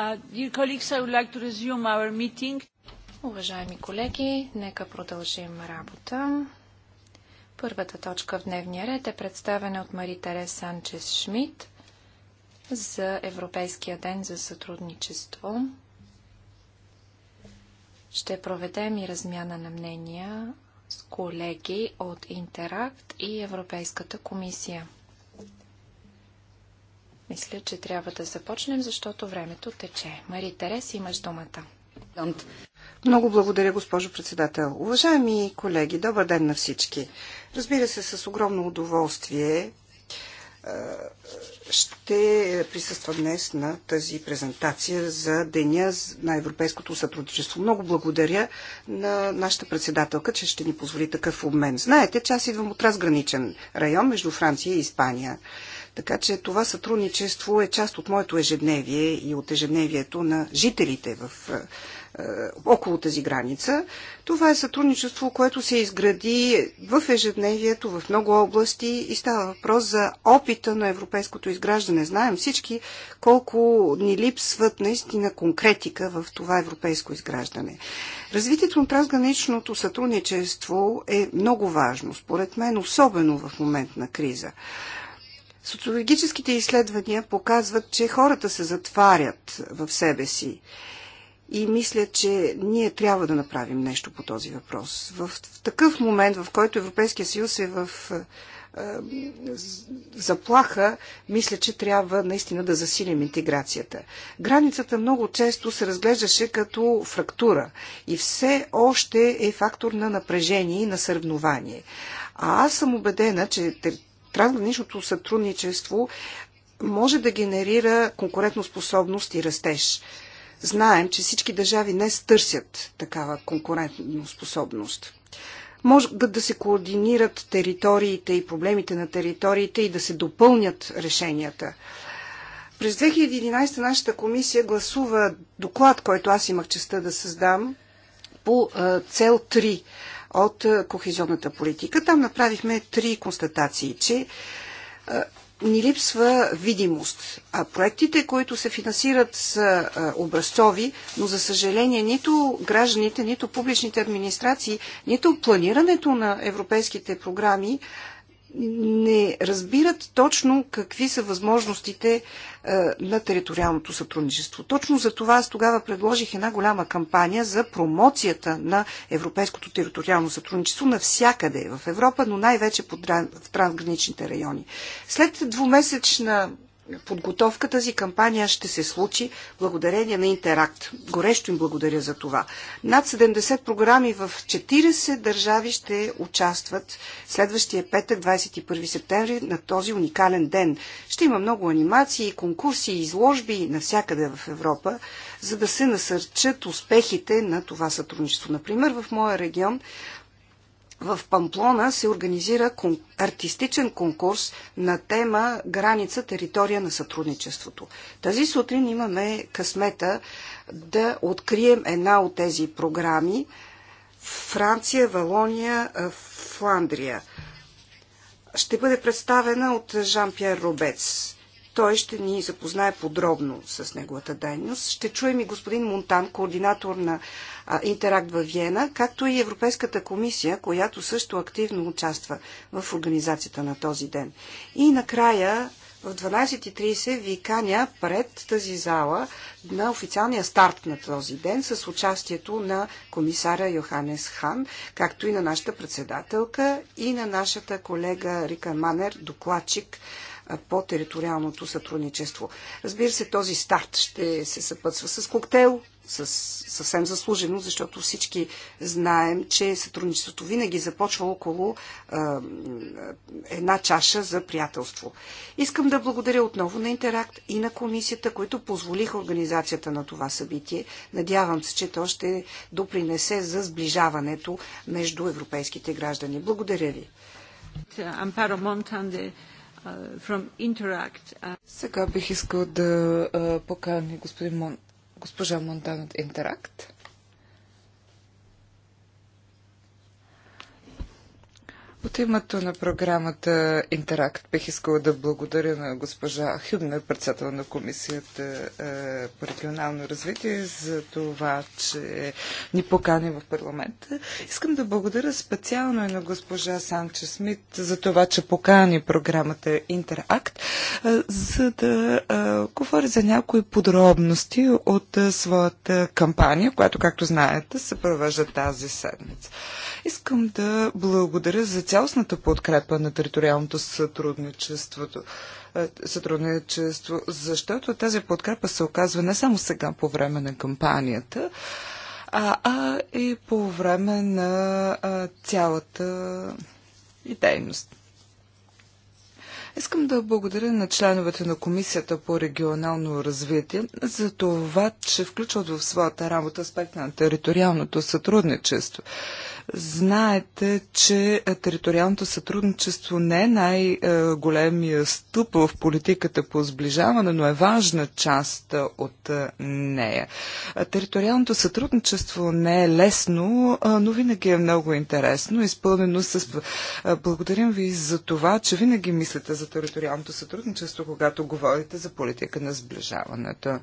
Uh, Уважаеми колеги, нека продължим работа. Първата точка в дневния ред е представена от Мари Терес Санчес Шмидт за Европейския ден за сътрудничество. Ще проведем и размяна на мнения с колеги от Интеракт и Европейската комисия. Мисля, че трябва да започнем, защото времето тече. Мари Терес, имаш думата. Много благодаря, госпожо председател. Уважаеми колеги, добър ден на всички. Разбира се, с огромно удоволствие е, ще присъства днес на тази презентация за Деня на европейското сътрудничество. Много благодаря на нашата председателка, че ще ни позволи такъв обмен. Знаете, че аз идвам от разграничен район между Франция и Испания. Така че това сътрудничество е част от моето ежедневие и от ежедневието на жителите в, е, е, около тази граница. Това е сътрудничество, което се изгради в ежедневието в много области и става въпрос за опита на европейското изграждане. Знаем всички колко ни липсват наистина конкретика в това европейско изграждане. Развитието на трансграничното сътрудничество е много важно, според мен, особено в момент на криза. Социологическите изследвания показват, че хората се затварят в себе си. И мисля, че ние трябва да направим нещо по този въпрос. В, такъв момент, в който Европейския съюз е в е, е заплаха, мисля, че трябва наистина да засилим интеграцията. Границата много често се разглеждаше като фрактура и все още е фактор на напрежение и на съревнование. А аз съм убедена, че трансграничното сътрудничество може да генерира конкурентоспособност и растеж. Знаем, че всички държави не стърсят такава конкурентоспособност. Може да, да се координират териториите и проблемите на териториите и да се допълнят решенията. През 2011 нашата комисия гласува доклад, който аз имах честа да създам по цел 3 от е, кохезионната политика. Там направихме три констатации, че е, ни липсва видимост. А проектите, които се финансират са е, образцови, но за съжаление нито гражданите, нито публичните администрации, нито планирането на европейските програми не разбират точно какви са възможностите е, на териториалното сътрудничество. Точно за това аз тогава предложих една голяма кампания за промоцията на европейското териториално сътрудничество навсякъде в Европа, но най-вече в трансграничните райони. След двумесечна подготовката си кампания ще се случи благодарение на Интеракт. Горещо им благодаря за това. Над 70 програми в 40 държави ще участват следващия петък, 21 септември, на този уникален ден. Ще има много анимации, конкурси, изложби навсякъде в Европа, за да се насърчат успехите на това сътрудничество. Например, в моя регион в Памплона се организира кон... артистичен конкурс на тема Граница територия на сътрудничеството. Тази сутрин имаме късмета да открием една от тези програми Франция, Валония, Фландрия. Ще бъде представена от Жан-Пьер Робец. Той ще ни запознае подробно с неговата дейност. Ще чуем и господин Монтан, координатор на Интеракт във Виена, както и Европейската комисия, която също активно участва в организацията на този ден. И накрая в 12.30 ви каня пред тази зала на официалния старт на този ден с участието на комисаря Йоханес Хан, както и на нашата председателка и на нашата колега Рика Манер, докладчик по териториалното сътрудничество. Разбира се, този старт ще се съпътства с коктейл, с, съвсем заслужено, защото всички знаем, че сътрудничеството винаги започва около а, една чаша за приятелство. Искам да благодаря отново на Интеракт и на комисията, които позволиха организацията на това събитие. Надявам се, че то ще допринесе за сближаването между европейските граждани. Благодаря ви. Ампаро Uh, uh, Сега бих искал да поканя господин Мон... госпожа Монтана от Интеракт. От името на програмата Интеракт бих искала да благодаря на госпожа Хюбна, председател на Комисията е, по регионално развитие, за това, че ни покани в парламента. Искам да благодаря специално и на госпожа Санче Смит за това, че покани програмата Интеракт, е, за да е, говори за някои подробности от своята кампания, която, както знаете, се провежда тази седмица. Искам да благодаря за цялостната подкрепа на териториалното сътрудничеството е, сътрудничество, защото тази подкрепа се оказва не само сега по време на кампанията, а, а и по време на а, цялата и дейност. Искам да благодаря на членовете на Комисията по регионално развитие за това, че включват в своята работа аспект на териториалното сътрудничество. Знаете, че е, териториалното сътрудничество не е най-големия стъп в политиката по сближаване, но е важна част е, от е, нея. Териториалното сътрудничество не е лесно, но винаги е много интересно, изпълнено с... Благодарим ви за това, че винаги мислите за териториалното сътрудничество, когато говорите за политика на сближаването.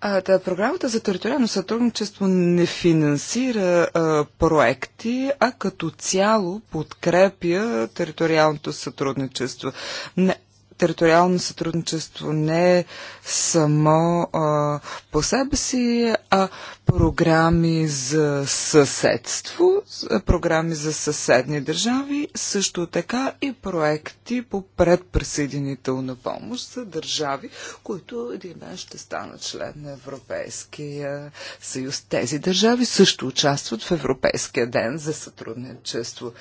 А, да, програмата за териториално сътрудничество не финансира а, проекти, а като цяло подкрепя териториалното сътрудничество. Не, териториално сътрудничество не е само а, по себе си, а програми за съседство, програми за съседни държави, също така и проекти по предприсъединителна помощ за държави, които един ден ще станат член на Европейския съюз. Тези държави също участват в Европейския ден за сътрудничество.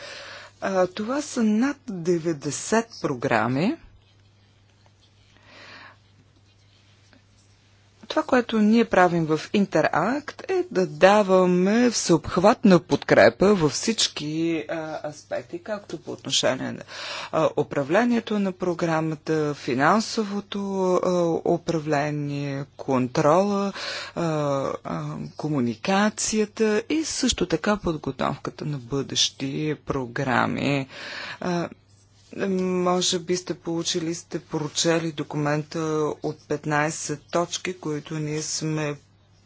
А, това са над 90 програми, Това, което ние правим в Интеракт е да даваме всеобхватна подкрепа във всички а, аспекти, както по отношение на а, управлението на програмата, финансовото а, управление, контрола, а, а, комуникацията и също така подготовката на бъдещи програми. А, може би сте получили, сте прочели документа от 15 точки, които ние сме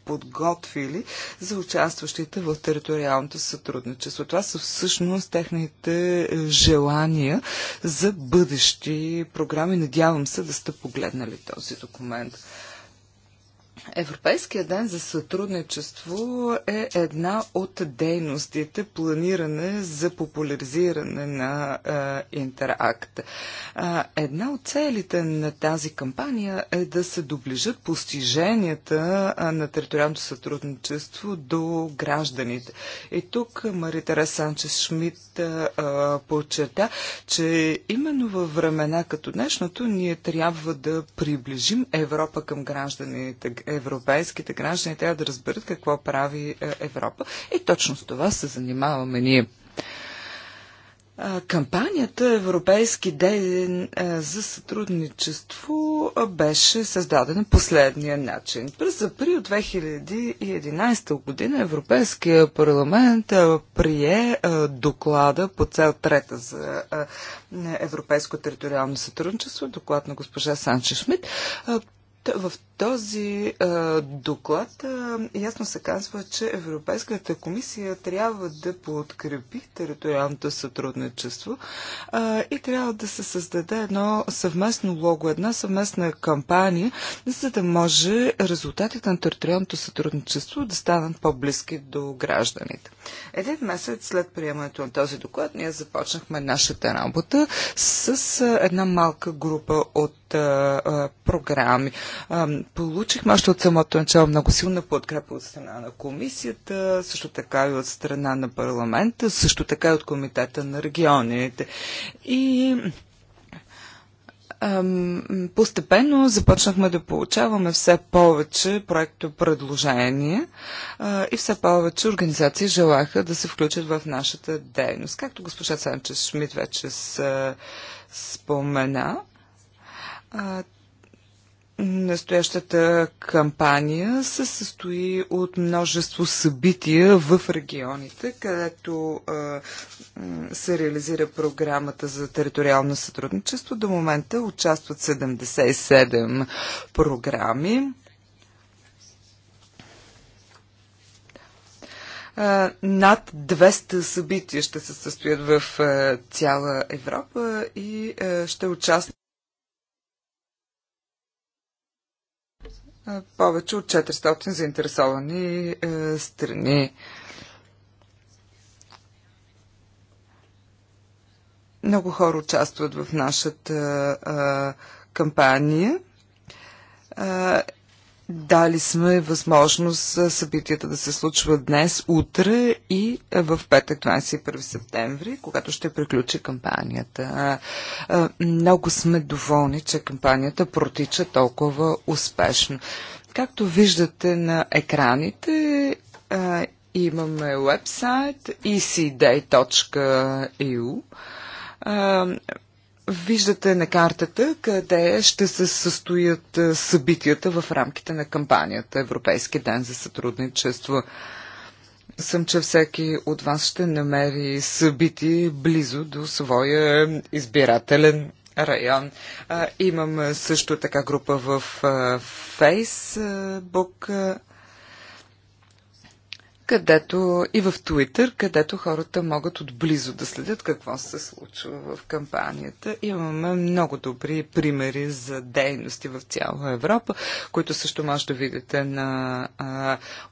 подготвили за участващите в териториалното сътрудничество. Това са всъщност техните е, желания за бъдещи програми. Надявам се да сте погледнали този документ. Европейския ден за сътрудничество е една от дейностите планиране за популяризиране на интеракт. Една от целите на тази кампания е да се доближат постиженията на териториалното сътрудничество до гражданите. И тук Мари Санчес Шмидт подчерта, че именно във времена като днешното ние трябва да приближим Европа към гражданите, европейските граждани трябва да разберат какво прави е, Европа. И точно с това се занимаваме ние. Кампанията Европейски ден е, за сътрудничество е, беше създадена последния начин. През април 2011 година Европейския парламент прие доклада по цел трета за европейско териториално сътрудничество, доклад на госпожа Санче Шмидт. В този а, доклад а, ясно се казва, че Европейската комисия трябва да подкрепи териториалното сътрудничество а, и трябва да се създаде едно съвместно лого, една съвместна кампания, за да може резултатите на териториалното сътрудничество да станат по-близки до гражданите. Един месец след приемането на този доклад ние започнахме нашата работа с една малка група от а, а, програми. А, получихме още от самото начало много силна подкрепа от страна на комисията, също така и от страна на парламента, също така и от комитета на регионите. И постепенно започнахме да получаваме все повече проекто предложения и все повече организации желаха да се включат в нашата дейност. Както госпожа Санчес Шмидт вече спомена, а, настоящата кампания се състои от множество събития в регионите, където а, се реализира програмата за териториално сътрудничество. До момента участват 77 програми. над 200 събития ще се състоят в цяла Европа и ще участват повече от 400 заинтересовани е, страни. Много хора участват в нашата кампания. Дали сме възможност събитията да се случват днес, утре и в петък 21 септември, когато ще приключи кампанията. Много сме доволни, че кампанията протича толкова успешно. Както виждате на екраните, имаме вебсайт ecday.eu Виждате на картата къде ще се състоят е, събитията в рамките на кампанията Европейски ден за сътрудничество. Съм, че всеки от вас ще намери събитие близо до своя избирателен район. А, имам е, също така група в а, е, Фейсбук. А, където и в Twitter, където хората могат отблизо да следят какво се случва в кампанията. Имаме много добри примери за дейности в цяла Европа, които също може да видите на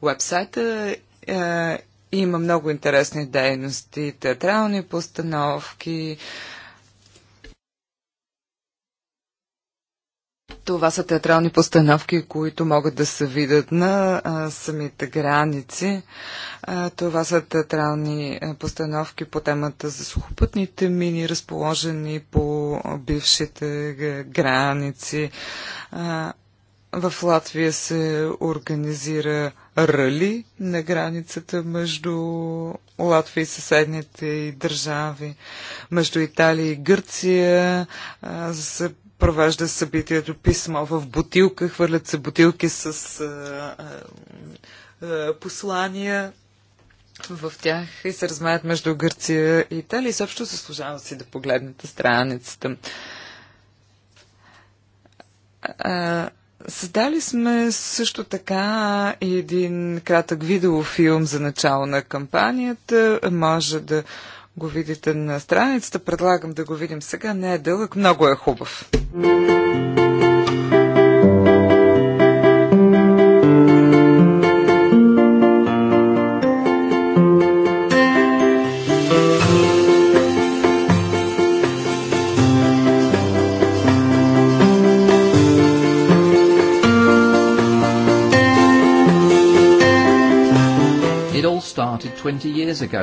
вебсайта. Е, има много интересни дейности, театрални постановки, а, Това са театрални постановки, които могат да се видят на а, самите граници. А, това са театрални а, постановки по темата за сухопътните мини, разположени по бившите граници. А, в Латвия се организира рали на границата между Латвия и съседните държави, между Италия и Гърция. А, за провежда събитието писмо в бутилка, хвърлят се бутилки с а, а, послания в тях и се размаят между Гърция и Италия. И съобщо заслужава си да погледнете страницата. Създали сме също така един кратък видеофилм за начало на кампанията. Може да го видите на страницата. Предлагам да го видим сега. Не е дълъг, много е хубав. started 20 years ago.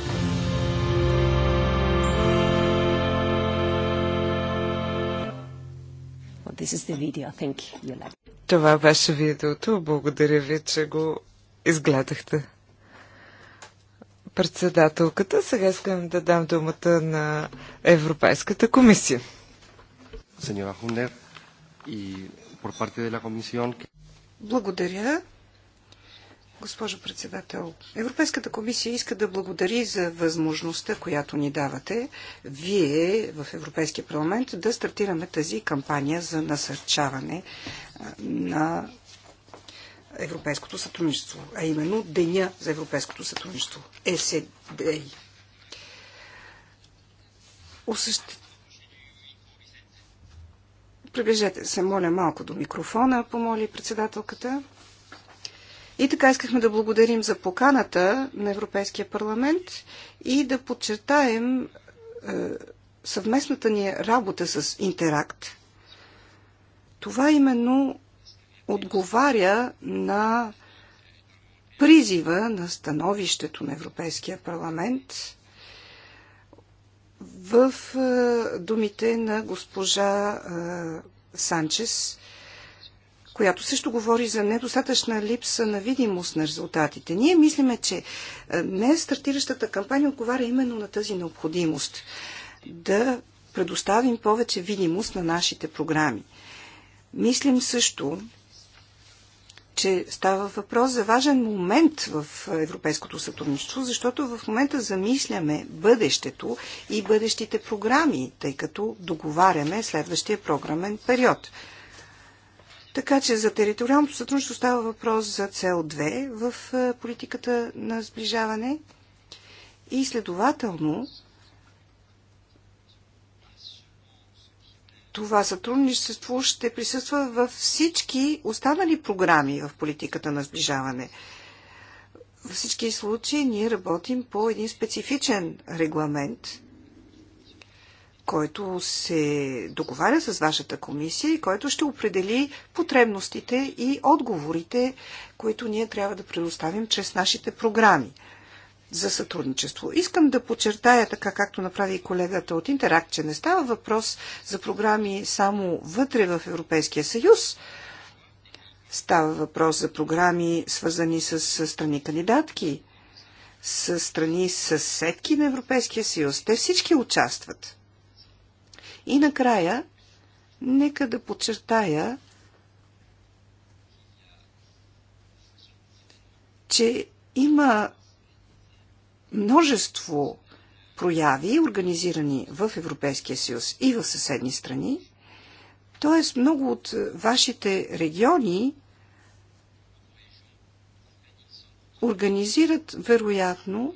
This is the video. Thank you. Like. Това беше видеото. Благодаря ви, че го изгледахте. Председателката, сега искам да дам думата на Европейската комисия. Благодаря. Госпожо председател, Европейската комисия иска да благодари за възможността, която ни давате, вие в Европейския парламент, да стартираме тази кампания за насърчаване на европейското сътрудничество, а именно Деня за европейското сътрудничество, ЕСДЕЙ. Осъщ... Приближете се, моля, малко до микрофона, помоли председателката. И така искахме да благодарим за поканата на Европейския парламент и да подчертаем е, съвместната ни работа с Интеракт. Това именно отговаря на призива на становището на Европейския парламент в е, думите на госпожа е, Санчес която също говори за недостатъчна липса на видимост на резултатите. Ние мислиме, че е, не стартиращата кампания отговаря именно на тази необходимост да предоставим повече видимост на нашите програми. Мислим също, че става въпрос за важен момент в европейското сътрудничество, защото в момента замисляме бъдещето и бъдещите програми, тъй като договаряме следващия програмен период. Така че за териториалното сътрудничество става въпрос за цел 2 в е, политиката на сближаване и следователно това сътрудничество ще присъства във всички останали програми в политиката на сближаване. Във всички случаи ние работим по един специфичен регламент, който се договаря с вашата комисия и който ще определи потребностите и отговорите, които ние трябва да предоставим чрез нашите програми за сътрудничество. Искам да подчертая, така както направи и колегата от Интеракт, че не става въпрос за програми само вътре в Европейския съюз. Става въпрос за програми, свързани с страни кандидатки, с страни съседки на Европейския съюз. Те всички участват. И накрая, нека да подчертая, че има множество прояви, организирани в Европейския съюз и в съседни страни. т.е. много от вашите региони организират, вероятно,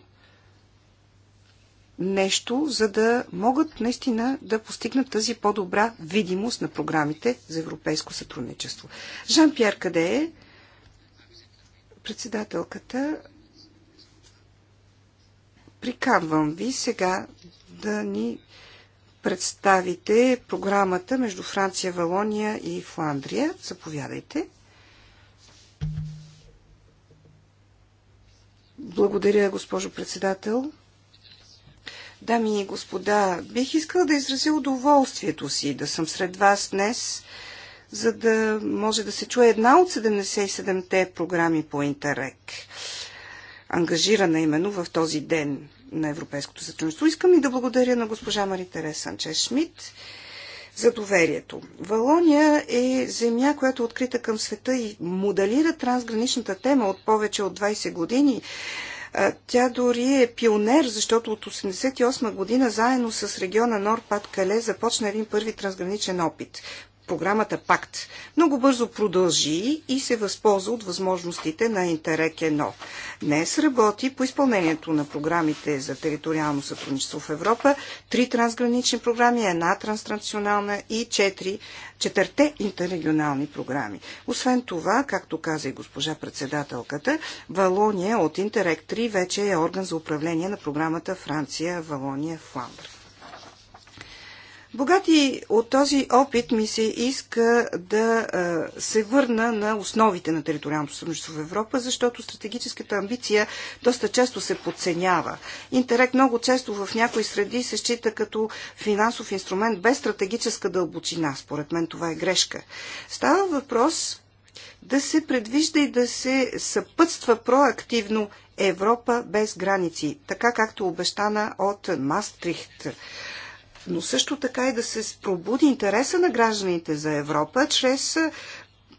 нещо, за да могат наистина да постигнат тази по-добра видимост на програмите за европейско сътрудничество. Жан-Пьер къде е? Председателката, приканвам ви сега да ни представите програмата между Франция, Валония и Фландрия. Заповядайте. Благодаря, госпожо председател. Дами и господа, бих искала да изразя удоволствието си да съм сред вас днес, за да може да се чуе една от 77-те програми по Интерек, ангажирана именно в този ден на Европейското сътрудничество. Искам и да благодаря на госпожа Мари Терес Санчес Шмидт за доверието. Валония е земя, която е открита към света и моделира трансграничната тема от повече от 20 години тя дори е пионер, защото от 1988 година заедно с региона Норпад Кале започна един първи трансграничен опит програмата ПАКТ. Много бързо продължи и се възползва от възможностите на Интерек 1. Днес работи по изпълнението на програмите за териториално сътрудничество в Европа, три трансгранични програми, една транснационална и четири, четвърте интеррегионални програми. Освен това, както каза и госпожа председателката, Валония от Интерек 3 вече е орган за управление на програмата Франция-Валония-Фландър. Богати от този опит ми се иска да се върна на основите на териториалното сътрудничество в Европа, защото стратегическата амбиция доста често се подценява. Интерект много често в някои среди се счита като финансов инструмент без стратегическа дълбочина. Според мен това е грешка. Става въпрос да се предвижда и да се съпътства проактивно Европа без граници, така както обещана от Мастрихт но също така и да се пробуди интереса на гражданите за Европа чрез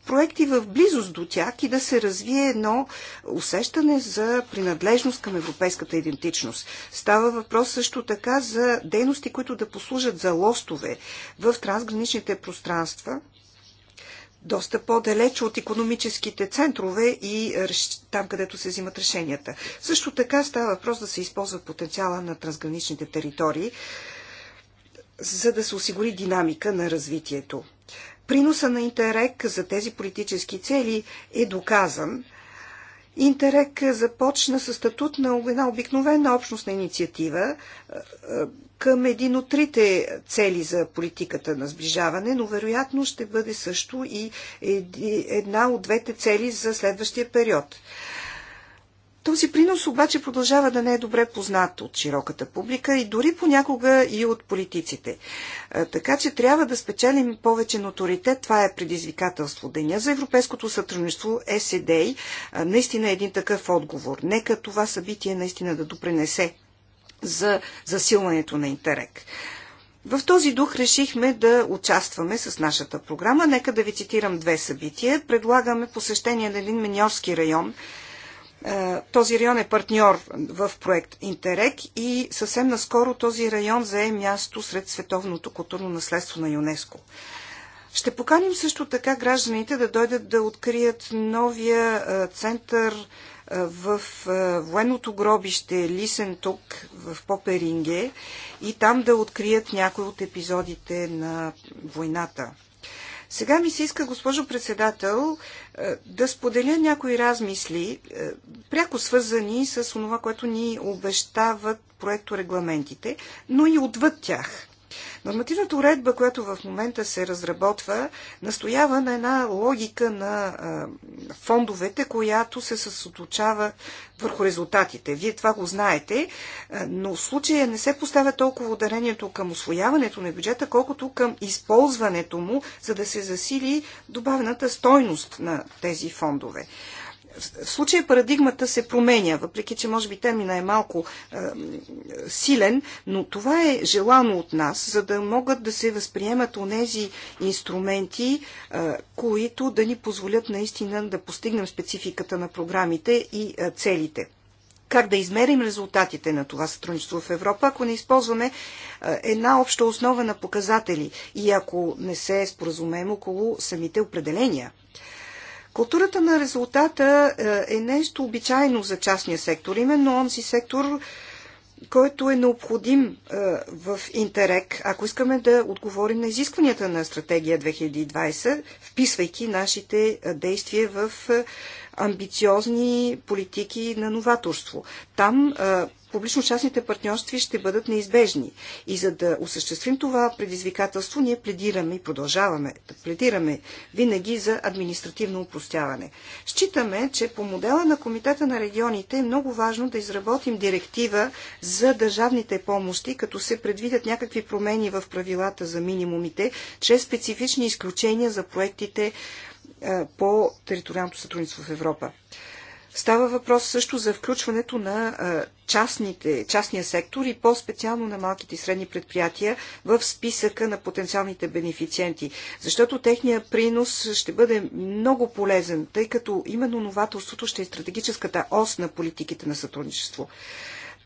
проекти в близост до тях и да се развие едно усещане за принадлежност към европейската идентичност. Става въпрос също така за дейности, които да послужат за лостове в трансграничните пространства, доста по-далеч от економическите центрове и там, където се взимат решенията. Също така става въпрос да се използва потенциала на трансграничните територии за да се осигури динамика на развитието. Приноса на Интерек за тези политически цели е доказан. Интерек започна със статут на една обикновена общностна инициатива към един от трите цели за политиката на сближаване, но вероятно ще бъде също и една от двете цели за следващия период. Този принос обаче продължава да не е добре познат от широката публика и дори понякога и от политиците. Е, така че трябва да спечелим повече ноторитет. Това е предизвикателство. Деня за европейското сътрудничество е СДИ е, наистина е един такъв отговор. Нека това събитие наистина да допренесе за засилването на интерек. В този дух решихме да участваме с нашата програма. Нека да ви цитирам две събития. Предлагаме посещение на един миньорски район е, този район е партньор в проект Интерек и съвсем наскоро този район зае място сред световното културно наследство на ЮНЕСКО. Ще поканим също така гражданите да дойдат да открият новия е, център е, в военното гробище Лисен тук в Поперинге и там да открият някои от епизодите на войната. Сега ми се иска, госпожо председател, е, да споделя някои размисли, е, пряко свързани с това, което ни обещават проекторегламентите, но и отвъд тях. Нормативната уредба, която в момента се разработва, настоява на една логика на фондовете, която се съсоточава върху резултатите. Вие това го знаете, но в случая не се поставя толкова ударението към освояването на бюджета, колкото към използването му, за да се засили добавената стойност на тези фондове. В случая парадигмата се променя, въпреки че може би термина е малко е, силен, но това е желано от нас, за да могат да се възприемат онези инструменти, е, които да ни позволят наистина да постигнем спецификата на програмите и е, целите как да измерим резултатите на това сътрудничество в Европа, ако не използваме е, една обща основа на показатели и ако не се споразумеем около самите определения Културата на резултата е, е нещо обичайно за частния сектор. Именно онзи сектор, който е необходим е, в Интерек, ако искаме да отговорим на изискванията на стратегия 2020, вписвайки нашите е, действия в амбициозни политики на новаторство. Там публично-частните партньорства ще бъдат неизбежни. И за да осъществим това предизвикателство, ние пледираме и продължаваме да пледираме винаги за административно упростяване. Считаме, че по модела на Комитета на регионите е много важно да изработим директива за държавните помощи, като се предвидят някакви промени в правилата за минимумите, чрез специфични изключения за проектите по териториалното сътрудничество в Европа. Става въпрос също за включването на частните, частния сектор и по-специално на малките и средни предприятия в списъка на потенциалните бенефициенти, защото техният принос ще бъде много полезен, тъй като именно новаторството ще е стратегическата ос на политиките на сътрудничество.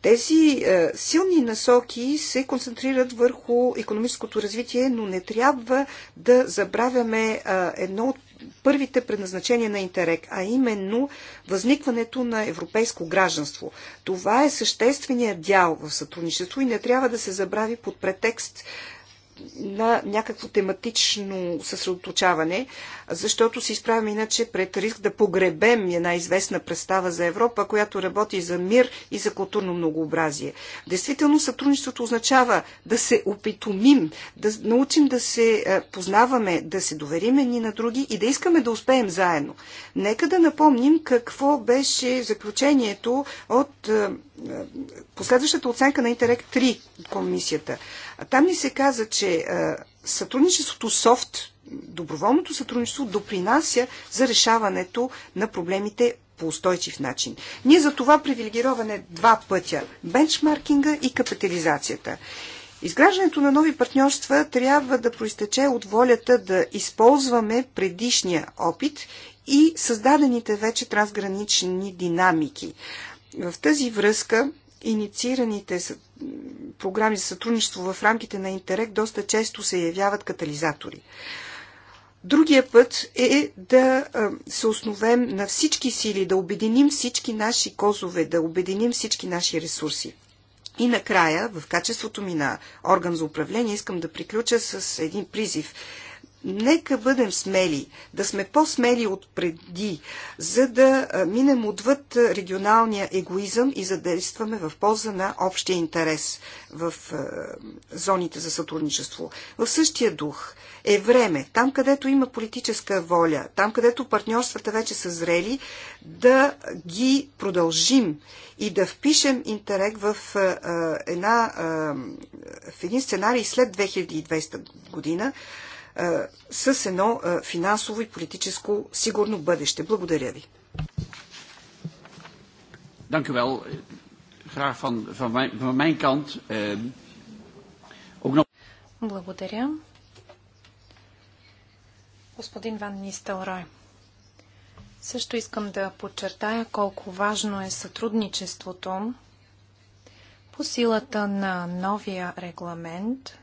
Тези е, силни насоки се концентрират върху економическото развитие, но не трябва да забравяме е, едно от първите предназначения на Интерек, а именно възникването на европейско гражданство. Това е същественият дял в сътрудничество и не трябва да се забрави под претекст на някакво тематично съсредоточаване, защото се изправяме иначе пред риск да погребем една известна представа за Европа, която работи за мир и за културно многообразие. Действително сътрудничеството означава да се опитомим, да научим да се е, познаваме, да се доверим едни на други и да искаме да успеем заедно. Нека да напомним какво беше заключението от е, последващата оценка на интерект 3 от комисията. Там ни се каза, че е, сътрудничеството софт, доброволното сътрудничество допринася за решаването на проблемите по устойчив начин. Ние за това привилегироване два пътя – бенчмаркинга и капитализацията. Изграждането на нови партньорства трябва да проистече от волята да използваме предишния опит и създадените вече трансгранични динамики. В тази връзка инициираните програми за сътрудничество в рамките на интерект доста често се явяват катализатори. Другия път е да се основем на всички сили, да обединим всички наши козове, да обединим всички наши ресурси. И накрая, в качеството ми на орган за управление, искам да приключа с един призив. Нека бъдем смели, да сме по-смели от преди, за да минем отвъд регионалния егоизъм и задействаме в полза на общия интерес в зоните за сътрудничество. В същия дух е време, там където има политическа воля, там където партньорствата вече са зрели, да ги продължим и да впишем интерек в, една, в един сценарий след 2020 година, е, с едно е, финансово и политическо сигурно бъдеще. Благодаря ви. Dank u wel. Graag van, van, mijn, van mijn kant eh, ook nog. Благодаря. Господин Ван Нистелрой. Също искам да подчертая колко важно е сътрудничеството по силата на новия регламент –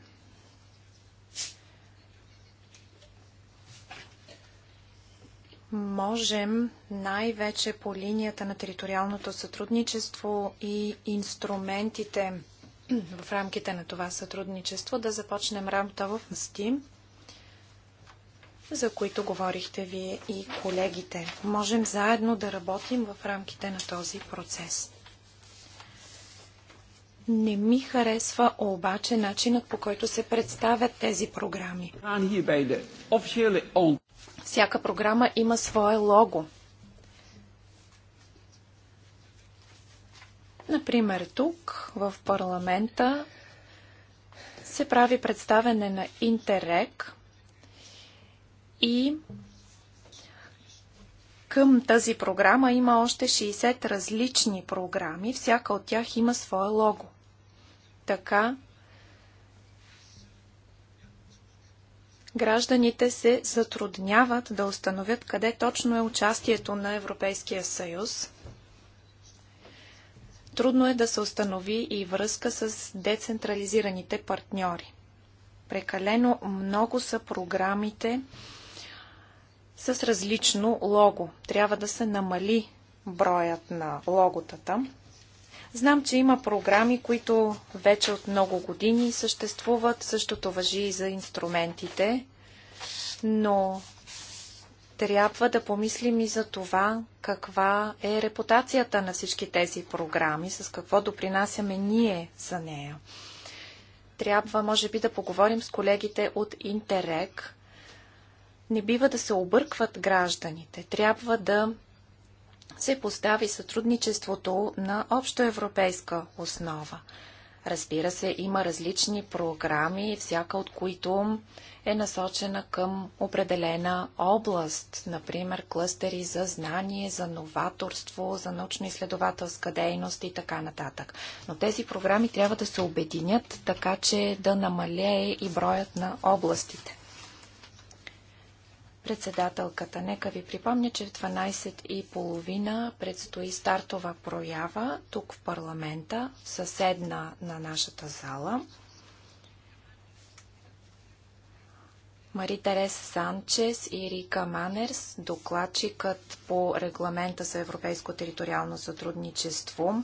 можем най-вече по линията на териториалното сътрудничество и инструментите в рамките на това сътрудничество да започнем работа в МСТИ, за които говорихте вие и колегите. Можем заедно да работим в рамките на този процес. Не ми харесва обаче начинът по който се представят тези програми. Всяка програма има свое лого. Например, тук в парламента се прави представене на Интерек и към тази програма има още 60 различни програми. Всяка от тях има свое лого. Така гражданите се затрудняват да установят къде точно е участието на Европейския съюз. Трудно е да се установи и връзка с децентрализираните партньори. Прекалено много са програмите с различно лого. Трябва да се намали броят на логотата. Знам, че има програми, които вече от много години съществуват. Същото въжи и за инструментите. Но трябва да помислим и за това, каква е репутацията на всички тези програми, с какво допринасяме ние за нея. Трябва, може би, да поговорим с колегите от Интерек. Не бива да се объркват гражданите. Трябва да се постави сътрудничеството на общоевропейска основа. Разбира се, има различни програми, всяка от които е насочена към определена област, например клъстери за знание, за новаторство, за научно-изследователска дейност и така нататък. Но тези програми трябва да се обединят, така че да намалее и броят на областите. Председателката, нека ви припомня, че в половина предстои стартова проява тук в парламента, съседна на нашата зала. Мари Терес Санчес и Рика Манерс, докладчикът по регламента за европейско териториално сътрудничество,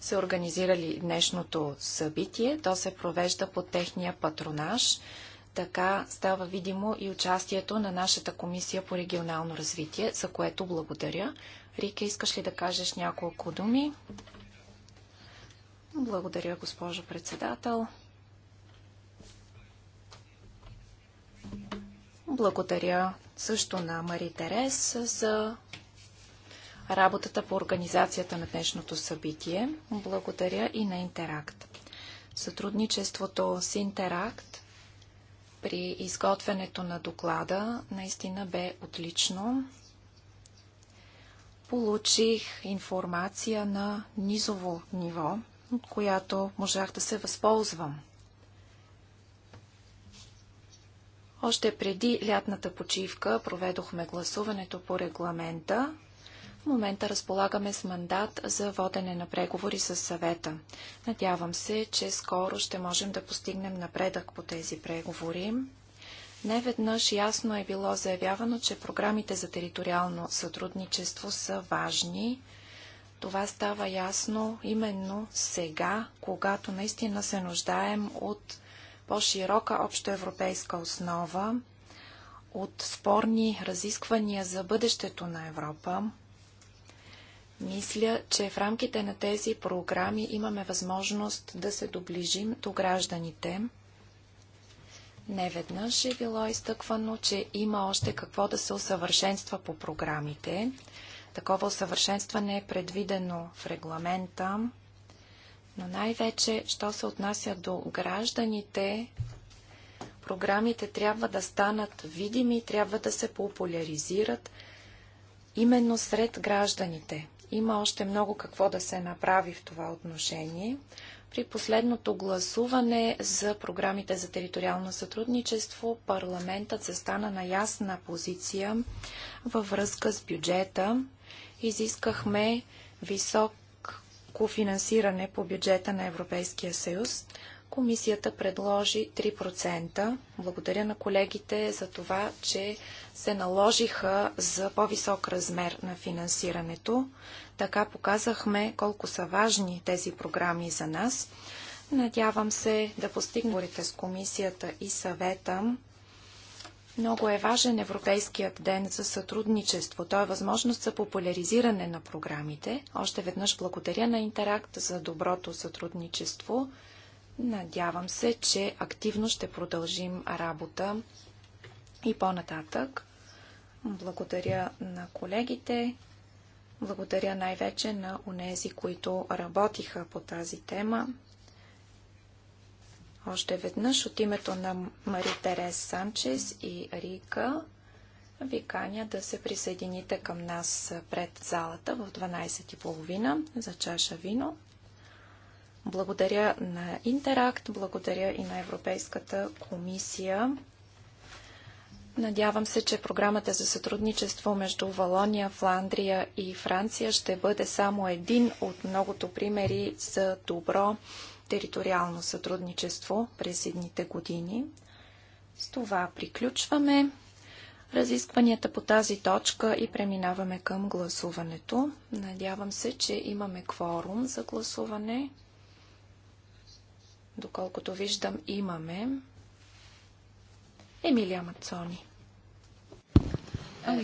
са организирали днешното събитие. То се провежда под техния патронаж – така става видимо и участието на нашата комисия по регионално развитие, за което благодаря. Рике, искаш ли да кажеш няколко думи? Благодаря, госпожо председател. Благодаря също на Мари Терес за работата по организацията на днешното събитие. Благодаря и на Интеракт. Сътрудничеството с Интеракт при изготвянето на доклада. Наистина бе отлично. Получих информация на низово ниво, от която можах да се възползвам. Още преди лятната почивка проведохме гласуването по регламента. В момента разполагаме с мандат за водене на преговори с съвета. Надявам се, че скоро ще можем да постигнем напредък по тези преговори. Не веднъж ясно е било заявявано, че програмите за териториално сътрудничество са важни. Това става ясно именно сега, когато наистина се нуждаем от по-широка общоевропейска основа, от спорни разисквания за бъдещето на Европа, мисля, че в рамките на тези програми имаме възможност да се доближим до гражданите. Неведнъж е било изтъквано, че има още какво да се усъвършенства по програмите. Такова усъвършенстване е предвидено в регламента, но най-вече, що се отнася до гражданите, програмите трябва да станат видими, трябва да се популяризират именно сред гражданите. Има още много какво да се направи в това отношение. При последното гласуване за програмите за териториално сътрудничество парламентът се стана на ясна позиция във връзка с бюджета. Изискахме високо финансиране по бюджета на Европейския съюз. Комисията предложи 3%. Благодаря на колегите за това, че се наложиха за по-висок размер на финансирането. Така показахме колко са важни тези програми за нас. Надявам се да постигнете с комисията и съвета. Много е важен Европейският ден за сътрудничество. Той е възможност за популяризиране на програмите. Още веднъж благодаря на Интеракт за доброто сътрудничество. Надявам се, че активно ще продължим работа и по-нататък. Благодаря на колегите, благодаря най-вече на унези, които работиха по тази тема. Още веднъж от името на Мари Терес Санчес и Рика ви каня да се присъедините към нас пред залата в 12.30 за чаша вино. Благодаря на Интеракт, благодаря и на Европейската комисия Надявам се, че програмата за сътрудничество между Валония, Фландрия и Франция ще бъде само един от многото примери за добро териториално сътрудничество през едните години. С това приключваме разискванията по тази точка и преминаваме към гласуването. Надявам се, че имаме кворум за гласуване. Доколкото виждам, имаме. Емилия Мацони. Oh,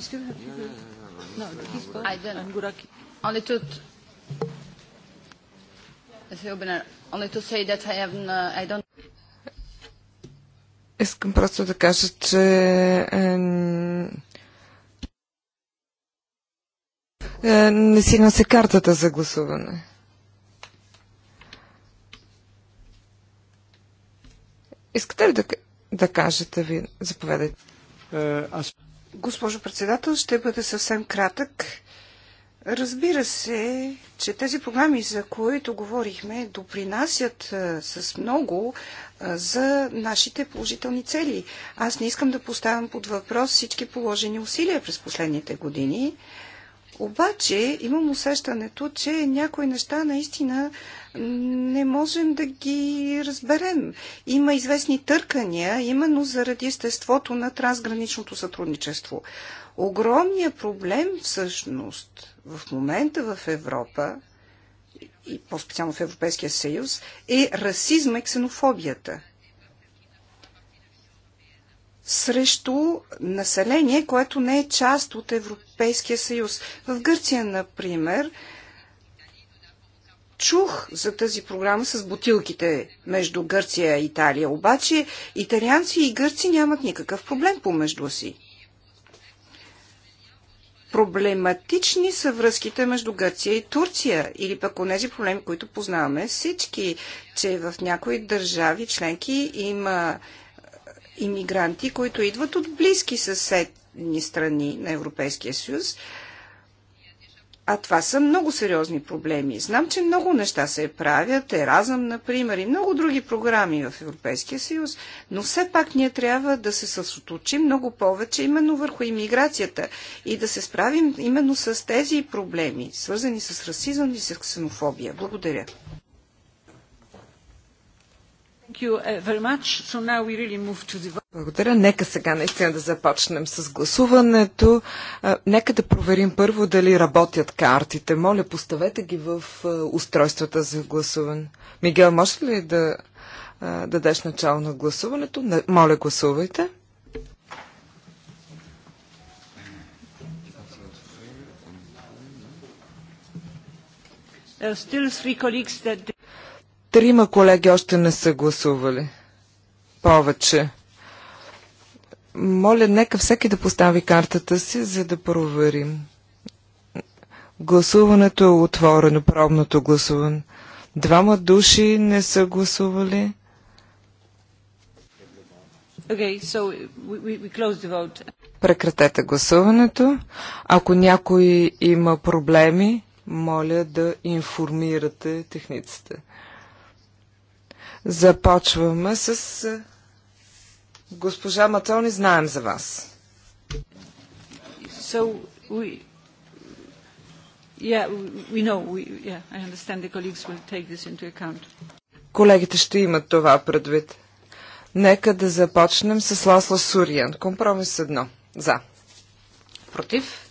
Искам просто да кажа, че е, не си носи картата за гласуване. Искате ли да кажа? да кажете ви. Заповядайте. Е, Госпожо председател, ще бъда съвсем кратък. Разбира се, че тези програми, за които говорихме, допринасят е, с много е, за нашите положителни цели. Аз не искам да поставям под въпрос всички положени усилия през последните години, обаче имам усещането, че някои неща наистина не можем да ги разберем. Има известни търкания, именно заради естеството на трансграничното сътрудничество. Огромният проблем всъщност в момента в Европа и по-специално в Европейския съюз е расизма и ксенофобията срещу население, което не е част от Европейския съюз. В Гърция, например, чух за тази програма с бутилките между Гърция и Италия. Обаче италианци и гърци нямат никакъв проблем помежду си. Проблематични са връзките между Гърция и Турция или пък онези проблеми, които познаваме всички, че в някои държави членки има е, иммигранти, които идват от близки съседни страни на Европейския съюз, а това са много сериозни проблеми. Знам, че много неща се правят, Еразъм, например, и много други програми в Европейския съюз, но все пак ние трябва да се съсоточим много повече именно върху иммиграцията и да се справим именно с тези проблеми, свързани с расизъм и с ксенофобия. Благодаря. Uh, Благодаря. Нека сега наистина да започнем с гласуването. Нека да проверим първо дали работят картите. Моля, поставете ги в устройствата за гласуване. Мигел, може ли да дадеш начало на гласуването? Моля, гласувайте. Still three colleagues that Трима колеги още не са гласували. Повече. Моля, нека всеки да постави картата си, за да проверим. Гласуването е отворено, пробното гласуване. Двама души не са гласували. Okay, so we, we close the vote. Прекратете гласуването. Ако някой има проблеми, моля да информирате техниците. Започваме с госпожа Матони, Знаем за вас. So we... Yeah, we know. We, yeah, I understand the colleagues will take this into account. Колегите ще имат това предвид. Нека да започнем с Ласла Суриан. Компромис едно. За. Против.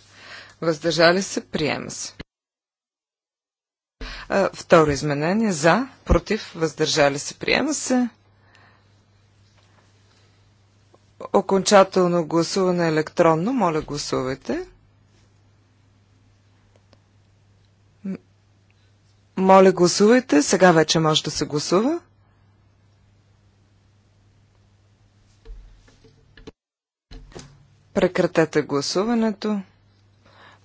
Въздържали се. Приема се. Второ изменение за, против, въздържали се, приема се. Окончателно гласуване електронно, моля гласувайте. Моля гласувайте, сега вече може да се гласува. Прекратете гласуването.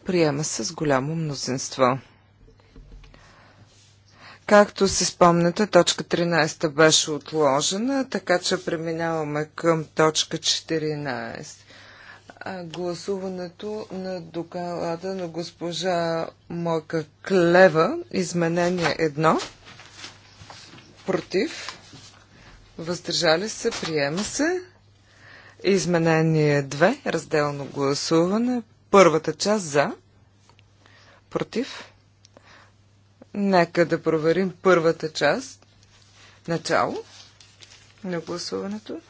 Приема се с голямо мнозинство. Както се спомняте, точка 13 беше отложена, така че преминаваме към точка 14. Гласуването на доклада на госпожа Мока Клева, изменение 1, против, въздържали се, приема се. Изменение 2, разделно гласуване, първата част за, против, Нека да проверим първата част. Начало на гласуването.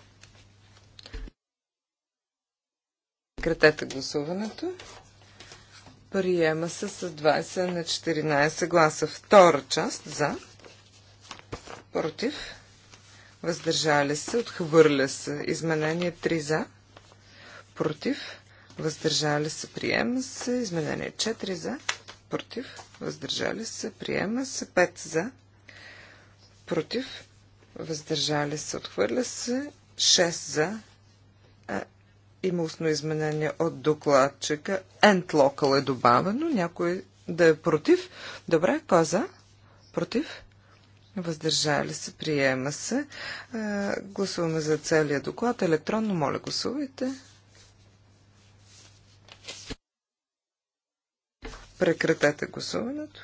Кратете гласуването. Приема се с 20 на 14 гласа. Втора част за. Против. Въздържали се. Отхвърля се. Изменение 3 за. Против. Въздържали се. Приема се. Изменение 4 за против, въздържали се, приема се. 5 за, против, въздържали се, отхвърля се. 6 за, а, има устно изменение от докладчика. End local е добавено, някой да е против. Добре, кой е за? Против? Въздържали се, приема се. А, гласуваме за целия доклад. Електронно, моля, гласувайте. Прекратете гласуването.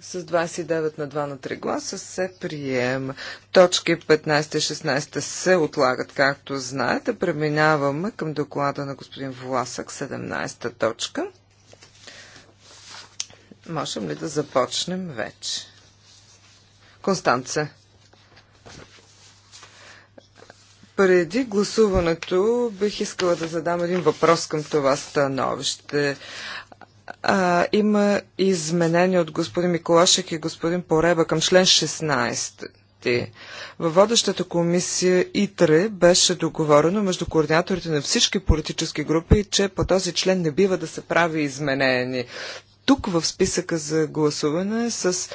С 29 на 2 на 3 гласа се приема. Точки 15 и 16 се отлагат, както знаете. Преминаваме към доклада на господин Власък, 17 точка. Можем ли да започнем вече? Констанция. Преди гласуването бих искала да задам един въпрос към това становище. А, има изменение от господин Миколашек и господин Пореба към член 16. Във водещата комисия ИТРЕ беше договорено между координаторите на всички политически групи, че по този член не бива да се прави изменение. Тук в списъка за гласуване с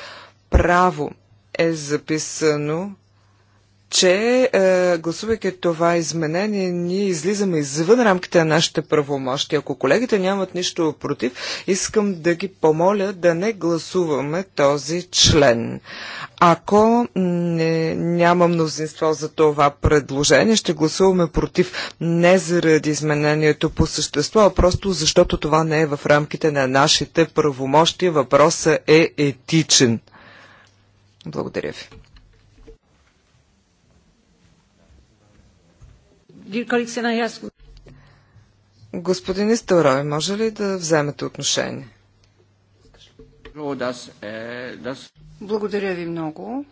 право е записано, че е, гласувайки това изменение, ние излизаме извън рамките на нашите правомощи. Ако колегите нямат нищо против, искам да ги помоля да не гласуваме този член. Ако не, няма мнозинство за това предложение, ще гласуваме против не заради изменението по същество, а просто защото това не е в рамките на нашите правомощи. Въпросът е етичен. Благодаря ви. Господин Исторой, може ли да вземете отношение? Благодаря ви много.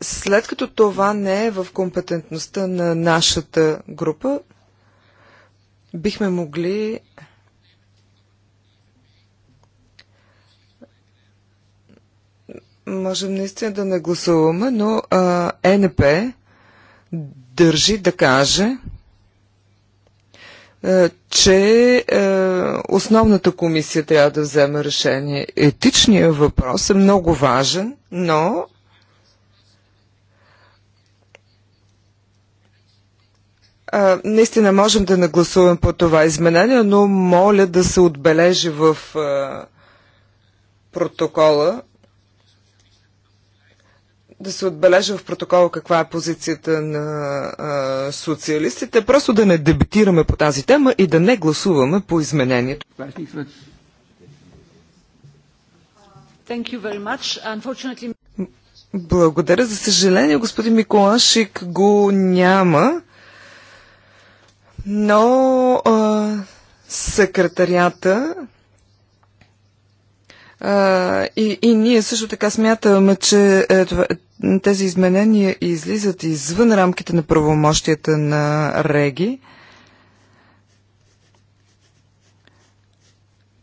след като това не е в компетентността на нашата група, бихме могли Можем наистина да не гласуваме, но а, НП държи да каже, а, че а, основната комисия трябва да вземе решение. Етичният въпрос е много важен, но А, наистина можем да нагласуваме по това изменение, но моля да се отбележи в а, протокола, да се отбележа в протокола каква е позицията на а, социалистите, просто да не дебатираме по тази тема и да не гласуваме по изменението. Благодаря. За съжаление, господин Миколашик го няма, но а, секретарията и, и ние също така смятаме, че е, тези изменения излизат извън рамките на правомощията на Реги.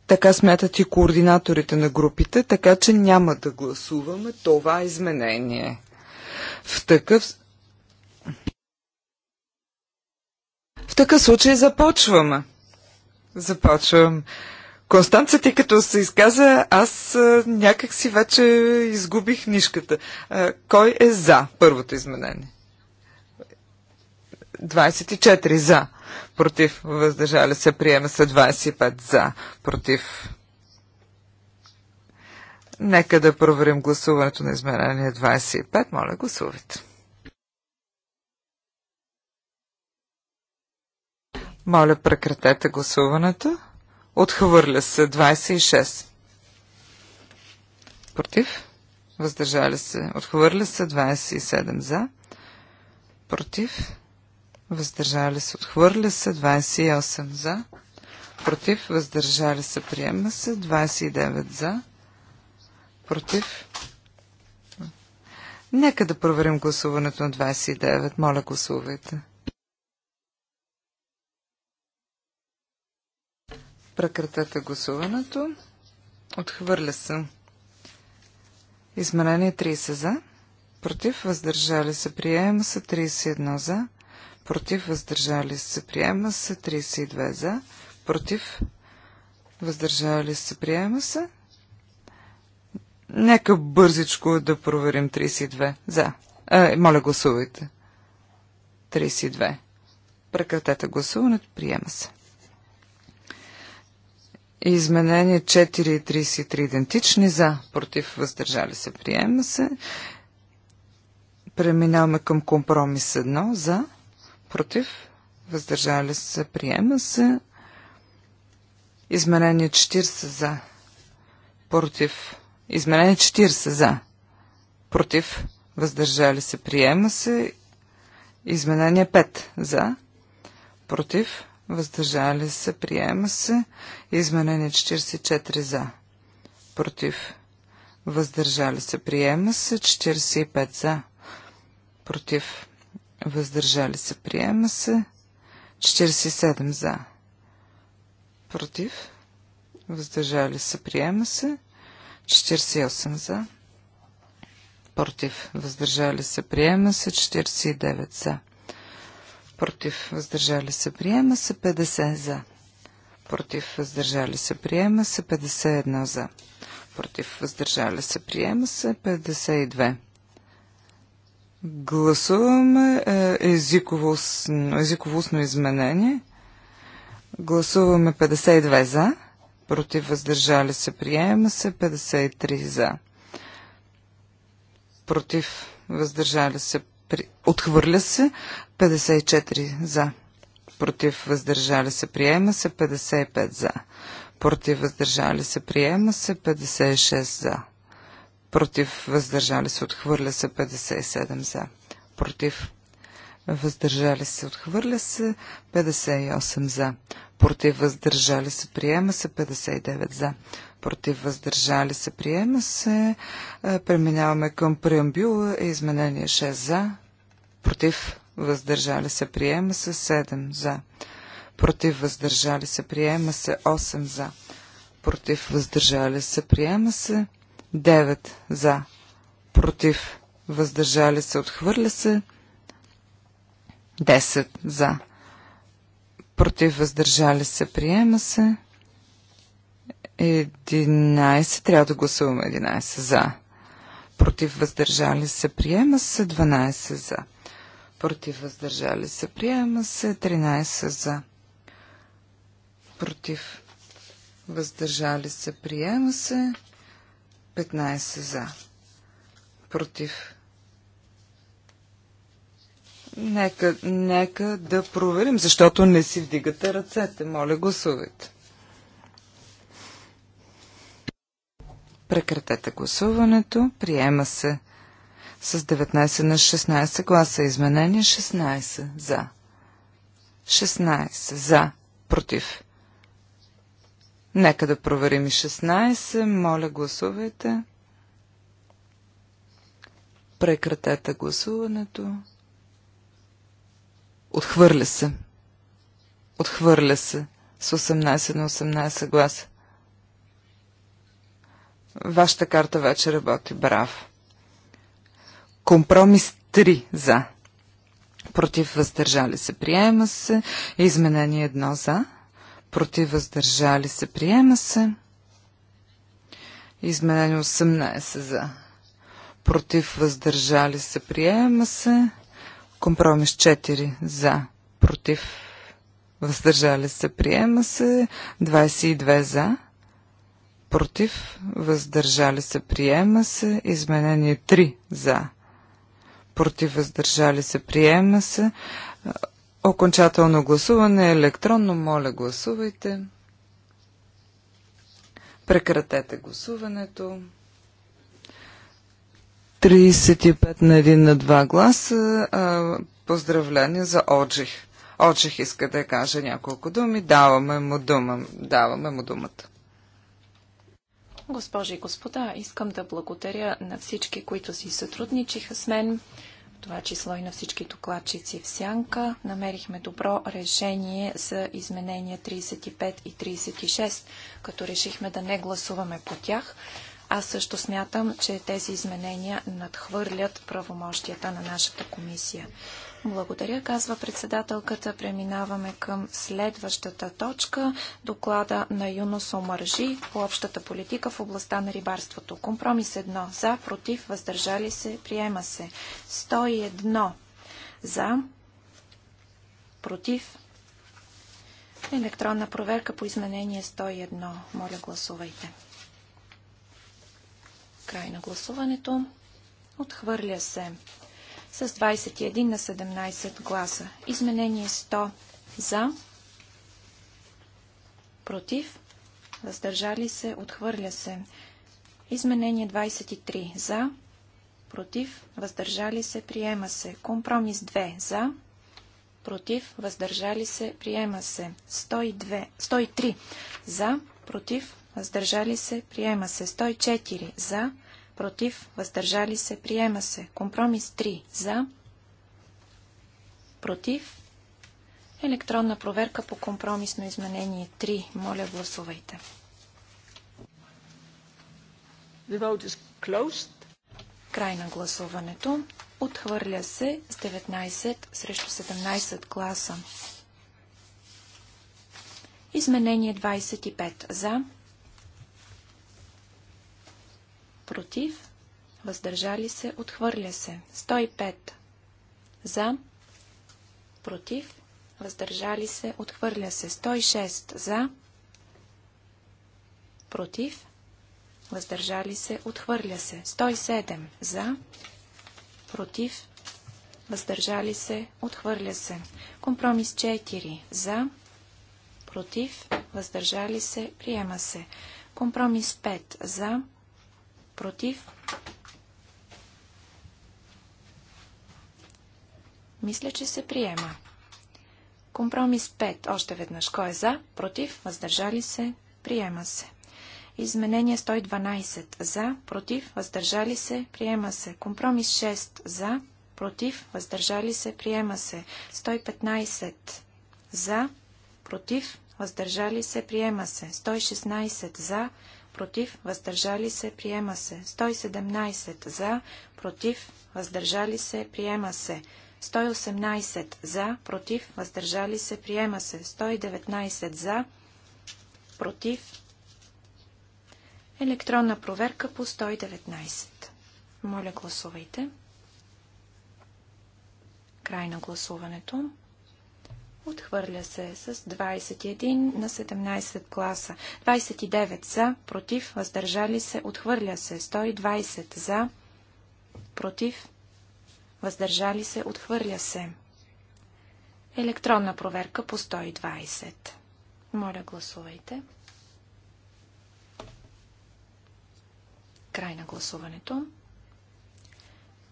Така смятат и координаторите на групите, така че няма да гласуваме това изменение. В такъв... В такъв случай започваме. Започвам. Констанца, ти като се изказа, аз някак си вече изгубих нишката. Кой е за първото изменение? 24 за. Против. Въздържали се. Приема се 25 за. Против. Нека да проверим гласуването на изменение 25. Моля, гласувайте. Моля, прекратете гласуването. Отхвърля се 26. Против? Въздържали се. Отхвърля се 27 за. Против? Въздържали се. Отхвърля се 28 за. Против? Въздържали се. Приема се 29 за. Против? Нека да проверим гласуването на 29. Моля, гласувайте. Прекратете гласуването. Отхвърля се. Изменение 30 за. Против въздържали се. Приема се 31 за. Против въздържали се. Приема се 32 за. Против въздържали се. Приема се. Нека бързичко да проверим 32. За. А, е, моля, гласувайте. 32. Прекратете гласуването. Приема се. Изменение 4 и 33 идентични за, против, въздържали се, приема се. Преминаваме към компромис 1 за, против, въздържали се, приема се. Изменение 40 за, против, изменение 40 за, против, въздържали се, приема се. Изменение 5 за, против, въздържали се, приема се. Изменение 44 за, против, въздържали се, приема се. 45 за, против, въздържали се, приема се. 47 за, против, въздържали се, приема се. 48 за, против, въздържали се, приема се. 49 за против, въздържали се, приема се 50 за, против, въздържали се, приема се 51 за, против, въздържали се, приема се 52. Гласуваме е, езиково, устно изменение. Гласуваме 52 за, против, въздържали се, приема се 53 за, против, въздържали се, Отхвърля се 54 за. Против въздържали се. Приема се 55 за. Против въздържали се. Приема се 56 за. Против въздържали се. Отхвърля се 57 за. Против въздържали се. Отхвърля се 58 за. Против въздържали се. Приема се 59 за против въздържали се приема се. Е, преминаваме към преамбюла и изменение 6 за, против, въздържали се, приема се 7 за, против, въздържали се, приема се 8 за, против, въздържали се, приема се 9 за, против, въздържали се, отхвърля се 10 за, против, въздържали се, приема се 11, трябва да гласуваме 11 за. Против въздържали се, приема се 12 за против въздържали се. Приема се 13 за, против въздържали се. Приема се 15 за, против Нека, нека да проверим, защото не си вдигате ръцете. Моля, гласувайте. Прекратете гласуването. Приема се с 19 на 16 гласа. Изменение 16 за. 16 за. Против. Нека да проверим и 16. Моля, гласувайте. Прекратете гласуването. Отхвърля се. Отхвърля се с 18 на 18 гласа. Вашата карта вече работи. Браво! Компромис 3 за. Против въздържали се. Приема се. Изменение 1 за. Против въздържали се. Приема се. Изменение 18 за. Против въздържали се. Приема се. Компромис 4 за. Против въздържали се. Приема се. 22 за против, въздържали се, приема се, изменение 3 за, против въздържали се, приема се. Окончателно гласуване е електронно, моля гласувайте. Прекратете гласуването. 35 на 1 на 2 гласа. Поздравления за Оджих. Оджих иска да каже няколко думи. Даваме му дума. Даваме му думата. Госпожи и господа, искам да благодаря на всички, които си сътрудничиха с мен, в това число и на всички докладчици в Сянка. Намерихме добро решение за изменения 35 и 36, като решихме да не гласуваме по тях. Аз също смятам, че тези изменения надхвърлят правомощията на нашата комисия. Благодаря, казва председателката. Преминаваме към следващата точка. Доклада на Юнос Омаржи по общата политика в областта на рибарството. Компромис 1. За, против, въздържали се, приема се. 101. За, против. Електронна проверка по изменение 101. Моля, гласувайте. Край на гласуването. Отхвърля се с 21 на 17 гласа. Изменение 100 за, против, въздържали се, отхвърля се. Изменение 23 за, против, въздържали се, приема се. Компромис 2 за, против, въздържали се, приема се. 102, 103 за, против, въздържали се, приема се. 104 за, против, въздържали се, приема се. Компромис 3 за, против, електронна проверка по компромисно изменение 3. Моля, гласувайте. The vote is closed. Край на гласуването. Отхвърля се с 19 срещу 17 гласа. Изменение 25 за, против, въздържали се, отхвърля се. 105 за, против, въздържали се, отхвърля се. 106 за, против, въздържали се, отхвърля се. 107 за, против, въздържали се, отхвърля се. Компромис 4 за, против, въздържали се, приема се. Компромис 5 за, против, Против? Мисля, че се приема. Компромис 5. Още веднъж. Кой е за? Против? Въздържали се? Приема се. Изменение 112. За? Против? Въздържали се? Приема се. Компромис 6. За? Против? Въздържали се? Приема се. 115. За? Против? Въздържали се? Приема се. 116. За? против, въздържали се, приема се. 117 за, против, въздържали се, приема се. 118 за, против, въздържали се, приема се. 119 за, против. Електронна проверка по 119. Моля, гласувайте. Край на гласуването. Отхвърля се с 21 на 17 гласа. 29 за, против, въздържали се. Отхвърля се 120 за, против, въздържали се. Отхвърля се. Електронна проверка по 120. Моля, гласувайте. Край на гласуването.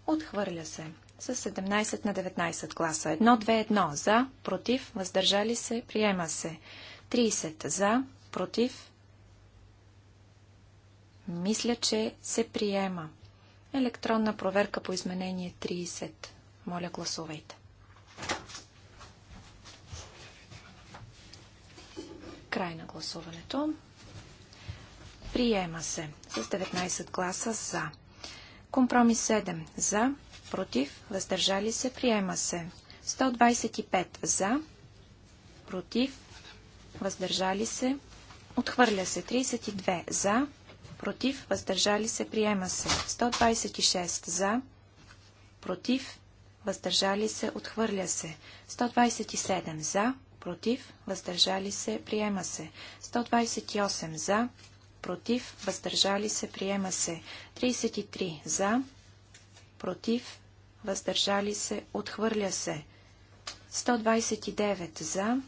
Отхвърля се с 17 на 19 гласа. 1-2-1 за, против, въздържали се, приема се. 30 за, против, мисля, че се приема. Електронна проверка по изменение 30. Моля, гласувайте. Край на гласуването. Приема се с 19 гласа за. Компромис 7 за, против, въздържали се, приема се. 125 за, против, въздържали се, отхвърля се. 32 за, против, въздържали се, приема се. 126 за, против, въздържали се, отхвърля се. 127 за, против, въздържали се, приема се. 128 за, против, въздържали се, приема се. 33 за, против, въздържали се, отхвърля се. 129 за,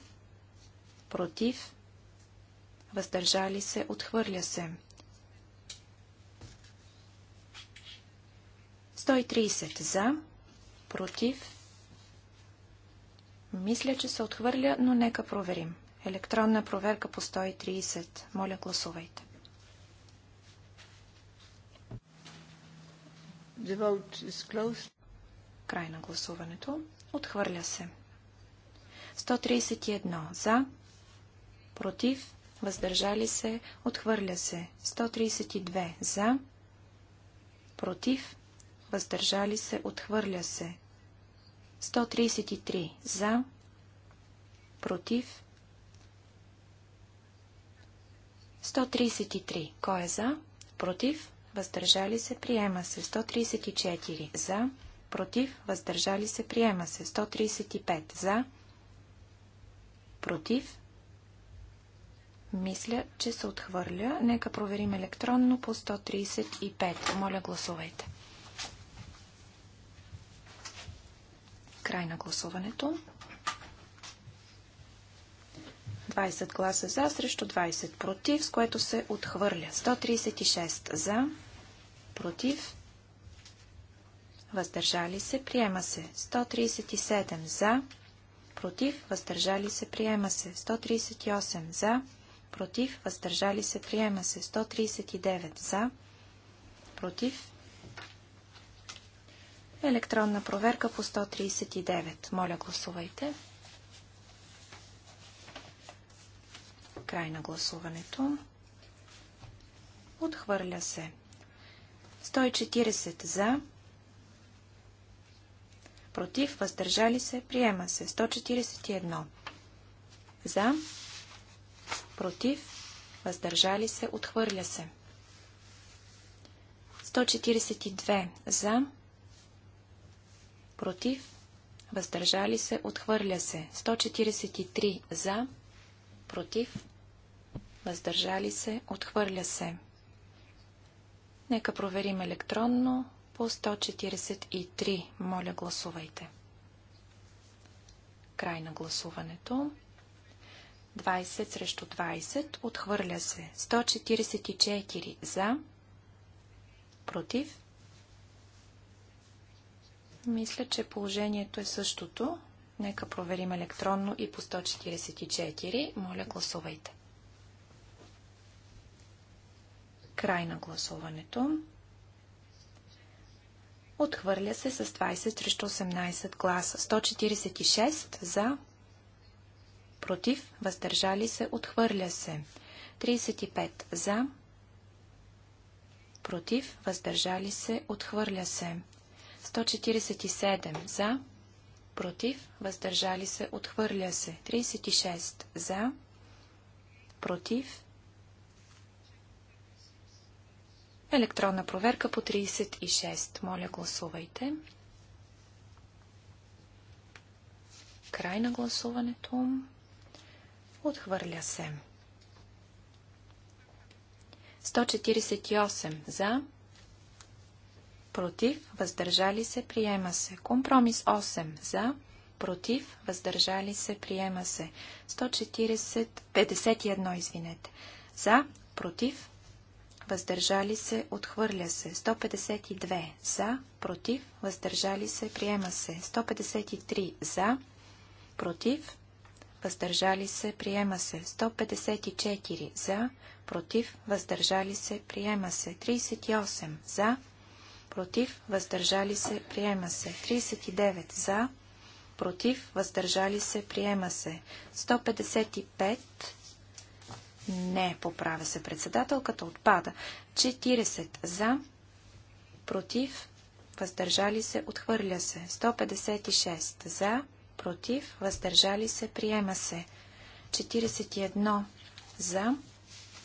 против, въздържали се, отхвърля се. 130 за, против. Мисля, че се отхвърля, но нека проверим. Електронна проверка по 130. Моля, гласувайте. The vote is closed. Край на гласуването. Отхвърля се. 131 за, против, въздържали се, отхвърля се. 132 за, против, въздържали се, отхвърля се. 133 за, против, 133. Кой е за? Против? Въздържали се? Приема се. 134. За? против, въздържали се, приема се. 135 за, против, мисля, че се отхвърля. Нека проверим електронно по 135. Моля, гласувайте. Край на гласуването. 20 гласа за, срещу 20 против, с което се отхвърля. 136 за, против, въздържали се, приема се. 137 за, против, въздържали се, приема се. 138 за, против, въздържали се, приема се. 139 за, против. Електронна проверка по 139. Моля, гласувайте. Край на гласуването. Отхвърля се. 140 за, против, въздържали се, приема се. 141 за, против, въздържали се, отхвърля се. 142 за, против, въздържали се, отхвърля се. 143 за, против, въздържали се, отхвърля се. Нека проверим електронно по 143. Моля, гласувайте. Край на гласуването. 20 срещу 20. Отхвърля се. 144 за. Против. Мисля, че положението е същото. Нека проверим електронно и по 144. Моля, гласувайте. Край на гласуването. Отхвърля се с 20 срещу 18 гласа. 146 за, против, въздържали се, отхвърля се. 35 за, против, въздържали се, отхвърля се. 147 за, против, въздържали се, отхвърля се. 36 за, против, Електронна проверка по 36. Моля, гласувайте. Край на гласуването. Отхвърля се. 148 за. Против. Въздържали се. Приема се. Компромис 8 за. Против. Въздържали се. Приема се. 140. 51, извинете. За. Против въздържали се, отхвърля се. 152 за, против, въздържали се, приема се. 153 за, против, въздържали се, приема се. 154 за, против, въздържали се, приема се. 38 за, против, въздържали се, приема се. 39 за, против, въздържали се, приема се. 155 не, поправя се председателката, отпада. 40 за, против, въздържали се, отхвърля се. 156 за, против, въздържали се, приема се. 41 за,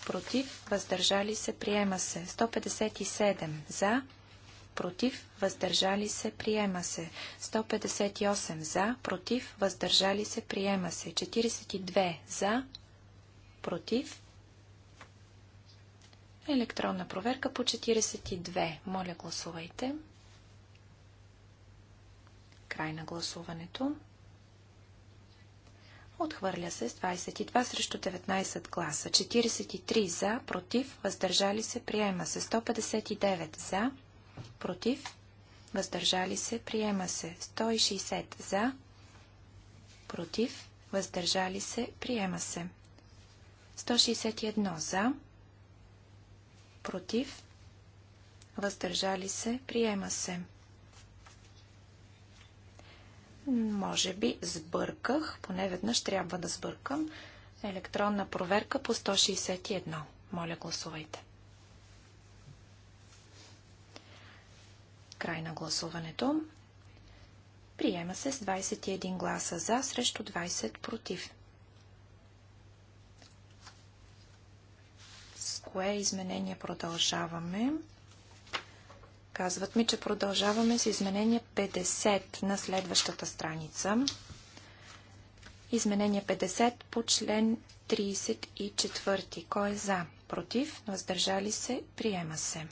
против, въздържали се, приема се. 157 за, против, въздържали се, приема се. 158 за, против, въздържали се, приема се. 42 за, против. Електронна проверка по 42. Моля, гласувайте. Край на гласуването. Отхвърля се с 22 срещу 19 гласа. 43 за, против, въздържали се, приема се. 159 за, против, въздържали се, приема се. 160 за, против, въздържали се, приема се. 161 за, против, въздържали се, приема се. Може би сбърках, поне веднъж трябва да сбъркам. Електронна проверка по 161. Моля, гласувайте. Край на гласуването. Приема се с 21 гласа за срещу 20 против. кое изменение продължаваме. Казват ми, че продължаваме с изменение 50 на следващата страница. Изменение 50 по член 34. Кой е за? Против? Въздържали се? Приема се.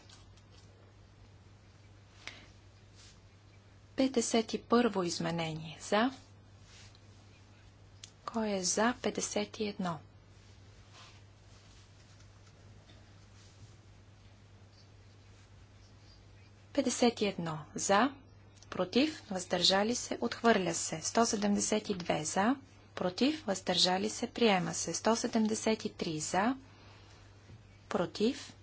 51 изменение. За? Кой е за 51? 151 за, против, въздържали се, отхвърля се. 172 за, против, въздържали се, приема се. 173 за, против.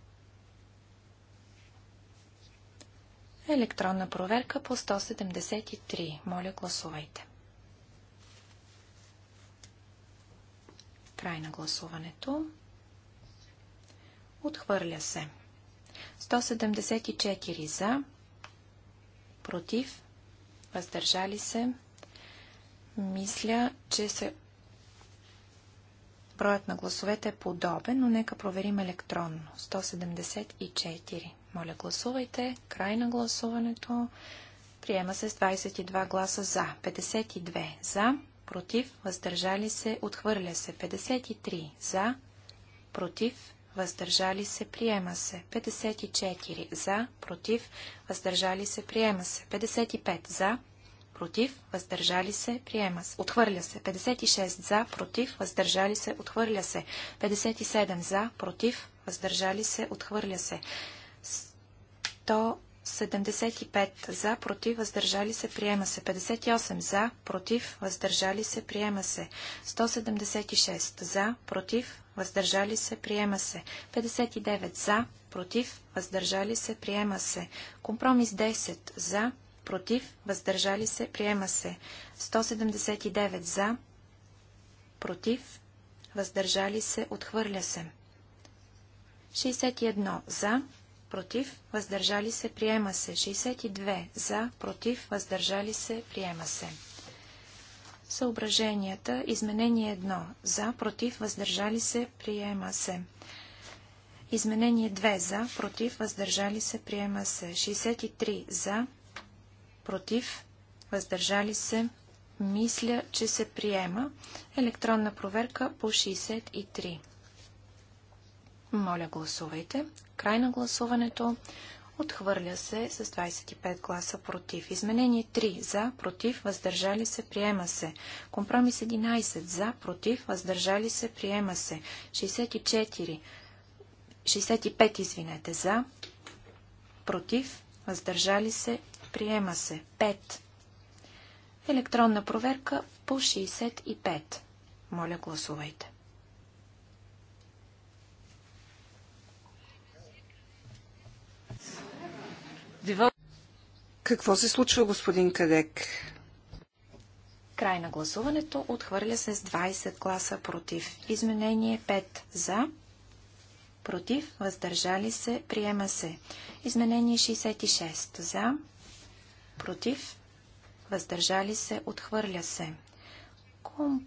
Електронна проверка по 173. Моля, гласувайте. Край на гласуването. Отхвърля се. 174 за, против, въздържали се. Мисля, че се... броят на гласовете е подобен, но нека проверим електронно. 174. Моля, гласувайте. Край на гласуването. Приема се с 22 гласа за, 52 за, против, въздържали се, отхвърля се, 53 за, против, въздържали се, приема се. 54 за, против, въздържали се, приема се. 55 за, против, въздържали се, приема се. Отхвърля се. 56 за, против, въздържали се, отхвърля се. 57 за, против, въздържали се, отхвърля се. 175 за, против, въздържали се, приема се. 58 за, против, въздържали се, приема се. 176 за, против, въздържали се, приема се. 59 за, против, въздържали се, приема се. Компромис 10 за, против, въздържали се, приема се. 179 за, против, въздържали се, отхвърля се. 61 за, против, въздържали се, приема се. 62 за, против, въздържали се, приема се. Съображенията. Изменение 1. За, против, въздържали се, приема се. Изменение 2. За, против, въздържали се, приема се. 63. За, против, въздържали се, мисля, че се приема. Електронна проверка по 63. Моля, гласувайте. Край на гласуването. Отхвърля се с 25 гласа против. Изменение 3. За, против, въздържали се, приема се. Компромис 11. За, против, въздържали се, приема се. 64. 65, извинете. За, против, въздържали се, приема се. 5. Електронна проверка по 65. Моля, гласувайте. Какво се случва, господин Кадек? Край на гласуването. Отхвърля се с 20 гласа против. Изменение 5 за. Против. Въздържали се. Приема се. Изменение 66 за. Против. Въздържали се. Отхвърля се. Ком...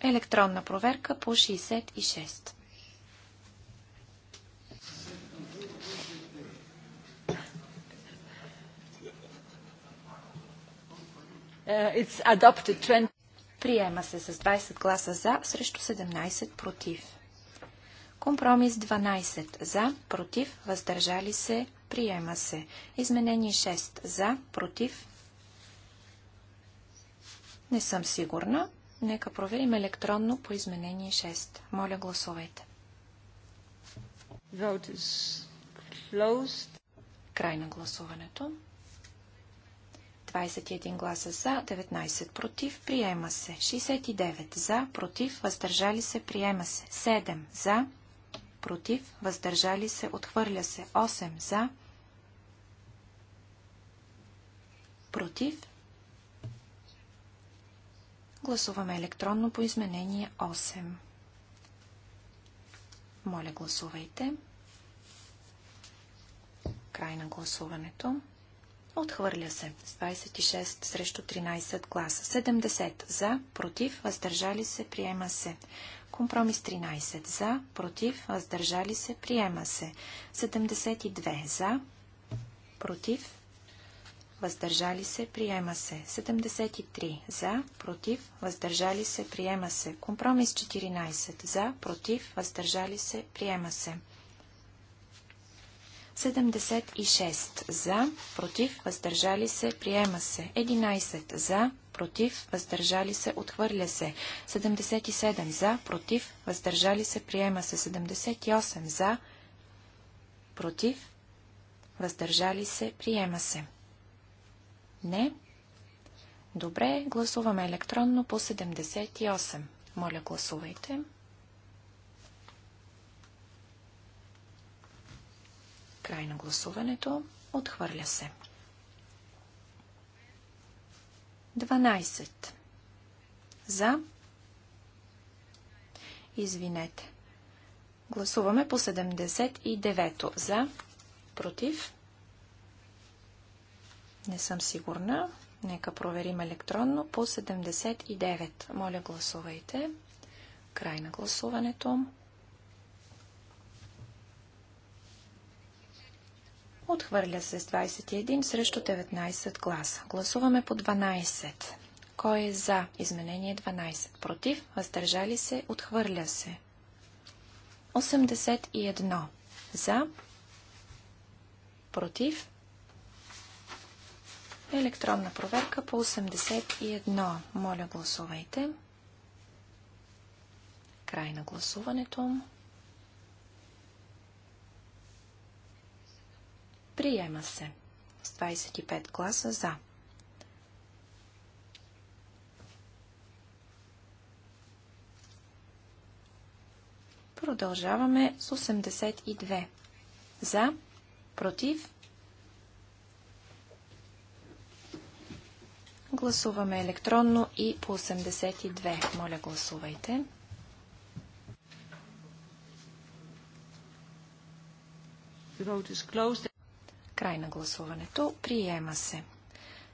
Електронна проверка по 66. Uh, it's adopted Приема се с 20 гласа за, срещу 17 против. Компромис 12 за, против, въздържали се, приема се. Изменение 6 за, против. Не съм сигурна. Нека проверим електронно по изменение 6. Моля, гласувайте. Край на гласуването. 21 гласа за, 19 против, приема се. 69 за, против, въздържали се, приема се. 7 за, против, въздържали се, отхвърля се. 8 за, против. Гласуваме електронно по изменение 8. Моля, гласувайте. Край на гласуването. Отхвърля се с 26 срещу 13 гласа. 70 за, против, въздържали се, приема се. Компромис 13 за, против, въздържали се, приема се. 72 за, против, въздържали се, приема се. 73 за, против, въздържали се, приема се. Компромис 14 за, против, въздържали се, приема се. 76 за, против, въздържали се, приема се. 11 за, против, въздържали се, отхвърля се. 77 за, против, въздържали се, приема се. 78 за, против, въздържали се, приема се. Не. Добре, гласуваме електронно по 78. Моля, гласувайте. Край на гласуването. Отхвърля се. 12. За. Извинете. Гласуваме по 79-то. За. Против. Не съм сигурна. Нека проверим електронно по 79. Моля, гласувайте. Край на гласуването. Отхвърля се с 21 срещу 19 гласа. Гласуваме по 12. Кой е за изменение 12? Против? Въздържали се? Отхвърля се. 81. За? Против? Електронна проверка по 81. Моля, гласувайте. Край на гласуването. Приема се. С 25 гласа за. Продължаваме с 82. За, против. Гласуваме електронно и по 82. Моля, гласувайте. The vote is closed. Край на гласуването. Приема се.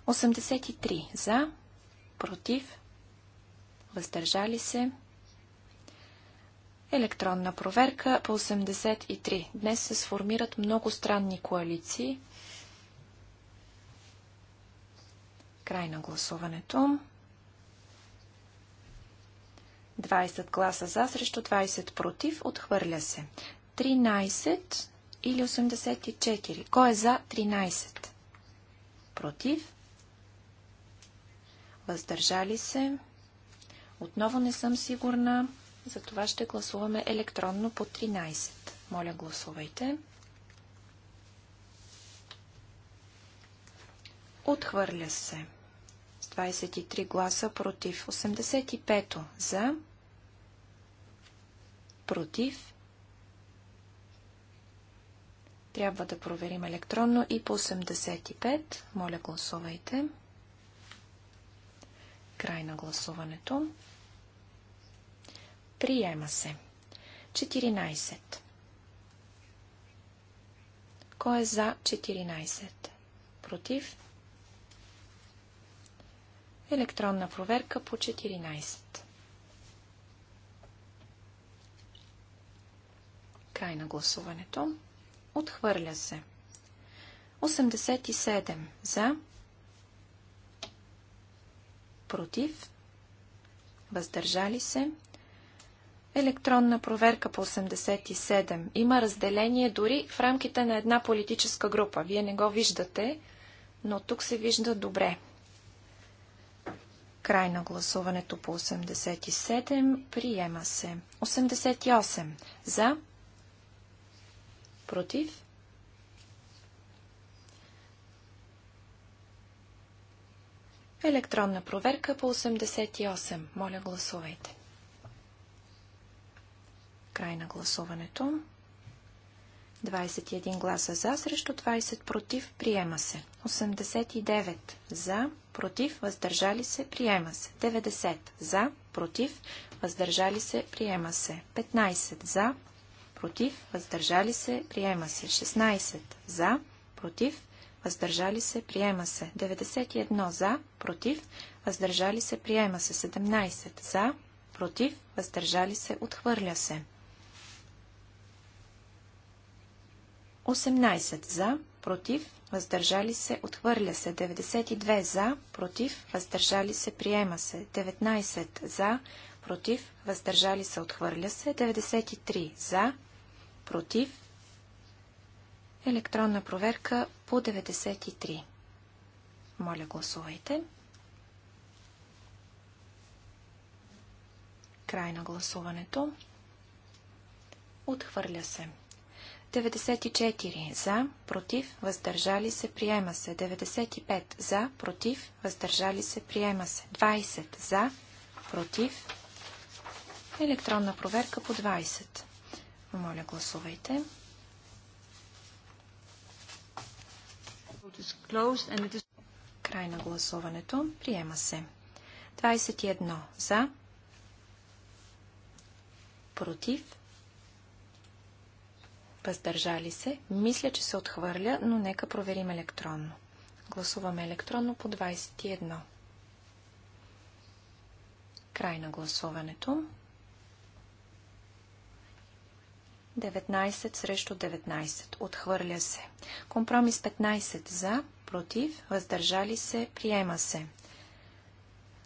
83 за, против, въздържали се. Електронна проверка по 83. Днес се сформират много странни коалиции. Край на гласуването. 20 гласа за срещу 20 против. Отхвърля се. 13 или 84? Кой е за 13? Против? Въздържали се? Отново не съм сигурна. Затова ще гласуваме електронно по 13. Моля, гласувайте. Отхвърля се. С 23 гласа против. 85 за. Против. Трябва да проверим електронно и по 85. Моля, гласувайте. Край на гласуването. Приема се. 14. Кой е за 14? Против? Електронна проверка по 14. Край на гласуването. Отхвърля се. 87. За. Против. Въздържали се. Електронна проверка по 87. Има разделение дори в рамките на една политическа група. Вие не го виждате, но тук се вижда добре. Край на гласуването по 87. Приема се. 88. За. Против? Електронна проверка по 88. Моля, гласувайте. Край на гласуването. 21 гласа за, срещу 20 против, приема се. 89 за, против, въздържали се, приема се. 90 за, против, въздържали се, приема се. 15 за, против, въздържали се, приема се. 16 за, против, въздържали се, приема се. 91 за, против, въздържали се, приема се. 17 за, против, въздържали се, отхвърля се. 18 за, против, въздържали се, отхвърля се. 92 за, против, въздържали се, приема се. 19 за, против, въздържали се, отхвърля се. 93 за, против, електронна проверка по 93. Моля, гласувайте. Край на гласуването. Отхвърля се. 94 за, против, въздържали се, приема се. 95 за, против, въздържали се, приема се. 20 за, против. Електронна проверка по 20. Моля, гласувайте. Край на гласуването. Приема се. 21 за. Против. Въздържали се. Мисля, че се отхвърля, но нека проверим електронно. Гласуваме електронно по 21. Край на гласуването. 19 срещу 19. Отхвърля се. Компромис 15 за, против, въздържали се, приема се.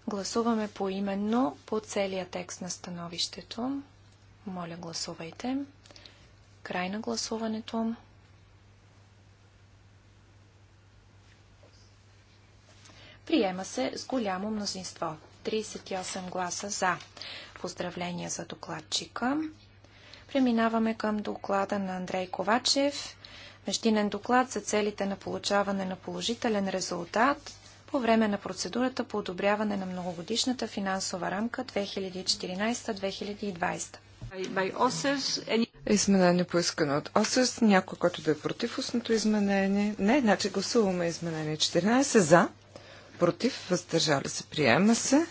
Гласуваме поименно по целия текст на становището. Моля, гласувайте. Край на гласуването. Приема се с голямо мнозинство. 38 гласа за. Поздравления за докладчика. Преминаваме към доклада на Андрей Ковачев. Междинен доклад за целите на получаване на положителен резултат по време на процедурата по одобряване на многогодишната финансова рамка 2014-2020. Изменение поискано от ОСЕС. Някой, който да е против устното изменение? Не, значи гласуваме изменение 14 за, против, въздържали се, приема се.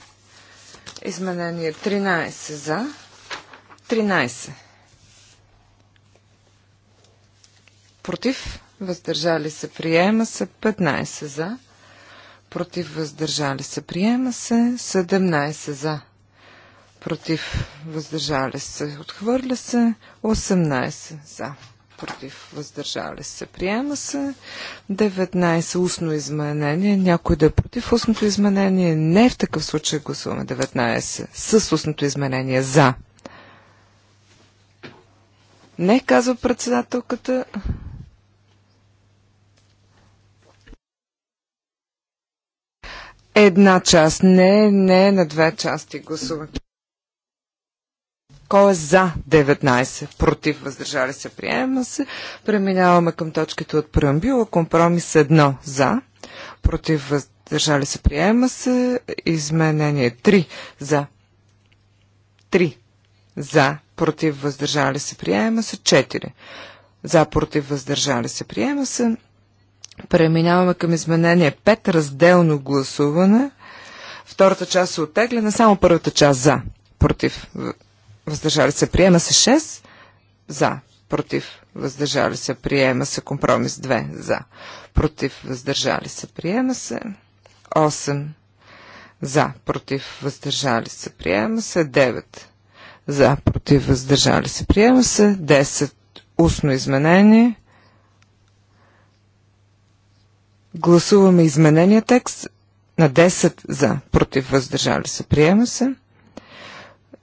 Изменение 13 за, 13 против, въздържали се, приема се 15 за, против, въздържали се, приема се 17 за, против, въздържали се, отхвърля се 18 за, против, въздържали се, приема се 19 устно изменение, някой да е против устното изменение, не в такъв случай гласуваме 19 с устното изменение за. Не, казва председателката. Една част. Не, не, на две части гласуваме. Кой е за 19? Против, въздържали се, приема се. Преминаваме към точките от преамбюла. Компромис 1 за. Против, въздържали се, приема се. Изменение 3 за. 3 за. Против, въздържали се, приема се. 4 за. Против, въздържали се, приема се. Преминаваме към изменение 5, разделно гласуване. Втората част се оттегляна, само първата част за, против, въздържали се, приема се 6, за, против, въздържали се, приема се, компромис 2, за, против, въздържали се, приема се, 8, за, против, въздържали се, приема се, 9, за, против, въздържали се, приема се, 10, устно изменение, Гласуваме изменения текст на 10 за, против въздържали се, приема се.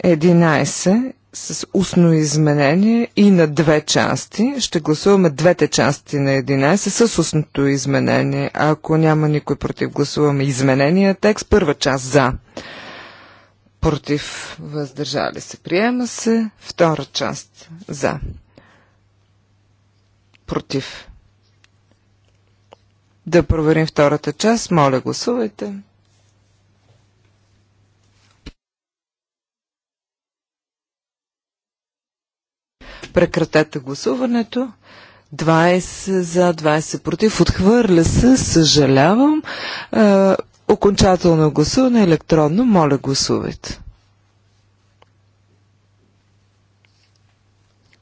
11 с устно изменение и на две части. Ще гласуваме двете части на 11 с устното изменение. А ако няма никой против, гласуваме изменения текст. Първа част за. Против въздържали се. Приема се. Втора част за. Против да проверим втората част. Моля, гласувайте. Прекратете гласуването. 20 за, 20 против. Отхвърля се, съжалявам. Е, окончателно гласуване електронно. Моля, гласувайте.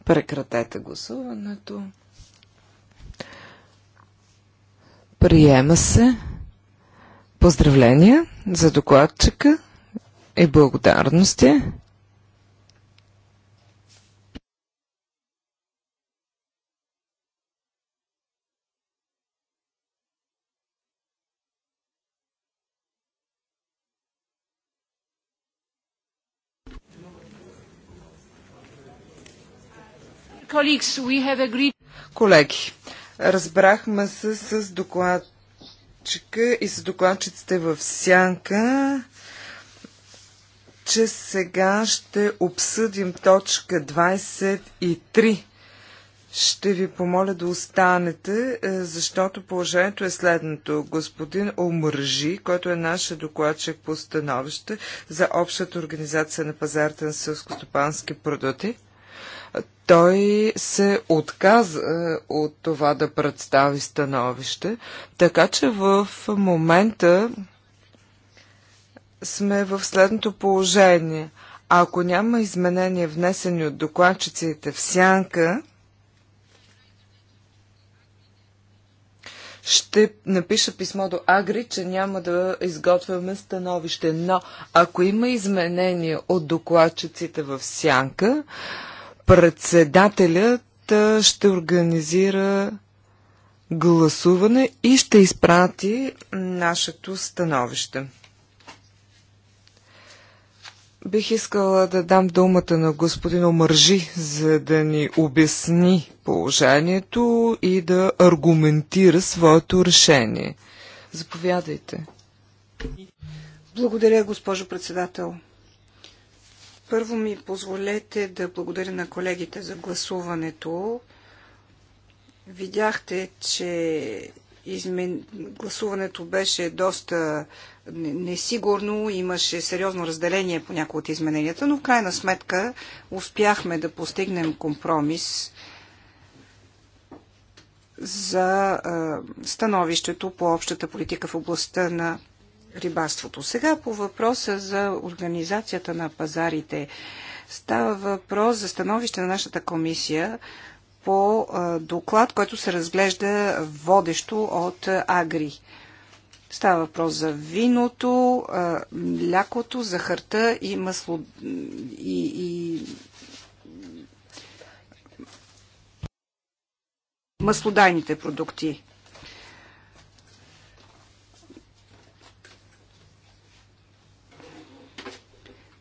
Прекратете гласуването. Приема се. Поздравления за докладчика и благодарности. Колеги, Разбрахме се с докладчика и с докладчиците в сянка, че сега ще обсъдим точка 23. Ще ви помоля да останете, е, защото положението е следното. Господин Омържи, който е нашия докладчик по становище за общата организация на пазарите на селско-стопански продукти, той се отказа е, от това да представи становище, така че в момента сме в следното положение. Ако няма изменения внесени от докладчиците в сянка, ще напиша писмо до Агри, че няма да изготвяме становище. Но ако има изменения от докладчиците в сянка, Председателят ще организира гласуване и ще изпрати нашето становище. Бих искала да дам думата на господин Омържи, за да ни обясни положението и да аргументира своето решение. Заповядайте. Благодаря, госпожо председател. Първо ми позволете да благодаря на колегите за гласуването. Видяхте, че измен... гласуването беше доста несигурно, имаше сериозно разделение по някои от измененията, но в крайна сметка успяхме да постигнем компромис за становището по общата политика в областта на рибарството. Сега по въпроса за организацията на пазарите. Става въпрос за становище на нашата комисия по доклад, който се разглежда водещо от Агри. Става въпрос за виното, млякото, захарта и масло и, и маслодайните продукти.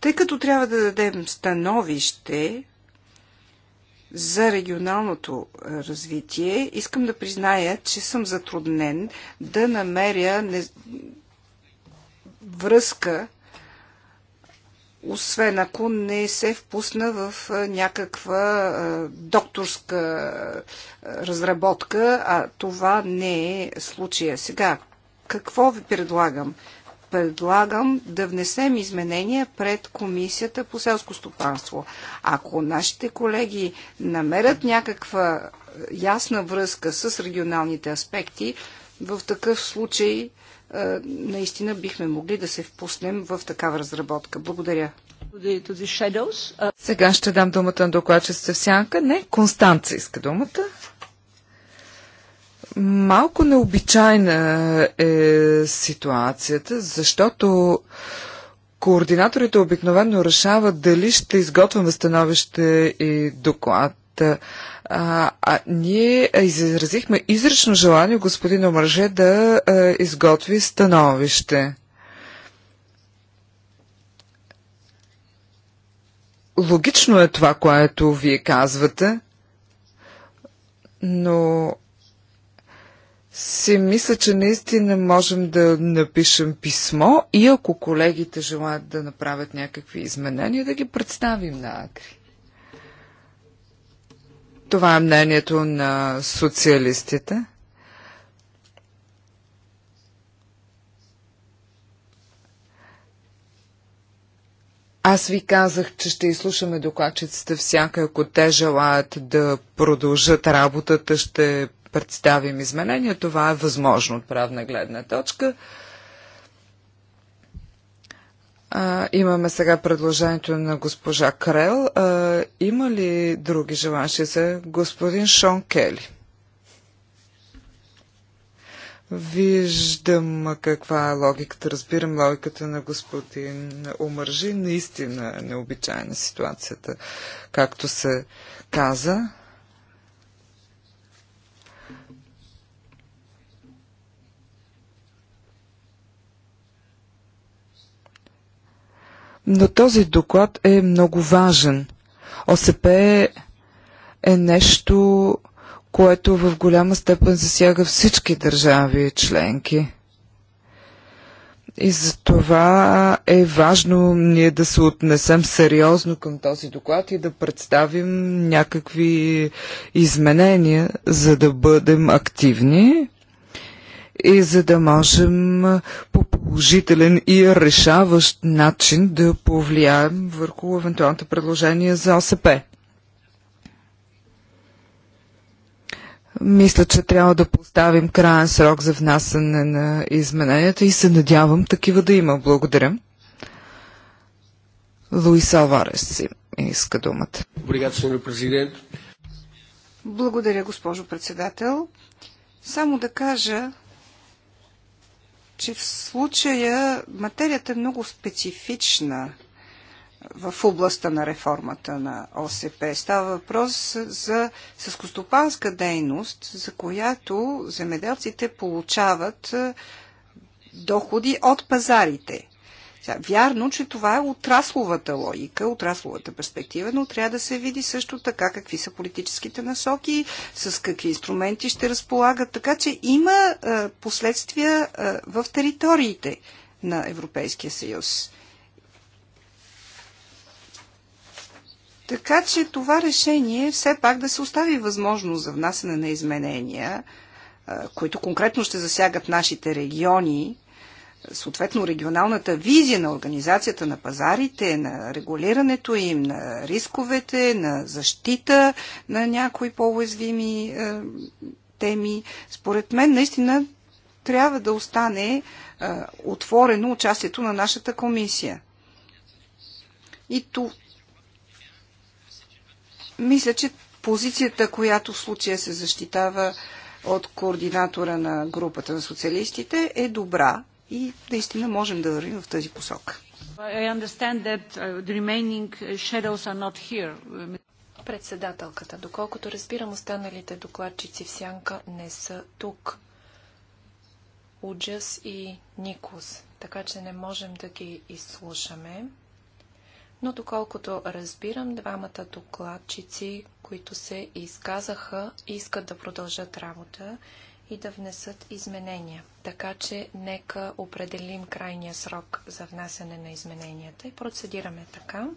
Тъй като трябва да дадем становище за регионалното развитие, искам да призная, че съм затруднен да намеря не... връзка, освен ако не се впусна в някаква докторска разработка, а това не е случая. Сега, какво ви предлагам? предлагам да внесем изменения пред Комисията по селско стопанство. Ако нашите колеги намерят някаква ясна връзка с регионалните аспекти, в такъв случай е, наистина бихме могли да се впуснем в такава разработка. Благодаря. Сега ще дам думата на докладчица Сянка. Не, Констанца иска думата. Малко необичайна е ситуацията, защото координаторите обикновено решават дали ще изготвяме становище и доклад. А, а ние изразихме изрично желание господин Омърже да а, е, изготви становище. Логично е това, което вие казвате, но си мисля, че наистина можем да напишем писмо и ако колегите желаят да направят някакви изменения, да ги представим на Агри. Това е мнението на социалистите. Аз ви казах, че ще изслушаме докладчиците всяка, ако те желаят да продължат работата, ще представим изменения. Това е възможно от правна гледна точка. А, имаме сега предложението на госпожа Крел. А, има ли други желанши се? Господин Шон Кели. Виждам каква е логиката, разбирам логиката на господин Омържи. Наистина е необичайна ситуацията, както се каза. Но този доклад е много важен. ОСП е нещо, което в голяма степен засяга всички държави членки. И за това е важно ние да се отнесем сериозно към този доклад и да представим някакви изменения, за да бъдем активни и за да можем по положителен и решаващ начин да повлияем върху евентуалните предложения за ОСП. Мисля, че трябва да поставим крайен срок за внасяне на измененията и се надявам такива да има. Благодаря. Луис Алварес иска думата. Благодаря, госпожо председател. Само да кажа, че в случая материята е много специфична в областта на реформата на ОСП. Става въпрос за съскостопанска дейност, за която земеделците получават е, доходи от пазарите. Вярно, че това е отрасловата логика, отрасловата перспектива, но трябва да се види също така какви са политическите насоки, с какви инструменти ще разполагат. Така че има е, последствия е, в териториите на Европейския съюз. Така че това решение все пак да се остави възможност за внасяне на изменения, е, които конкретно ще засягат нашите региони, съответно регионалната визия на организацията на пазарите, на регулирането им, на рисковете, на защита на някои по-уязвими е, теми, според мен наистина трябва да остане е, отворено участието на нашата комисия. И то Мисля, че позицията, която в случая се защитава от координатора на групата на социалистите, е добра и наистина можем да вървим в тази посока. Uh, uh, Председателката, доколкото разбирам, останалите докладчици в Сянка не са тук. Уджас и Никус. така че не можем да ги изслушаме. Но доколкото разбирам, двамата докладчици, които се изказаха, искат да продължат работа и да внесат изменения. Така че нека определим крайния срок за внасяне на измененията и процедираме така.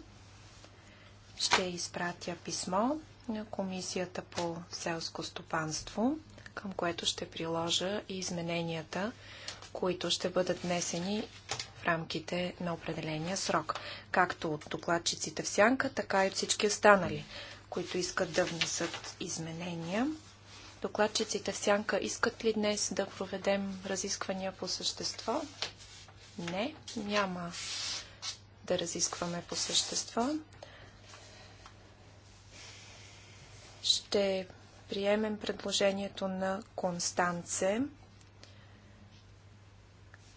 Ще изпратя писмо на Комисията по селско стопанство, към което ще приложа и измененията, които ще бъдат внесени в рамките на определения срок, както от докладчиците в сянка, така и от всички останали, които искат да внесат изменения. Докладчиците в сянка искат ли днес да проведем разисквания по същество? Не, няма да разискваме по същество. Ще приемем предложението на Констанце,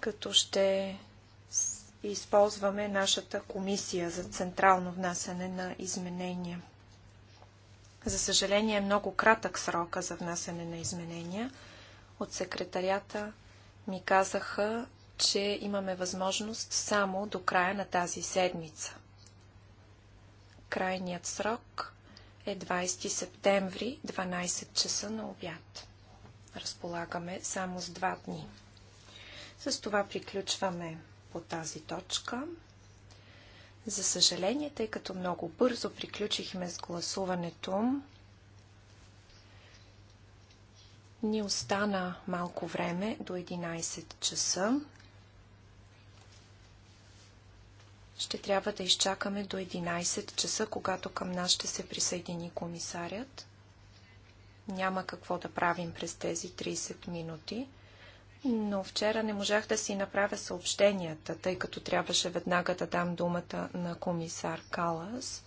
като ще използваме нашата комисия за централно внасяне на изменения. За съжаление е много кратък срока за внасяне на изменения. От секретарията ми казаха, че имаме възможност само до края на тази седмица. Крайният срок е 20 септември, 12 часа на обяд. Разполагаме само с два дни. С това приключваме по тази точка. За съжаление, тъй като много бързо приключихме с гласуването, ни остана малко време до 11 часа. Ще трябва да изчакаме до 11 часа, когато към нас ще се присъедини комисарят. Няма какво да правим през тези 30 минути но вчера не можах да си направя съобщенията, тъй като трябваше веднага да дам думата на комисар Калас.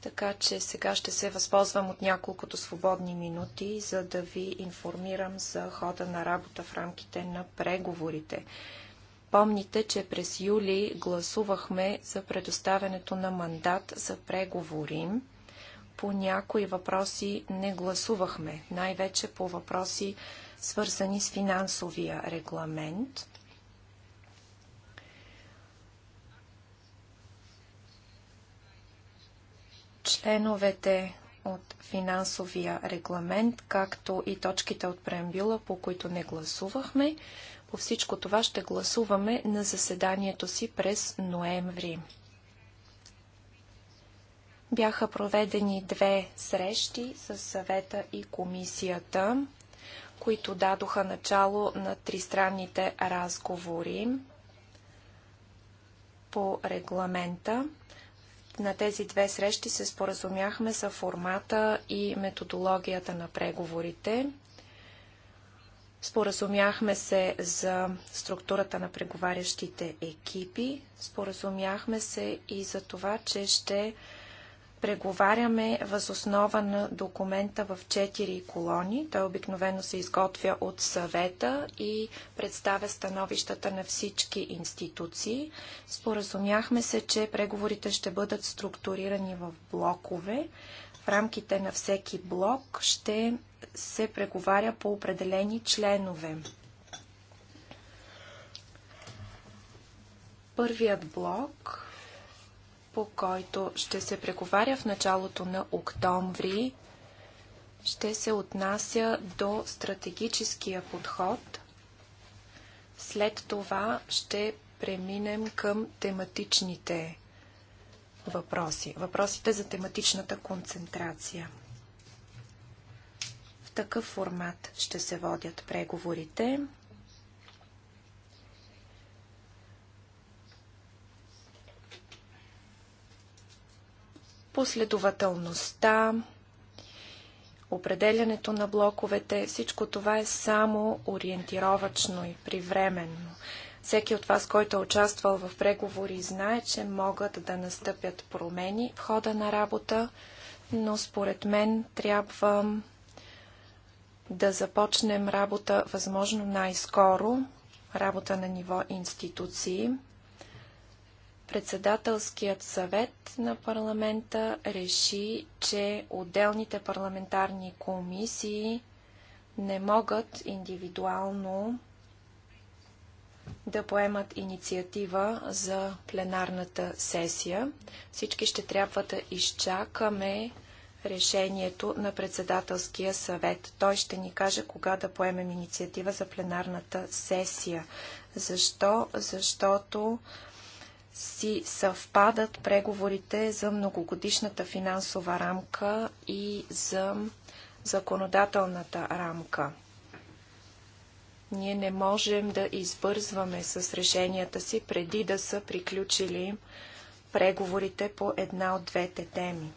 Така че сега ще се възползвам от няколкото свободни минути, за да ви информирам за хода на работа в рамките на преговорите. Помните, че през юли гласувахме за предоставянето на мандат за преговори. По някои въпроси не гласувахме, най-вече по въпроси, свързани с финансовия регламент. Членовете от финансовия регламент, както и точките от преамбюла, по които не гласувахме, по всичко това ще гласуваме на заседанието си през ноември. Бяха проведени две срещи с съвета и комисията които дадоха начало на тристранните разговори по регламента. На тези две срещи се споразумяхме за формата и методологията на преговорите. Споразумяхме се за структурата на преговарящите екипи. Споразумяхме се и за това, че ще Преговаряме възоснова на документа в четири колони. Той обикновено се изготвя от съвета и представя становищата на всички институции. Споразумяхме се, че преговорите ще бъдат структурирани в блокове. В рамките на всеки блок ще се преговаря по определени членове. Първият блок по който ще се преговаря в началото на октомври, ще се отнася до стратегическия подход. След това ще преминем към тематичните въпроси. Въпросите за тематичната концентрация. В такъв формат ще се водят преговорите. последователността, определянето на блоковете, всичко това е само ориентировачно и привременно. Всеки от вас, който е участвал в преговори, знае, че могат да настъпят промени в хода на работа, но според мен трябва да започнем работа възможно най-скоро, работа на ниво институции. Председателският съвет на парламента реши, че отделните парламентарни комисии не могат индивидуално да поемат инициатива за пленарната сесия. Всички ще трябва да изчакаме решението на председателския съвет. Той ще ни каже кога да поемем инициатива за пленарната сесия. Защо? Защото си съвпадат преговорите за многогодишната финансова рамка и за законодателната рамка. Ние не можем да избързваме с решенията си преди да са приключили преговорите по една от двете теми,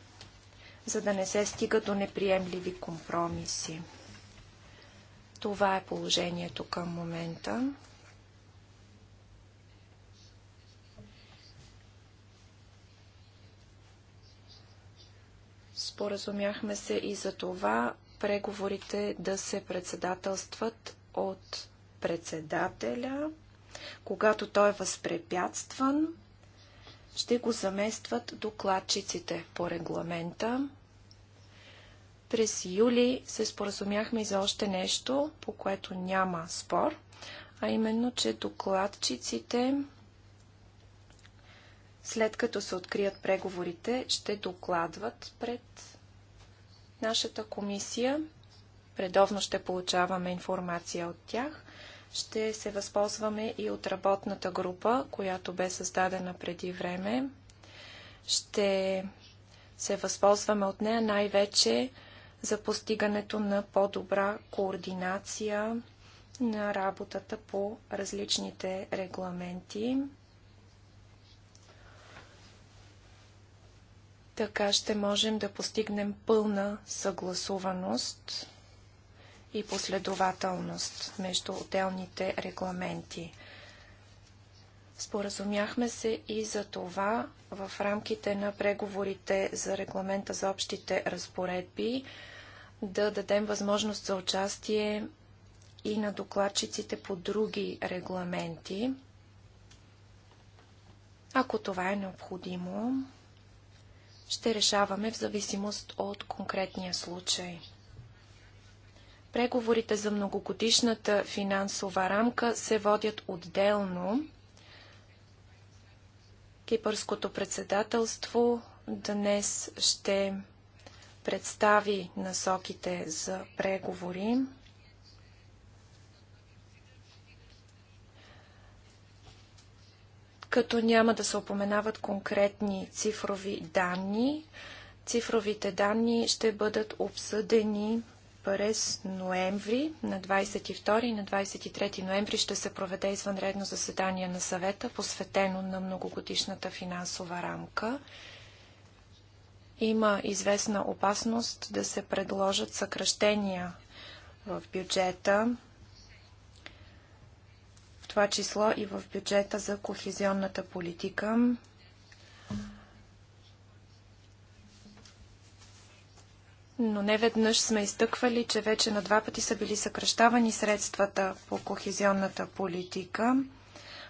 за да не се стига до неприемливи компромиси. Това е положението към момента. Споразумяхме се и за това преговорите да се председателстват от председателя. Когато той е възпрепятстван, ще го заместват докладчиците по регламента. През юли се споразумяхме и за още нещо, по което няма спор, а именно, че докладчиците след като се открият преговорите, ще докладват пред нашата комисия. Редовно ще получаваме информация от тях. Ще се възползваме и от работната група, която бе създадена преди време. Ще се възползваме от нея най-вече за постигането на по-добра координация на работата по различните регламенти. Така ще можем да постигнем пълна съгласуваност и последователност между отделните регламенти. Споразумяхме се и за това в рамките на преговорите за регламента за общите разпоредби да дадем възможност за участие и на докладчиците по други регламенти, ако това е необходимо ще решаваме в зависимост от конкретния случай. Преговорите за многогодишната финансова рамка се водят отделно. Кипърското председателство днес ще представи насоките за преговори. като няма да се упоменават конкретни цифрови данни. Цифровите данни ще бъдат обсъдени през ноември, на 22 и на 23 ноември ще се проведе извънредно заседание на съвета, посветено на многогодишната финансова рамка. Има известна опасност да се предложат съкръщения в бюджета това число и в бюджета за кохезионната политика. Но не веднъж сме изтъквали, че вече на два пъти са били съкръщавани средствата по кохезионната политика.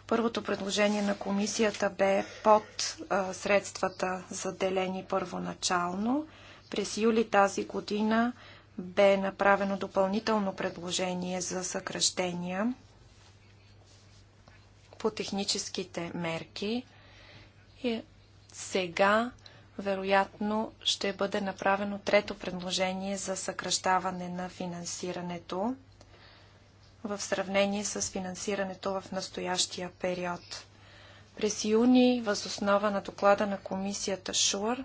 Първото предложение на комисията бе под а, средствата заделени първоначално. През юли тази година бе направено допълнително предложение за съкръщения по техническите мерки и сега вероятно ще бъде направено трето предложение за съкръщаване на финансирането в сравнение с финансирането в настоящия период. През юни, възоснова на доклада на комисията ШУР,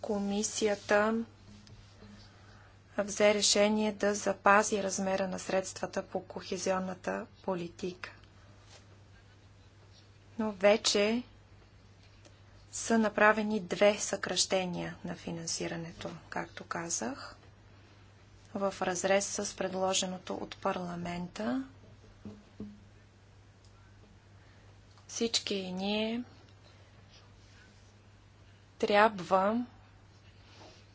комисията взе решение да запази размера на средствата по кохезионната политика но вече са направени две съкръщения на финансирането, както казах, в разрез с предложеното от парламента. Всички ние трябва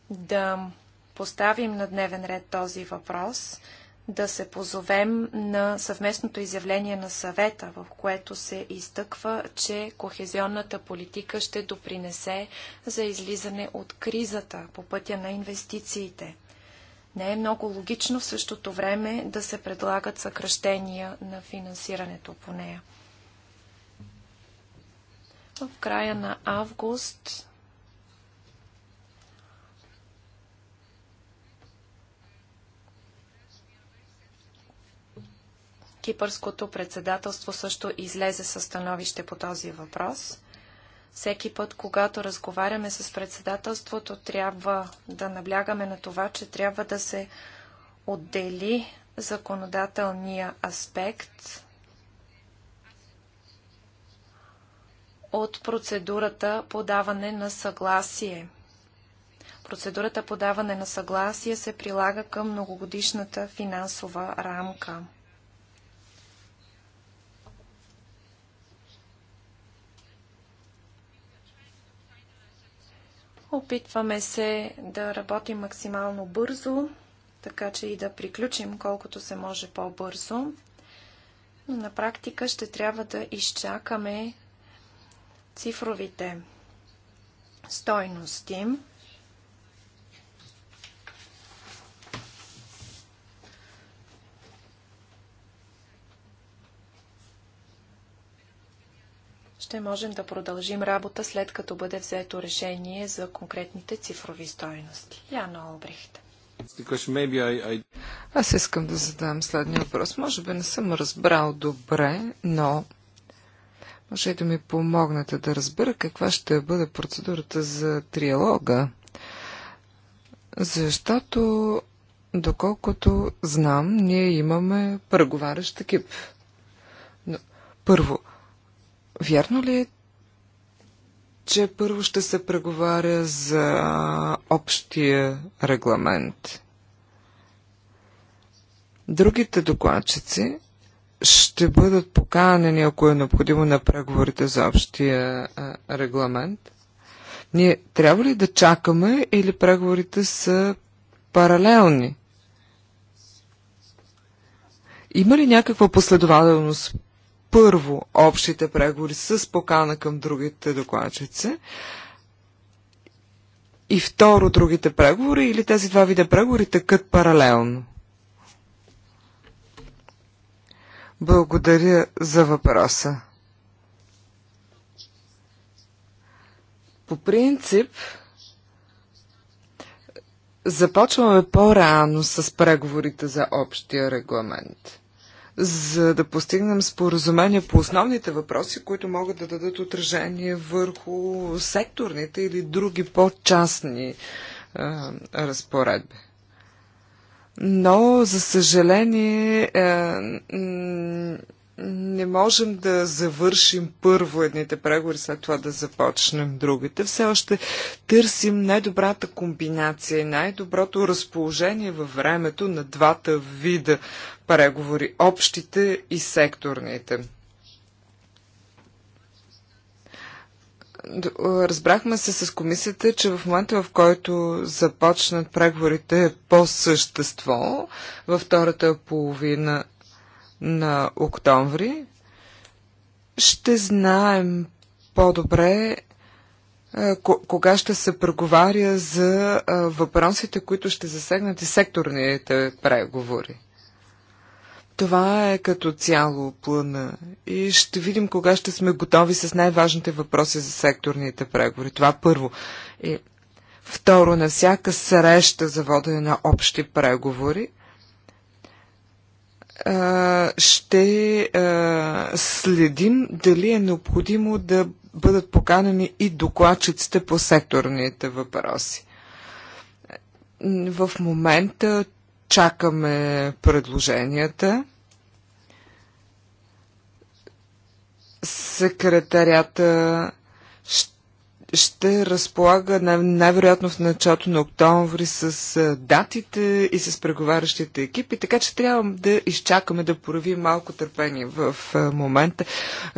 да поставим на дневен ред този въпрос – да се позовем на съвместното изявление на съвета, в което се изтъква, че кохезионната политика ще допринесе за излизане от кризата по пътя на инвестициите. Не е много логично в същото време да се предлагат съкръщения на финансирането по нея. В края на август Кипърското председателство също излезе със становище по този въпрос. Всеки път, когато разговаряме с председателството, трябва да наблягаме на това, че трябва да се отдели законодателния аспект от процедурата подаване на съгласие. Процедурата подаване на съгласие се прилага към многогодишната финансова рамка. Опитваме се да работим максимално бързо, така че и да приключим колкото се може по-бързо. Но на практика ще трябва да изчакаме цифровите стойности. ще можем да продължим работа след като бъде взето решение за конкретните цифрови стоености. Яна Обрехт. Аз искам да задам следния въпрос. Може би не съм разбрал добре, но може да ми помогнете да разбера каква ще бъде процедурата за триалога. Защото, доколкото знам, ние имаме преговарящ екип. Но, първо, Вярно ли е, че първо ще се преговаря за общия регламент? Другите докладчици ще бъдат поканени, ако е необходимо, на преговорите за общия регламент. Ние трябва ли да чакаме или преговорите са паралелни? Има ли някаква последователност първо общите преговори с покана към другите докладчици и второ другите преговори или тези два вида преговори тъкат паралелно? Благодаря за въпроса. По принцип, започваме по-рано с преговорите за общия регламент за да постигнем споразумение по основните въпроси, които могат да дадат отражение върху секторните или други по-частни е, разпоредби. Но, за съжаление, е, не можем да завършим първо едните преговори, след това да започнем другите. Все още търсим най-добрата комбинация и най-доброто разположение във времето на двата вида преговори общите и секторните. Разбрахме се с комисията, че в момента, в който започнат преговорите е по същество, във втората половина на октомври ще знаем по-добре кога ще се преговаря за въпросите, които ще засегнат и секторните преговори. Това е като цяло плъна и ще видим кога ще сме готови с най-важните въпроси за секторните преговори. Това първо. И второ, на всяка среща за водене на общи преговори – ще следим дали е необходимо да бъдат поканени и докладчиците по секторните въпроси. В момента чакаме предложенията. Секретарята ще ще разполага най-вероятно в началото на октомври с датите и с преговарящите екипи, така че трябва да изчакаме да порави малко търпение в момента.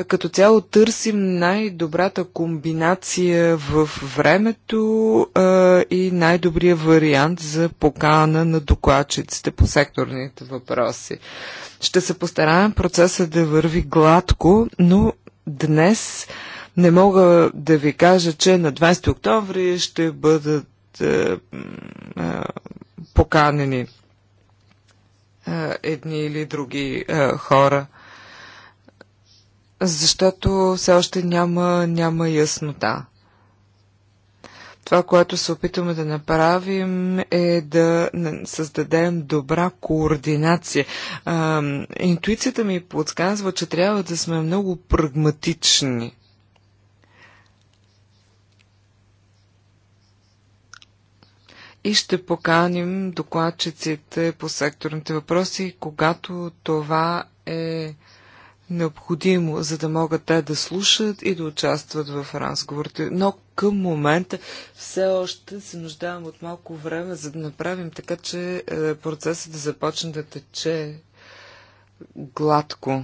Като цяло търсим най-добрата комбинация в времето а, и най-добрия вариант за покана на докладчиците по секторните въпроси. Ще се постараем процеса да върви гладко, но днес не мога да ви кажа, че на 20 октомври ще бъдат е, е, поканени е, едни или други е, хора, защото все още няма, няма яснота. Това, което се опитваме да направим е да създадем добра координация. интуицията ми подсказва, че трябва да сме много прагматични. и ще поканим докладчиците по секторните въпроси, когато това е необходимо, за да могат те да слушат и да участват в разговорите. Но към момента все още се нуждаем от малко време, за да направим така, че е, процесът да започне да тече гладко.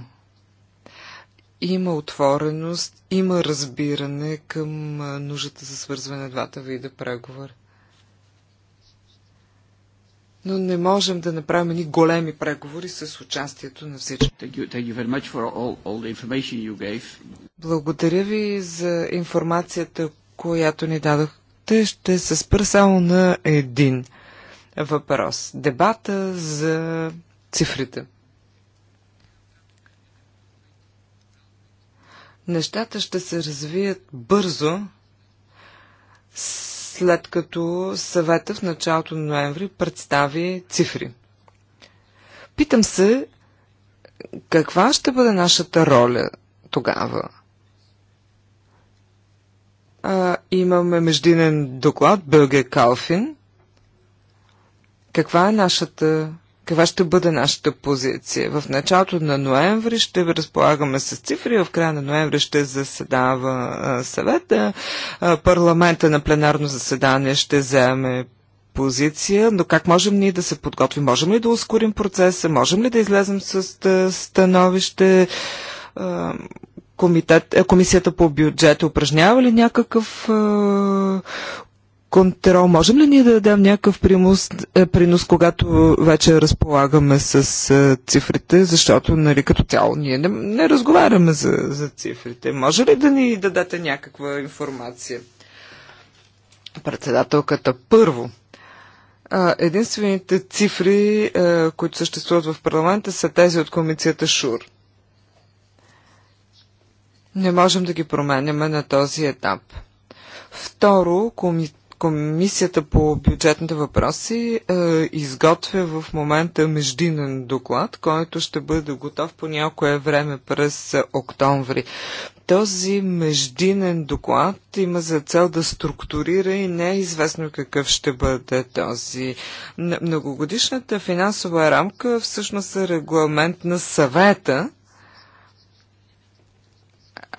Има отвореност, има разбиране към е, нуждата за свързване на двата вида преговори но не можем да направим ни големи преговори с участието на всички. Благодаря ви за информацията, която ни дадохте. Ще се спра само на един въпрос. Дебата за цифрите. Нещата ще се развият бързо след като съвета в началото на ноември представи цифри. Питам се, каква ще бъде нашата роля тогава? А, имаме междинен доклад Бълге Калфин. Каква е нашата каква ще бъде нашата позиция. В началото на ноември ще разполагаме с цифри, в края на ноември ще заседава съвета, парламента на пленарно заседание ще вземе позиция, но как можем ние да се подготвим? Можем ли да ускорим процеса? Можем ли да излезем с становище? Комитет, комисията по бюджет упражнява ли някакъв контрол. Можем ли ние да дадем някакъв принос, е, принос когато вече разполагаме с е, цифрите, защото нали, като цяло ние не, не разговаряме за, за цифрите. Може ли да ни дадете някаква информация? Председателката първо. Единствените цифри, е, които съществуват в парламента, са тези от комисията ШУР. Не можем да ги променяме на този етап. Второ, комисията. Комисията по бюджетните въпроси е, изготвя в момента междинен доклад, който ще бъде готов по някое време през октомври. Този междинен доклад има за цел да структурира и не е известно какъв ще бъде този. Многогодишната финансова рамка всъщност е регламент на съвета,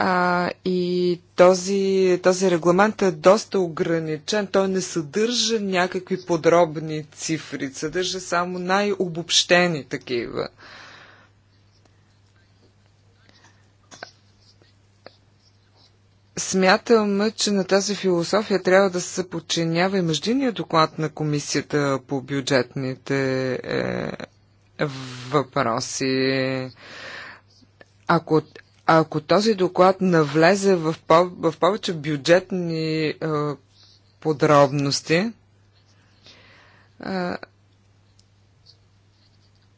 а, и този, този регламент е доста ограничен. Той не съдържа някакви подробни цифри, съдържа само най-обобщени такива. Смятам, че на тази философия трябва да се подчинява и междинния доклад на комисията по бюджетните е, въпроси. Ако ако този доклад навлезе в, по- в повече бюджетни е, подробности, е,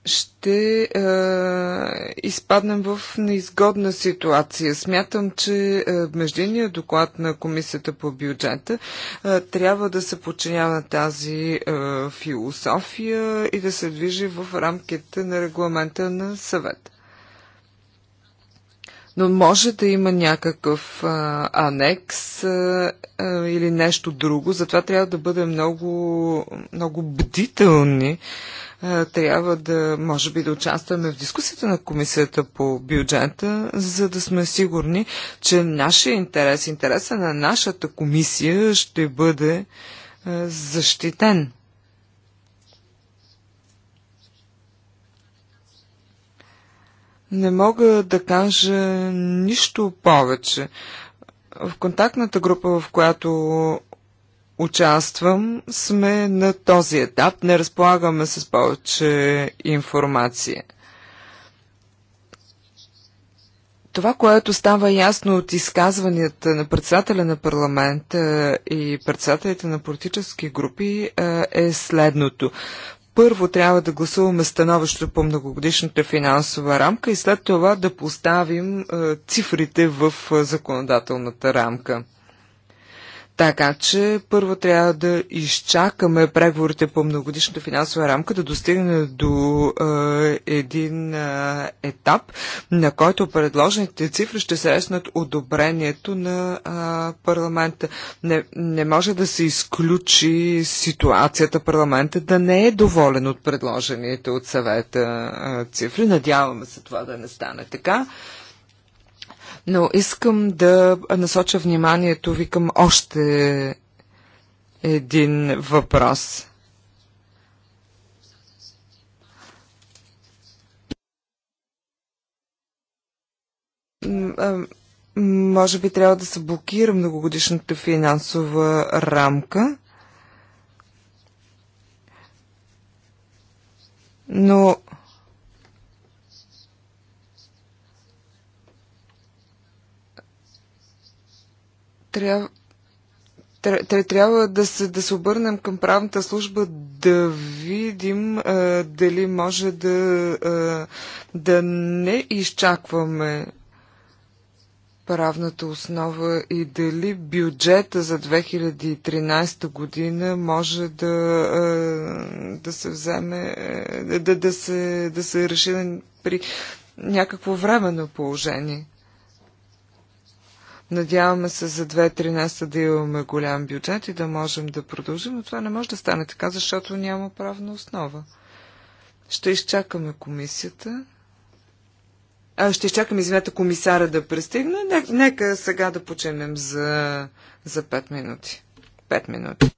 ще е, изпаднем в неизгодна ситуация. Смятам, че е, междинният доклад на Комисията по бюджета е, трябва да се подчинява на тази е, философия и да се движи в рамките на регламента на съвет. Но може да има някакъв а, анекс а, а, или нещо друго, затова трябва да бъдем много, много бдителни. А, трябва да, може би, да участваме в дискусията на комисията по бюджета, за да сме сигурни, че нашия интерес, интереса на нашата комисия ще бъде а, защитен. Не мога да кажа нищо повече. В контактната група, в която участвам, сме на този етап. Не разполагаме с повече информация. Това, което става ясно от изказванията на председателя на парламента и председателите на политически групи е следното първо трябва да гласуваме становището по многогодишната финансова рамка и след това да поставим цифрите в законодателната рамка. Така че първо трябва да изчакаме преговорите по многодишната финансова рамка да достигне до е, един е, етап, на който предложените цифри ще срещнат одобрението на е, парламента. Не, не може да се изключи ситуацията парламента да не е доволен от предложените от съвета е, цифри. Надяваме се това да не стане така. Но искам да насоча вниманието ви към още един въпрос. Може би трябва да се блокира многогодишната финансова рамка. Но трябва трябва да се, да се обърнем към правната служба да видим а, дали може да, а, да не изчакваме правната основа и дали бюджета за 2013 година може да, а, да се вземе, да, да, се, да се реши при някакво временно положение. Надяваме се за 2013 да имаме голям бюджет и да можем да продължим, но това не може да стане така, защото няма правна основа. Ще изчакаме комисията. А, ще изчакаме, извинете, комисара да пристигне. Нека сега да починем за, за 5 минути. 5 минути.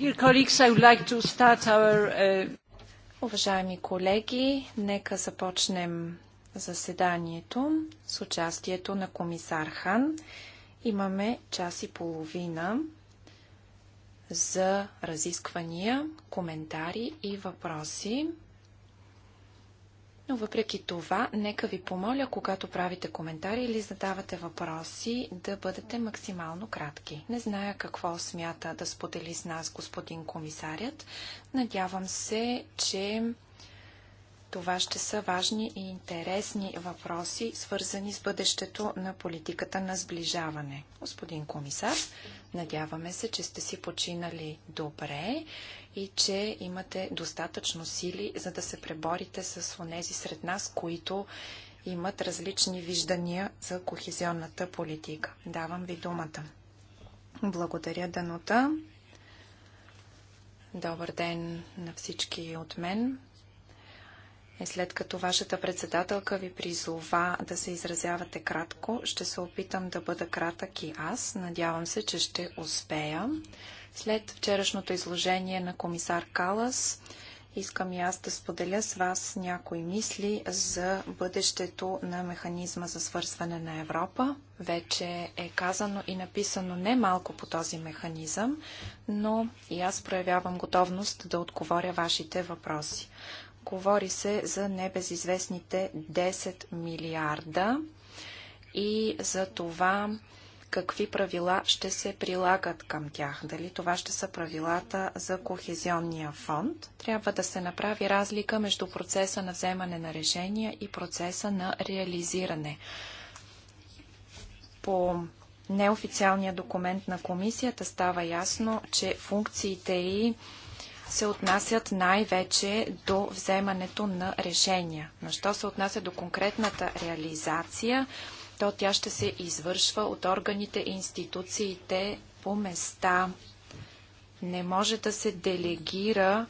Our... Uh, Уважаеми колеги, нека започнем заседанието с участието на комисар Хан. Имаме час и половина за разисквания, коментари и въпроси въпреки това, нека ви помоля, когато правите коментари или задавате въпроси, да бъдете максимално кратки. Не зная какво смята да сподели с нас господин комисарят. Надявам се, че това ще са важни и интересни въпроси, свързани с бъдещето на политиката на сближаване. Господин комисар, Надяваме се, че сте си починали добре и че имате достатъчно сили, за да се преборите с онези сред нас, които имат различни виждания за кохезионната политика. Давам ви думата. Благодаря, Данута. Добър ден на всички от мен. Е, след като вашата председателка ви призова да се изразявате кратко, ще се опитам да бъда кратък и аз. Надявам се, че ще успея. След вчерашното изложение на комисар Калас, искам и аз да споделя с вас някои мисли за бъдещето на механизма за свързване на Европа. Вече е казано и написано не малко по този механизъм, но и аз проявявам готовност да отговоря вашите въпроси. Говори се за небезизвестните 10 милиарда и за това какви правила ще се прилагат към тях. Дали това ще са правилата за кохезионния фонд. Трябва да се направи разлика между процеса на вземане на решения и процеса на реализиране. По неофициалния документ на комисията става ясно, че функциите и се отнасят най-вече до вземането на решения. Но що се отнася до конкретната реализация, то тя ще се извършва от органите и институциите по места. Не може да се делегира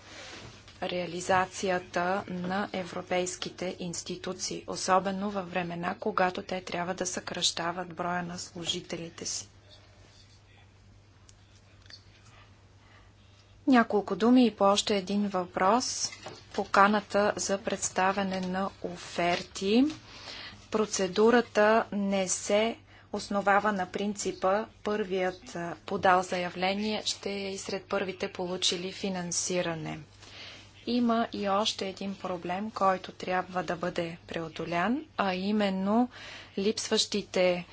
реализацията на европейските институции, особено във времена, когато те трябва да съкръщават броя на служителите си. Няколко думи и по още един въпрос. Поканата за представяне на оферти. Процедурата не се основава на принципа първият подал заявление ще е и сред първите получили финансиране. Има и още един проблем, който трябва да бъде преодолян, а именно липсващите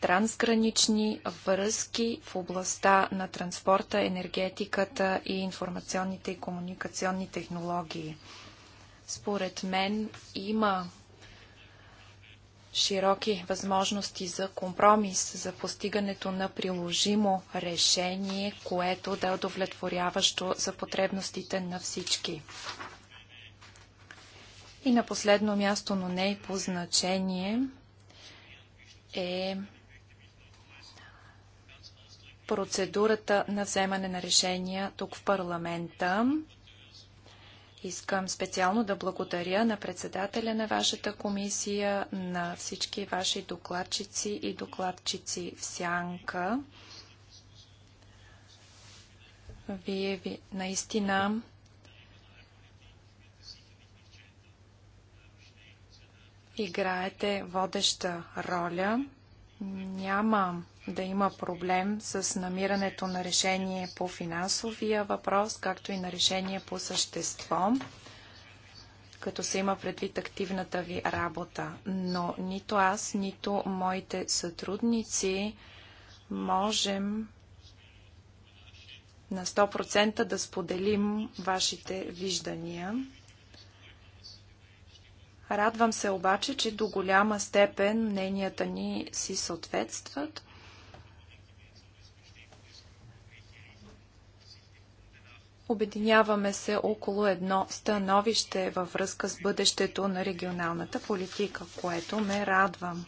трансгранични връзки в областта на транспорта, енергетиката и информационните и комуникационни технологии. Според мен има широки възможности за компромис, за постигането на приложимо решение, което да е удовлетворяващо за потребностите на всички. И на последно място, но не и по значение, е процедурата на вземане на решения тук в парламента. Искам специално да благодаря на председателя на вашата комисия, на всички ваши докладчици и докладчици в Сянка. Вие ви, наистина играете водеща роля няма да има проблем с намирането на решение по финансовия въпрос, както и на решение по същество, като се има предвид активната ви работа. Но нито аз, нито моите сътрудници можем на 100% да споделим вашите виждания. Радвам се обаче, че до голяма степен мненията ни си съответстват. Обединяваме се около едно становище във връзка с бъдещето на регионалната политика, което ме радвам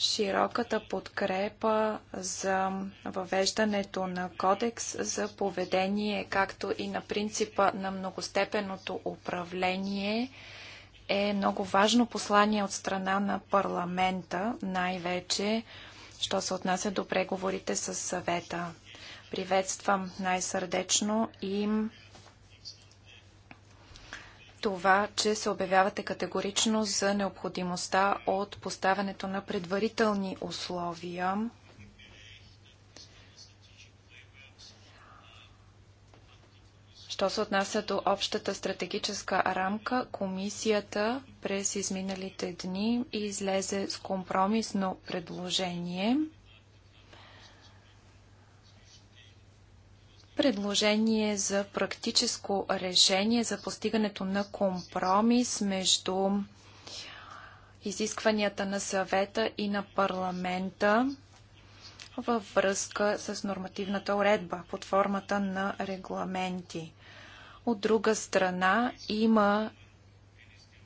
широката подкрепа за въвеждането на кодекс за поведение, както и на принципа на многостепенното управление е много важно послание от страна на парламента, най-вече, що се отнася до преговорите с съвета. Приветствам най-сърдечно и това, че се обявявате категорично за необходимостта от поставянето на предварителни условия Що се отнася до общата стратегическа рамка, комисията през изминалите дни излезе с компромисно предложение – предложение за практическо решение за постигането на компромис между изискванията на съвета и на парламента във връзка с нормативната уредба под формата на регламенти. От друга страна има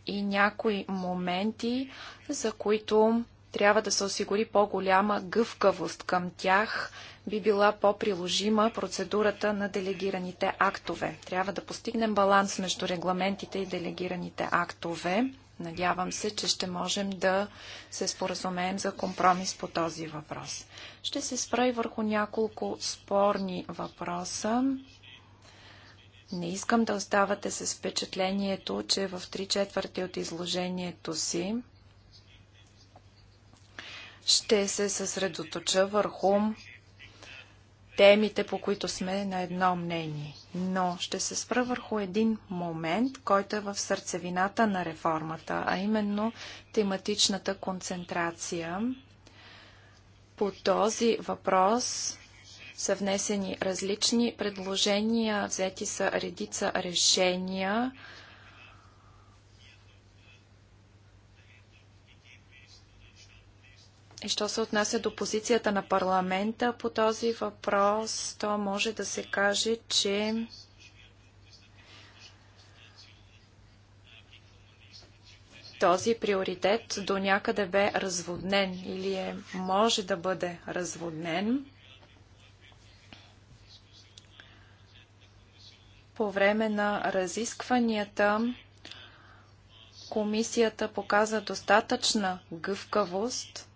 и някои моменти, за които трябва да се осигури по-голяма гъвкавост към тях, би била по-приложима процедурата на делегираните актове. Трябва да постигнем баланс между регламентите и делегираните актове. Надявам се, че ще можем да се споразумеем за компромис по този въпрос. Ще се спра и върху няколко спорни въпроса. Не искам да оставате с впечатлението, че в три четвърти от изложението си ще се съсредоточа върху темите, по които сме на едно мнение. Но ще се спра върху един момент, който е в сърцевината на реформата, а именно тематичната концентрация. По този въпрос са внесени различни предложения, взети са редица решения, И що се отнася до позицията на парламента по този въпрос, то може да се каже, че този приоритет до някъде бе разводнен или е, може да бъде разводнен. По време на разискванията комисията показа достатъчна гъвкавост –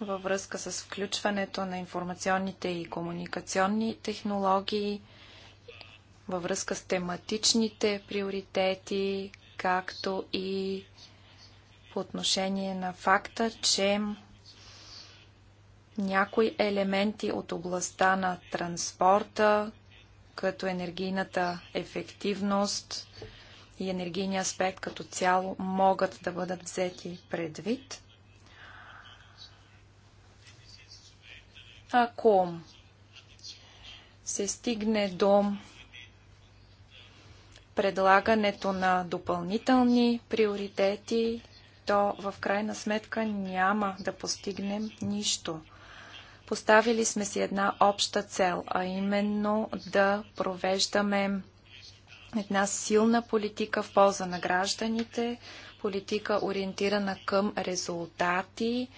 във връзка с включването на информационните и комуникационни технологии, във връзка с тематичните приоритети, както и по отношение на факта, че някои елементи от областта на транспорта, като енергийната ефективност и енергийния аспект като цяло могат да бъдат взети предвид. Ако се стигне до предлагането на допълнителни приоритети, то в крайна сметка няма да постигнем нищо. Поставили сме си една обща цел, а именно да провеждаме една силна политика в полза на гражданите, политика ориентирана към резултати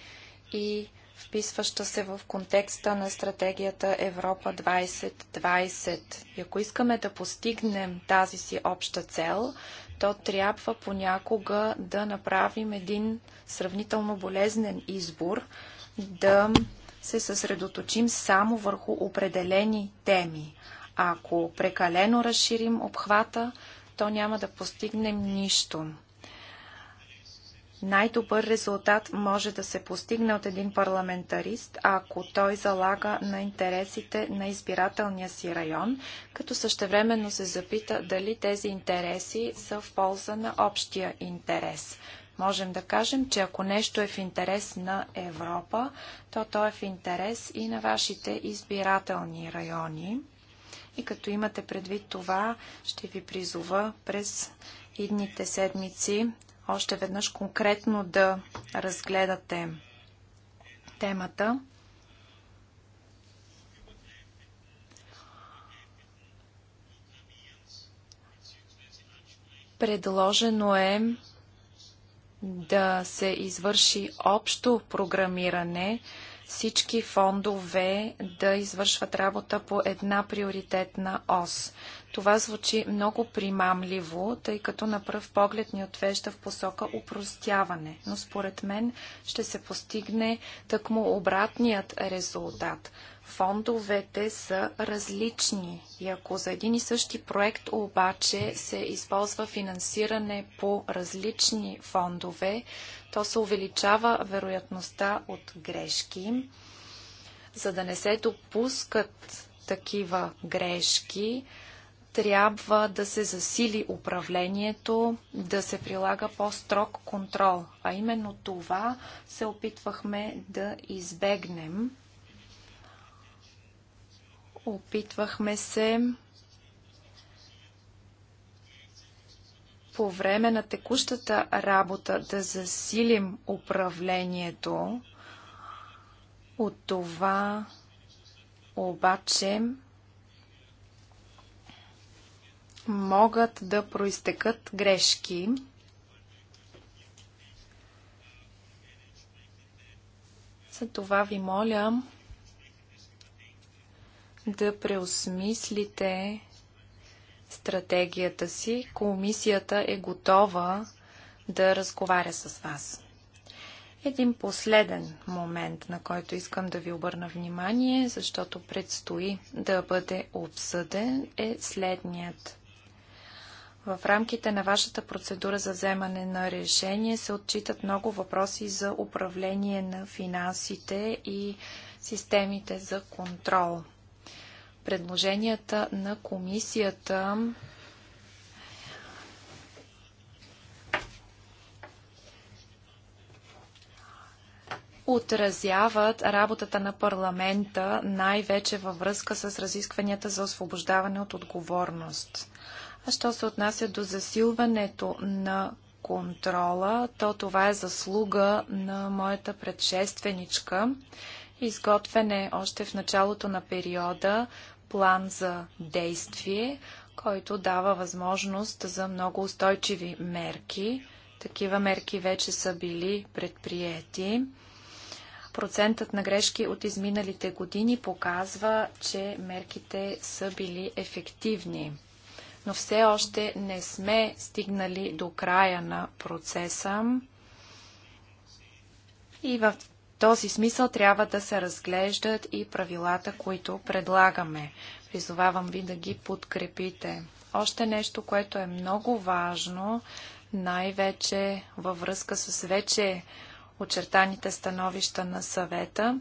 и вписваща се в контекста на стратегията Европа 2020. И ако искаме да постигнем тази си обща цел, то трябва понякога да направим един сравнително болезнен избор, да се съсредоточим само върху определени теми. Ако прекалено разширим обхвата, то няма да постигнем нищо. Най-добър резултат може да се постигне от един парламентарист, ако той залага на интересите на избирателния си район, като същевременно се запита дали тези интереси са в полза на общия интерес. Можем да кажем, че ако нещо е в интерес на Европа, то то е в интерес и на вашите избирателни райони. И като имате предвид това, ще ви призова през идните седмици още веднъж конкретно да разгледате темата. Предложено е да се извърши общо програмиране, всички фондове да извършват работа по една приоритетна ос. Това звучи много примамливо, тъй като на пръв поглед ни отвежда в посока упростяване, но според мен ще се постигне тъкмо обратният резултат. Фондовете са различни и ако за един и същи проект обаче се използва финансиране по различни фондове, то се увеличава вероятността от грешки. За да не се допускат такива грешки, трябва да се засили управлението, да се прилага по-строг контрол. А именно това се опитвахме да избегнем. Опитвахме се по време на текущата работа да засилим управлението. От това обаче могат да проистекат грешки. За това ви моля да преосмислите стратегията си. Комисията е готова да разговаря с вас. Един последен момент, на който искам да ви обърна внимание, защото предстои да бъде обсъден, е следният. В рамките на вашата процедура за вземане на решение се отчитат много въпроси за управление на финансите и системите за контрол. Предложенията на комисията отразяват работата на парламента най-вече във връзка с разискванията за освобождаване от отговорност. А що се отнася до засилването на контрола, то това е заслуга на моята предшественичка. Изготвяне още в началото на периода план за действие, който дава възможност за много устойчиви мерки. Такива мерки вече са били предприяти. Процентът на грешки от изминалите години показва, че мерките са били ефективни но все още не сме стигнали до края на процеса. И в този смисъл трябва да се разглеждат и правилата, които предлагаме. Призовавам ви да ги подкрепите. Още нещо, което е много важно, най-вече във връзка с вече очертаните становища на съвета,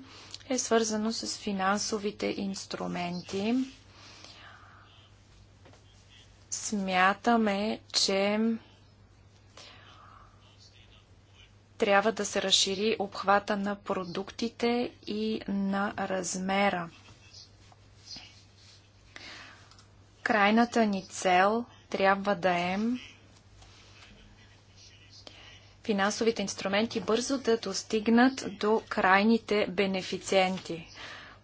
е свързано с финансовите инструменти. Смятаме, че трябва да се разшири обхвата на продуктите и на размера. Крайната ни цел трябва да е финансовите инструменти бързо да достигнат до крайните бенефициенти.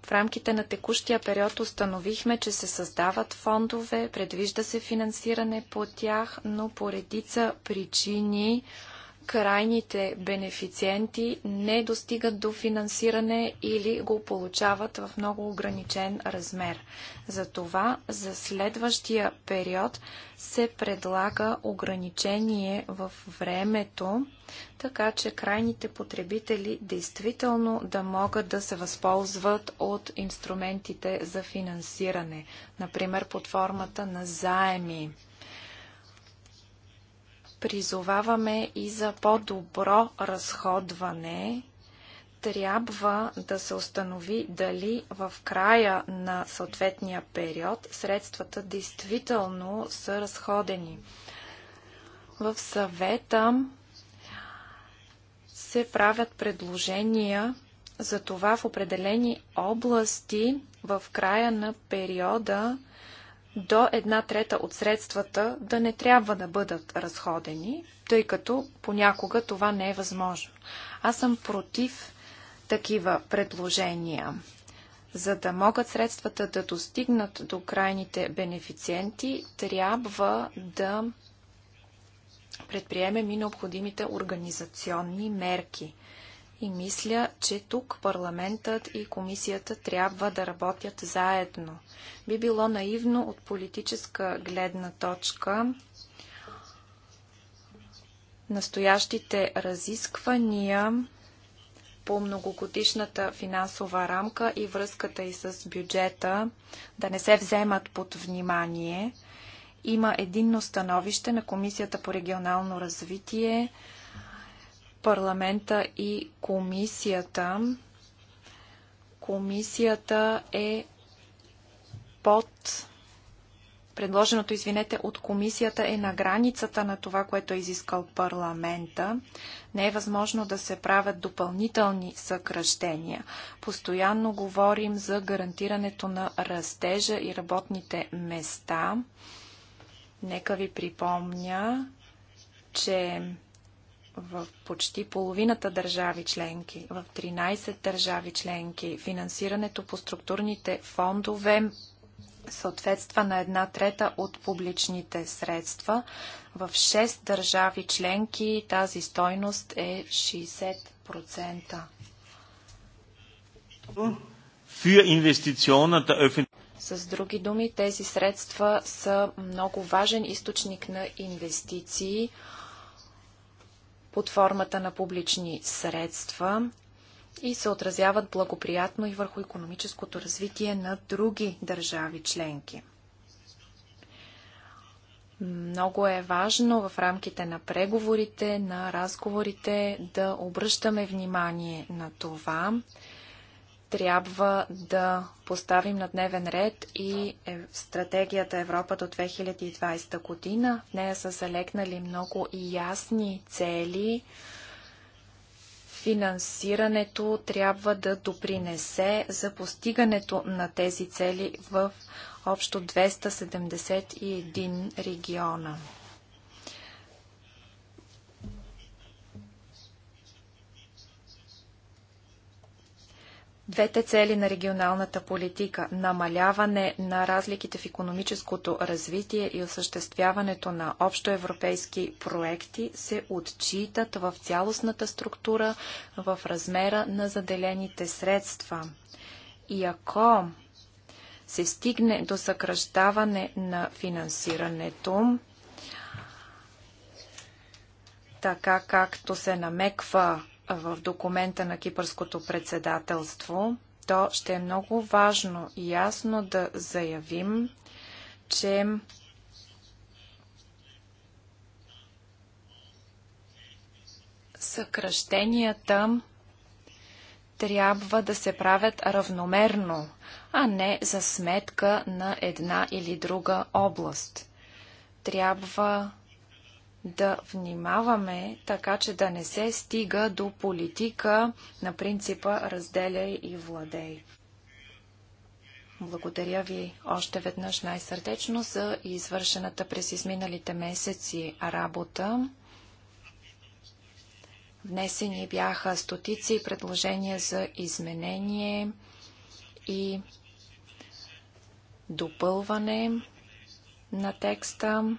В рамките на текущия период установихме, че се създават фондове, предвижда се финансиране по тях, но по редица причини крайните бенефициенти не достигат до финансиране или го получават в много ограничен размер. Затова за следващия период се предлага ограничение в времето, така че крайните потребители действително да могат да се възползват от инструментите за финансиране, например под формата на заеми. Призоваваме и за по-добро разходване. Трябва да се установи дали в края на съответния период средствата действително са разходени. В съвета се правят предложения за това в определени области в края на периода до една трета от средствата да не трябва да бъдат разходени, тъй като понякога това не е възможно. Аз съм против такива предложения. За да могат средствата да достигнат до крайните бенефициенти, трябва да предприемем и необходимите организационни мерки. И мисля, че тук парламентът и комисията трябва да работят заедно. Би било наивно от политическа гледна точка настоящите разисквания по многогодишната финансова рамка и връзката и с бюджета да не се вземат под внимание. Има единно становище на Комисията по регионално развитие, парламента и комисията. Комисията е под предложеното, извинете, от комисията е на границата на това, което е изискал парламента. Не е възможно да се правят допълнителни съкръщения. Постоянно говорим за гарантирането на растежа и работните места. Нека ви припомня, че в почти половината държави членки, в 13 държави членки, финансирането по структурните фондове съответства на една трета от публичните средства. В 6 държави членки тази стойност е 60%. С други думи, тези средства са много важен източник на инвестиции, под формата на публични средства и се отразяват благоприятно и върху економическото развитие на други държави членки. Много е важно в рамките на преговорите, на разговорите да обръщаме внимание на това трябва да поставим на дневен ред и е, стратегията Европа до 2020 година. В нея са залегнали много и ясни цели. Финансирането трябва да допринесе за постигането на тези цели в общо 271 региона. Двете цели на регионалната политика – намаляване на разликите в економическото развитие и осъществяването на общоевропейски проекти се отчитат в цялостната структура в размера на заделените средства. И ако се стигне до съкръщаване на финансирането, така както се намеква в документа на Кипърското председателство, то ще е много важно и ясно да заявим, че съкръщенията трябва да се правят равномерно, а не за сметка на една или друга област. Трябва да внимаваме, така че да не се стига до политика на принципа разделяй и владей. Благодаря ви още веднъж най-сърдечно за извършената през изминалите месеци работа. Внесени бяха стотици предложения за изменение и допълване на текста.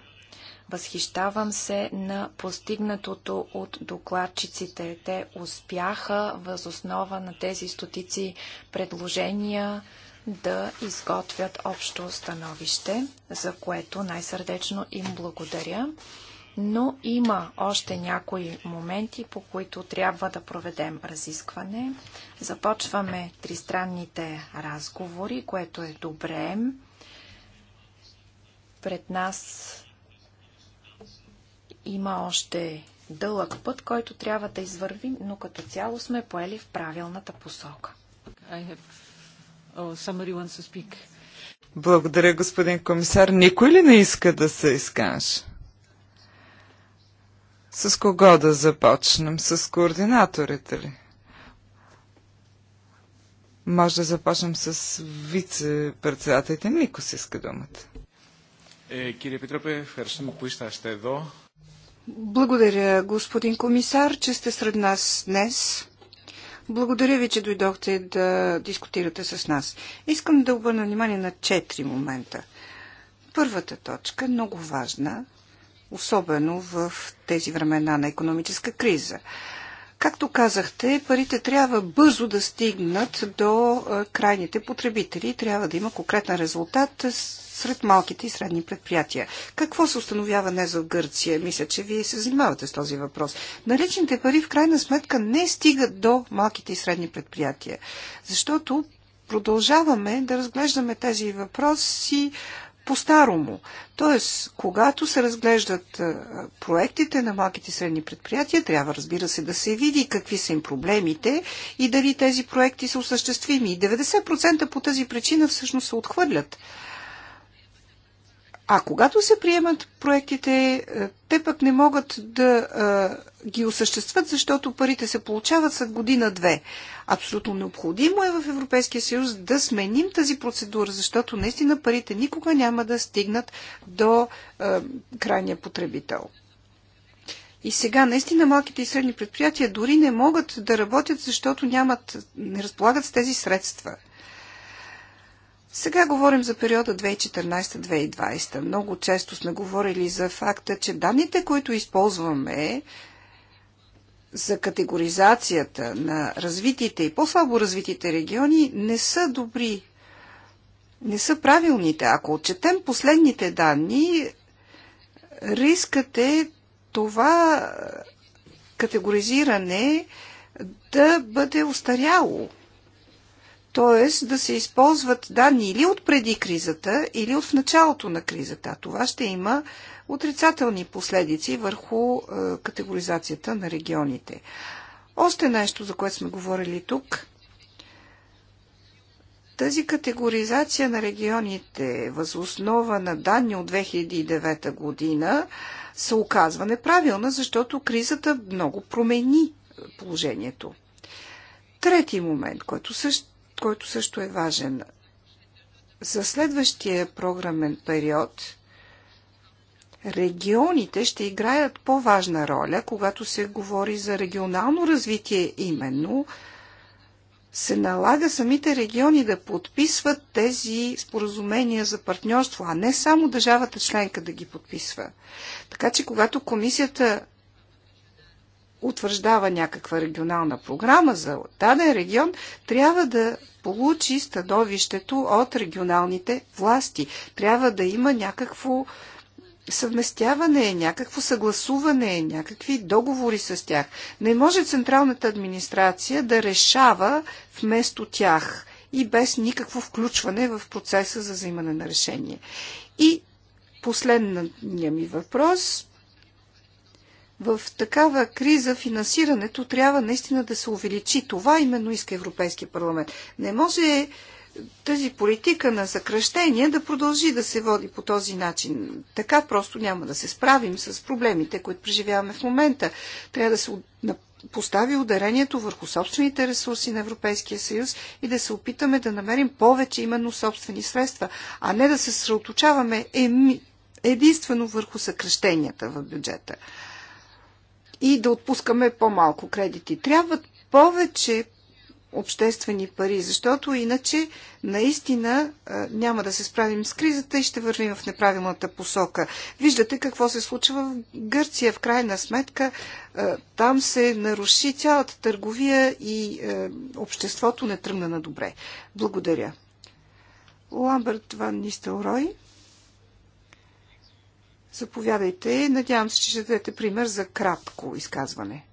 Възхищавам се на постигнатото от докладчиците. Те успяха възоснова на тези стотици предложения да изготвят общо становище, за което най-сърдечно им благодаря. Но има още някои моменти, по които трябва да проведем разискване. Започваме тристранните разговори, което е добре. Пред нас има още дълъг път, който трябва да извървим, но като цяло сме поели в правилната посока. Have... Oh, Благодаря, господин комисар. Никой ли не иска да се изкаже? С кого да започнем? С координаторите ли? Може да започнем с вице-председателите. Никой си иска думата. Е, кирия Петропе, ευχαριστούμε που είστε εδώ. Благодаря, господин комисар, че сте сред нас днес. Благодаря ви, че дойдохте да дискутирате с нас. Искам да обърна внимание на четири момента. Първата точка е много важна, особено в тези времена на економическа криза. Както казахте, парите трябва бързо да стигнат до е, крайните потребители. Трябва да има конкретен резултат е, сред малките и средни предприятия. Какво се установява не за Гърция? Мисля, че вие се занимавате с този въпрос. Наличните пари в крайна сметка не стигат до малките и средни предприятия, защото продължаваме да разглеждаме тези въпроси по-старому. Тоест, когато се разглеждат проектите на малките и средни предприятия, трябва, разбира се, да се види какви са им проблемите и дали тези проекти са осъществими. И 90% по тази причина всъщност се отхвърлят. А когато се приемат проектите, е, те пък не могат да а, е, ги осъществят, защото парите се получават след година-две. Абсолютно необходимо е в Европейския съюз да сменим тази процедура, защото наистина парите никога няма да стигнат до а, е, крайния потребител. И сега наистина малките и средни предприятия дори не могат да работят, защото нямат, не разполагат с тези средства – сега говорим за периода 2014-2020. Много често сме говорили за факта, че данните, които използваме за категоризацията на развитите и по-слабо развитите региони, не са добри. Не са правилните. Ако отчетем последните данни, рискът е това категоризиране да бъде устаряло. Тоест да се използват данни или от преди кризата, или от в началото на кризата. това ще има отрицателни последици върху е, категоризацията на регионите. Още нещо, за което сме говорили тук. Тази категоризация на регионите възоснова на данни от 2009 година се оказва неправилна, защото кризата много промени положението. Трети момент, който също който също е важен. За следващия програмен период регионите ще играят по-важна роля, когато се говори за регионално развитие именно, се налага самите региони да подписват тези споразумения за партньорство, а не само държавата членка да ги подписва. Така че когато комисията утвърждава някаква регионална програма за даден регион, трябва да получи становището от регионалните власти. Трябва да има някакво съвместяване, някакво съгласуване, някакви договори с тях. Не може централната администрация да решава вместо тях и без никакво включване в процеса за взимане на решение. И последният ми въпрос в такава криза финансирането трябва наистина да се увеличи. Това именно иска Европейския парламент. Не може тази политика на съкръщение да продължи да се води по този начин. Така просто няма да се справим с проблемите, които преживяваме в момента. Трябва да се постави ударението върху собствените ресурси на Европейския съюз и да се опитаме да намерим повече именно собствени средства, а не да се съсредоточаваме единствено върху съкръщенията в бюджета и да отпускаме по-малко кредити. Трябват повече обществени пари, защото иначе наистина няма да се справим с кризата и ще вървим в неправилната посока. Виждате какво се случва в Гърция. В крайна сметка там се наруши цялата търговия и обществото не тръгна на добре. Благодаря. Ламберт Ван Нистелрой. Заповядайте. Надявам се, че ще дадете пример за кратко изказване.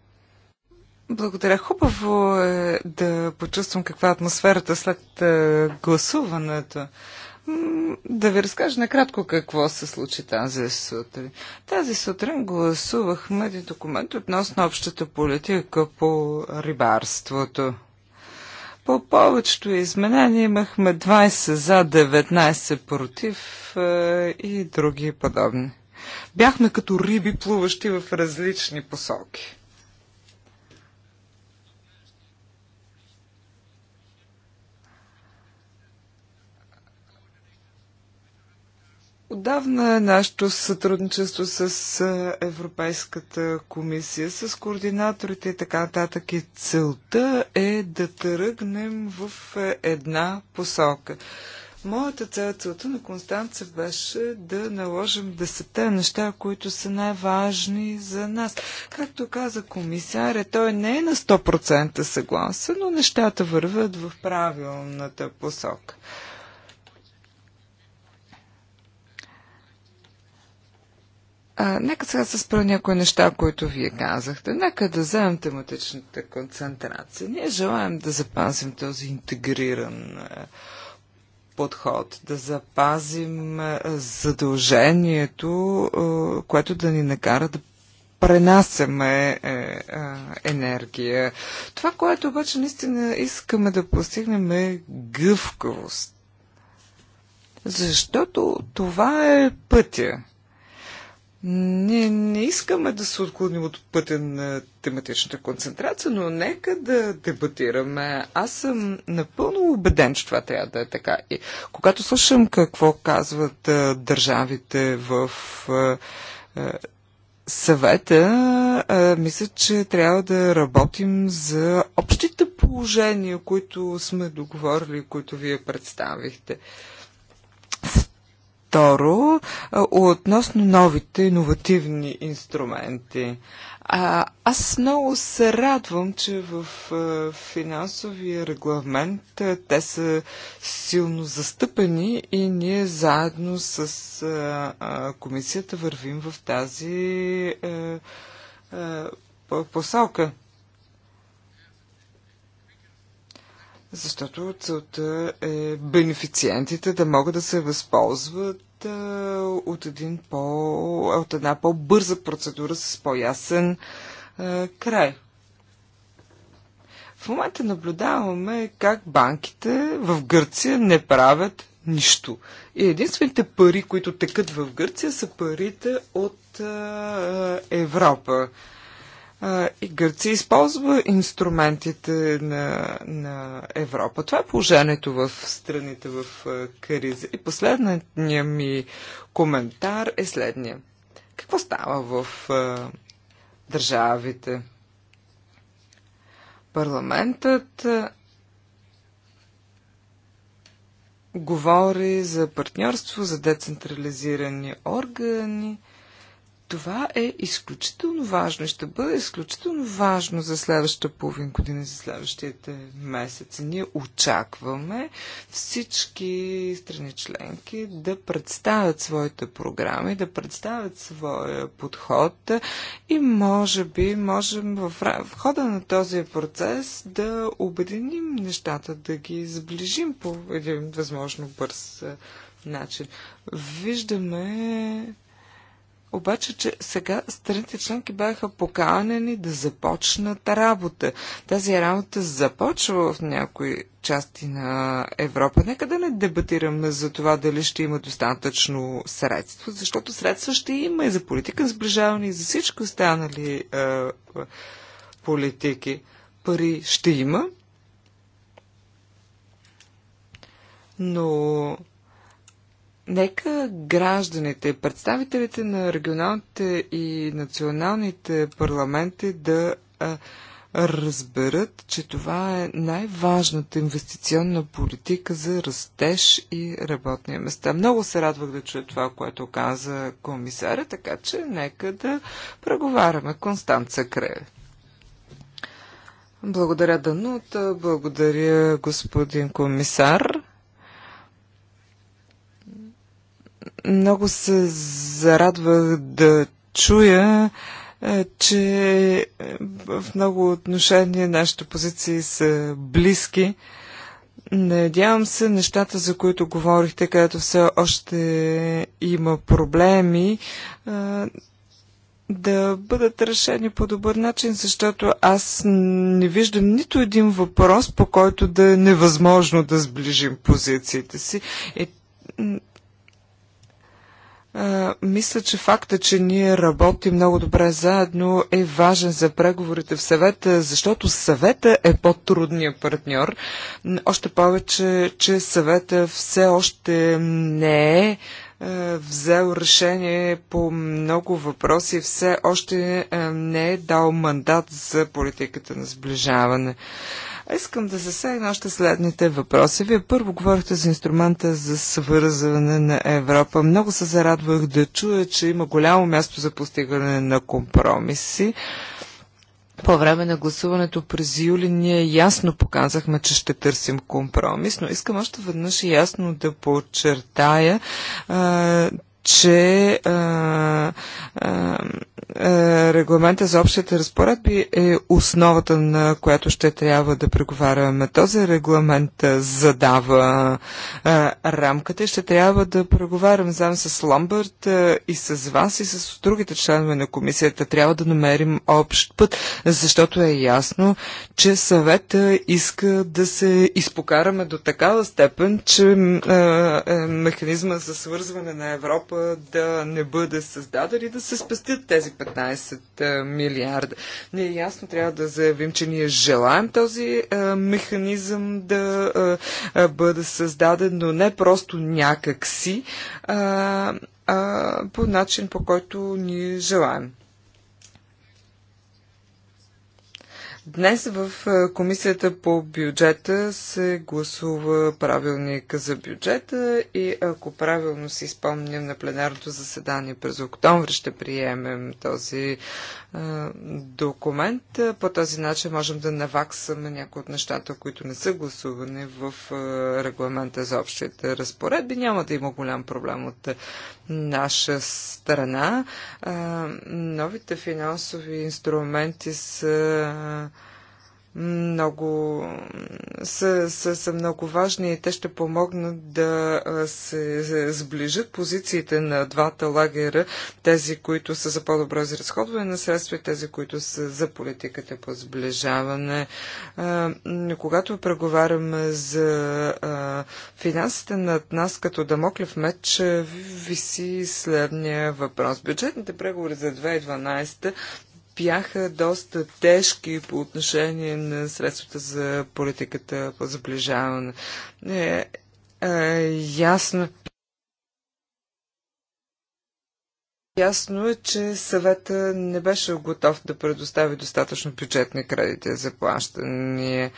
Благодаря. Хубаво е да почувствам каква е атмосферата след е, гласуването. Да ви разкажа накратко какво се случи тази сутрин. Тази сутрин гласувахме един документ относно общата политика по рибарството. По повечето изменения имахме 20 за, 19 против е, и други подобни. Бяхме като риби, плуващи в различни посоки. Отдавна е нашето сътрудничество с Европейската комисия, с координаторите и така нататък. И целта е да тръгнем в една посока. Моята цел, целта на Констанца беше да наложим десетте неща, които са най-важни за нас. Както каза комисаря, той не е на 100% съгласен, но нещата върват в правилната посока. А, нека сега се спра някои неща, които вие казахте. Нека да вземем тематичната концентрация. Ние желаем да запазим този интегриран а, е, подход, да запазим е, задължението, е, което да ни накара да пренасяме е, енергия. Това, което обаче наистина искаме да постигнем е гъвкавост. Защото това е пътя. Ние не искаме да се отклоним от пътя на е, тематичната концентрация, но нека да дебатираме. Аз съм напълно убеден, че това трябва да е така. И когато слушам какво казват а, е, държавите в а, е, съвета, а, мисля, че трябва да работим за общите положения, които сме договорили, които вие представихте. А, второ, относно новите иновативни инструменти. А, аз много се радвам, че в а, финансовия регламент а, те са силно застъпени и ние заедно с а, а, комисията вървим в тази а, а, посалка. Защото целта е бенефициентите да могат да се възползват от, един по, от една по-бърза процедура с по-ясен край. В момента наблюдаваме как банките в Гърция не правят нищо. И единствените пари, които текат в Гърция, са парите от а, Европа и Гърция използва инструментите на, на Европа. Това е положението в страните в криза. И последният ми коментар е следния. Какво става в държавите? Парламентът говори за партньорство, за децентрализирани органи. Това е изключително важно и ще бъде изключително важно за следващата половин година, за следващите месеци. Ние очакваме всички страни членки да представят своите програми, да представят своя подход и може би можем в, в хода на този процес да обединим нещата, да ги сближим по един възможно бърз начин. Виждаме обаче, че сега страните членки бяха поканени да започнат работа. Тази работа започва в някои части на Европа. Нека да не дебатираме за това дали ще има достатъчно средства, защото средства ще има и за политика сближаване, и за всички останали е, е политики. Пари ще има, но Нека гражданите, представителите на регионалните и националните парламенти да разберат, че това е най-важната инвестиционна политика за растеж и работни места. Много се радвах да чуя това, което каза комисаря, така че нека да преговаряме Констанца Креве. Благодаря, Данута, Благодаря, господин комисар. Много се зарадвах да чуя, е, че е, в много отношения нашите позиции са близки. Надявам се нещата, за които говорихте, където все още има проблеми, е, да бъдат решени по добър начин, защото аз не виждам нито един въпрос, по който да е невъзможно да сближим позициите си. А, мисля, че факта, че ние работим много добре заедно е важен за преговорите в съвета, защото съвета е по-трудният партньор. Още повече, че съвета все още не е, е взел решение по много въпроси, все още е, не е дал мандат за политиката на сближаване. Искам да засегна още следните въпроси. Вие първо говорихте за инструмента за свързване на Европа. Много се зарадвах да чуя, че има голямо място за постигане на компромиси. По време на гласуването през юли ние ясно показахме, че ще търсим компромис, но искам още веднъж ясно да подчертая, че а, а, регламента за общите разпоредби е основата, на която ще трябва да преговаряме. Този регламент задава а, рамката и ще трябва да преговарям заедно с Ламбърт а, и с вас и с другите членове на комисията. Трябва да намерим общ път, защото е ясно, че съвета иска да се изпокараме до такава степен, че а, а, механизма за свързване на Европа да не бъде създаден и да се спестят тези 15 е, милиарда. Ние ясно трябва да заявим, че ние желаем този е, механизъм да е, бъде създаден, но не просто някак си, а по начин, по който ние желаем. Днес в е, комисията по бюджета се гласува правилника за бюджета и ако правилно си спомням на пленарното заседание през октомври ще приемем този е, документ. По този начин можем да наваксаме някои от нещата, които не са гласувани в е, регламента за общите разпоредби. Няма да има голям проблем от наша страна. новите финансови инструменти са много, са, са, са много важни и те ще помогнат да се сближат позициите на двата лагера, тези, които са за по-добро изразходване на средства и тези, които са за политиката по сближаване. Когато преговаряме за финансите над нас като Дамоклев меч, виси следния въпрос. Бюджетните преговори за 2012 бяха доста тежки по отношение на средствата за политиката по заближаване. Е, е, ясно. Ясно е, че съвета не беше готов да предостави достатъчно бюджетни кредити за плащане.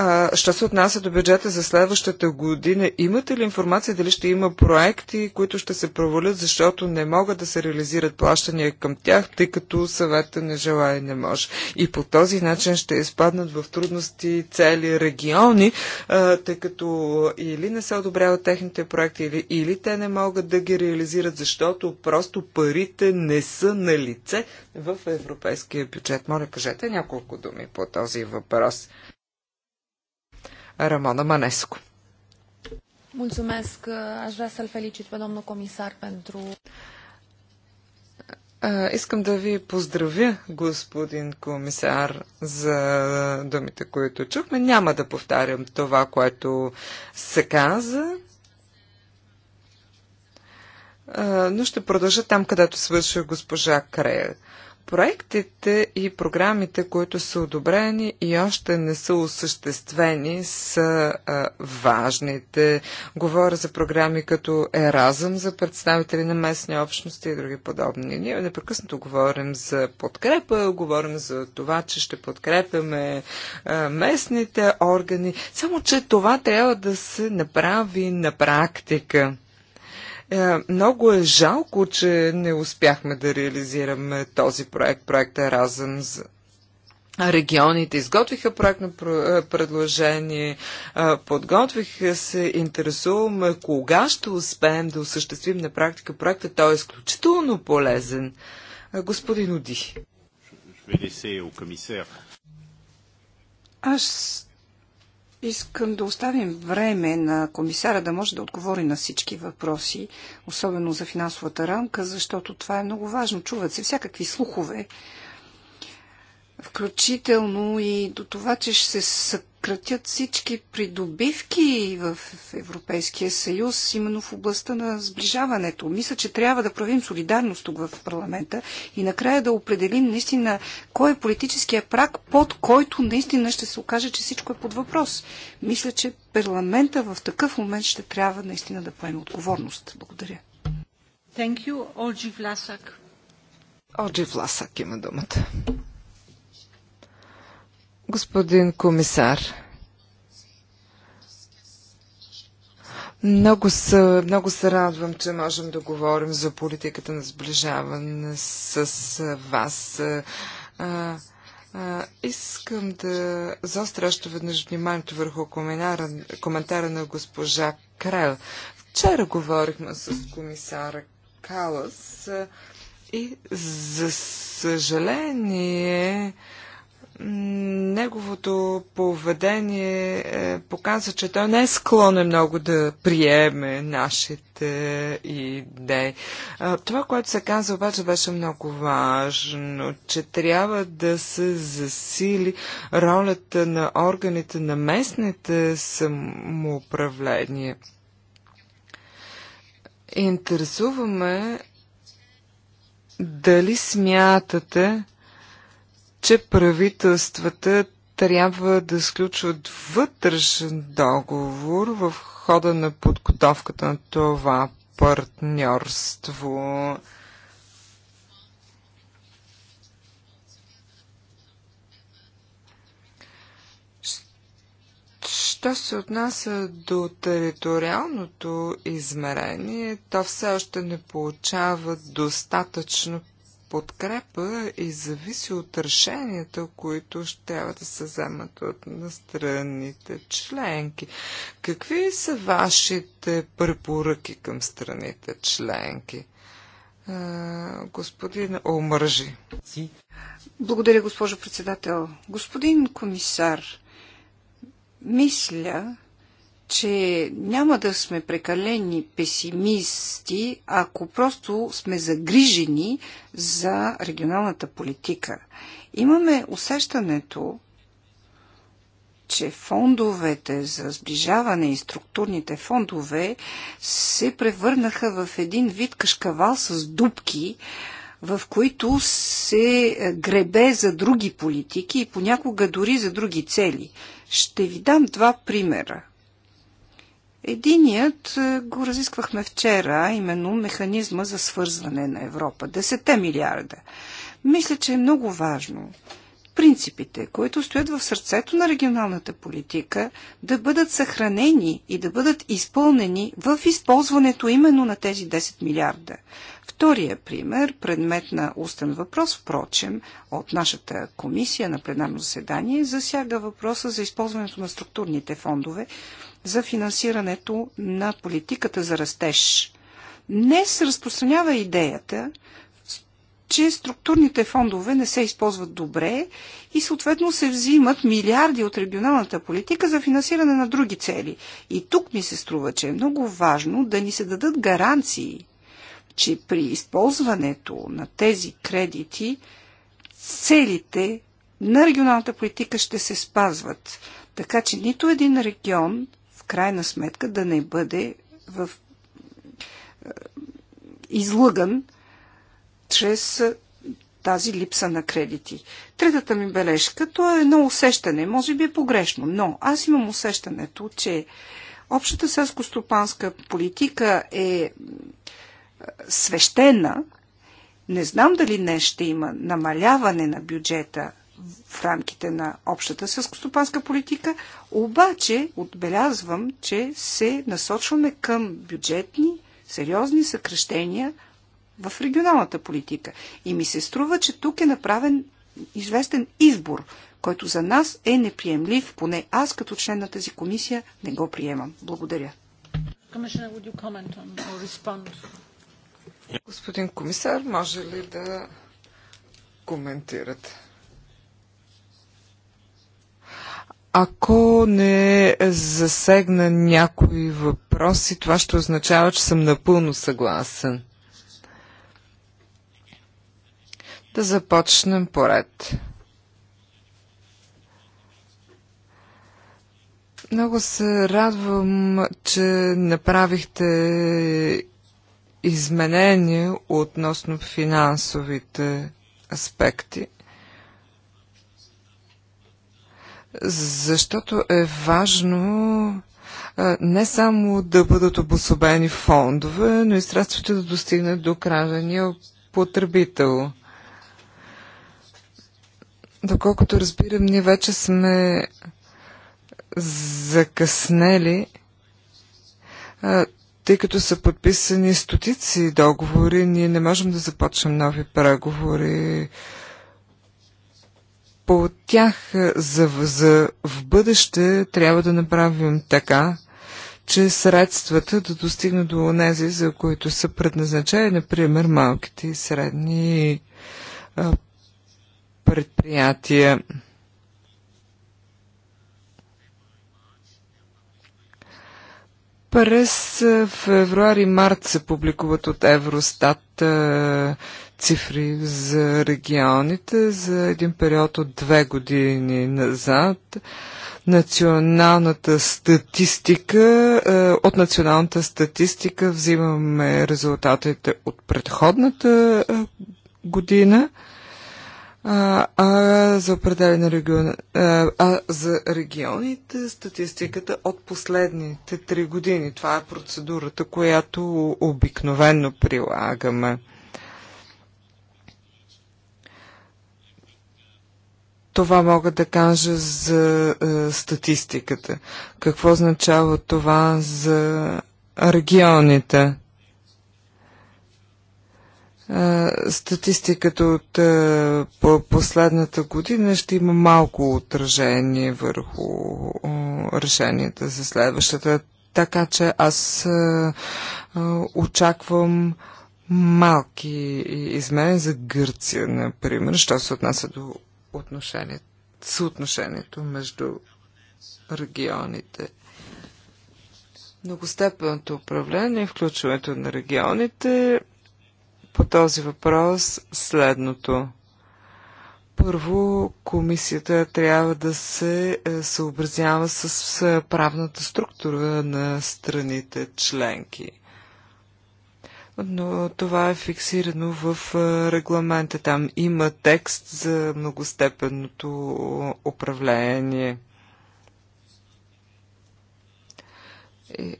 А, що се отнася до бюджета за следващата година, имате ли информация дали ще има проекти, които ще се провалят, защото не могат да се реализират плащания към тях, тъй като съвета не желая и не може? И по този начин ще изпаднат в трудности цели региони, а, тъй като или не се одобряват техните проекти, или, или те не могат да ги реализират, защото просто парите не са на лице в европейския бюджет. Моля, кажете няколко думи по този въпрос. Рамона Манеско. Mulțumesc. Aș vrea să-l felicit pe domnul comisar pentru... Искам да ви поздравя, господин комисар, за думите, които чухме. Няма да повтарям това, което се каза, но ще продължа там, където свърши госпожа Крея. Проектите и програмите, които са одобрени и още не са осъществени, са а, важните. Говоря за програми като Еразъм за представители на местни общности и други подобни. Ние непрекъснато говорим за подкрепа, говорим за това, че ще подкрепяме а, местните органи, само че това трябва да се направи на практика. Е, много е жалко, че не успяхме да реализираме този проект, проекта е Разъм за регионите изготвиха проектно е, предложение, подготвиха се, интересуваме кога ще успеем да осъществим на практика проекта. Той е изключително полезен. Господин Оди. Аз Искам да оставим време на комисара да може да отговори на всички въпроси, особено за финансовата рамка, защото това е много важно. Чуват се всякакви слухове, включително и до това, че ще се Кратят всички придобивки в Европейския съюз, именно в областта на сближаването. Мисля, че трябва да правим солидарност тук в парламента и накрая да определим наистина кой е политическия прак, под който наистина ще се окаже, че всичко е под въпрос. Мисля, че парламента в такъв момент ще трябва наистина да поеме отговорност. Благодаря. Thank you, Олджи Власак. Олджи Власак има думата. Господин комисар, Много се, много се радвам, че можем да говорим за политиката на сближаване с вас. А, а, искам да заостря още веднъж вниманието върху коментара, коментара на госпожа Крел. Вчера говорихме с комисара Калас и за съжаление а, неговото поведение е, показва, че той не е склонен много да приеме нашите е, идеи. Това, което се каза обаче, беше много важно, че трябва да се засили ролята на органите на местните самоуправления. Интересуваме дали смятате, че правителствата трябва да сключват вътрешен договор в хода на подготовката на това партньорство. Що се отнася до териториалното измерение, то все още не получава достатъчно подкрепа и зависи от решенията, които ще трябва да се вземат от на страните членки. Какви са вашите препоръки към страните членки? господин Омържи. Благодаря, госпожо председател. Господин комисар, мисля, че няма да сме прекалени песимисти, ако просто сме загрижени за регионалната политика. Имаме усещането, че фондовете за сближаване и структурните фондове се превърнаха в един вид кашкавал с дубки, в които се гребе за други политики и понякога дори за други цели. Ще ви дам два примера. Единият е, го разисквахме вчера, именно механизма за свързване на Европа. 10 милиарда. Мисля, че е много важно принципите, които стоят в сърцето на регионалната политика, да бъдат съхранени и да бъдат изпълнени в използването именно на тези 10 милиарда. Втория пример, предмет на устен въпрос, впрочем, от нашата комисия на пленарно заседание, засяга въпроса за използването на структурните фондове за финансирането на политиката за растеж. Днес се разпространява идеята, че структурните фондове не се използват добре и съответно се взимат милиарди от регионалната политика за финансиране на други цели. И тук ми се струва, че е много важно да ни се дадат гаранции, че при използването на тези кредити целите на регионалната политика ще се спазват. Така че нито един регион крайна сметка да не бъде в е, излъган чрез е, тази липса на кредити. Третата ми бележка, то е едно усещане, може би е погрешно, но аз имам усещането, че общата селско-стопанска политика е, е свещена. Не знам дали не ще има намаляване на бюджета в рамките на общата селскостопанска политика, обаче отбелязвам, че се насочваме към бюджетни, сериозни съкрещения в регионалната политика. И ми се струва, че тук е направен известен избор, който за нас е неприемлив, поне аз като член на тази комисия не го приемам. Благодаря. Господин комисар, може ли да коментирате? Ако не засегна някои въпроси, това ще означава, че съм напълно съгласен. Да започнем поред. Много се радвам, че направихте изменения относно финансовите аспекти. защото е важно не само да бъдат обособени фондове, но и средствата да достигнат до крайния потребител. Доколкото разбирам, ние вече сме закъснели, тъй като са подписани стотици договори, ние не можем да започнем нови преговори по тях е, за, за в бъдеще трябва да направим така, че средствата да достигнат до онези, за които са предназначени, например, малките и средни а, предприятия. През февруари-март се публикуват от Евростат а, цифри за регионите за един период от две години назад. Националната статистика, е, от националната статистика взимаме резултатите от предходната е, година. А, а за регион, а, е, а за регионите статистиката от последните три години. Това е процедурата, която обикновенно прилагаме. Това мога да кажа за е, статистиката. Какво означава това за регионите? Е, статистиката от е, по последната година ще има малко отражение върху е, решенията за следващата. Така че аз очаквам малки измени за Гърция, например, що се отнася до отношение, съотношението между регионите. Многостепенното управление включването на регионите по този въпрос следното. Първо, комисията трябва да се е, съобразява с е, правната структура на страните членки но това е фиксирано в е, регламента. Там има текст за многостепенното управление. И,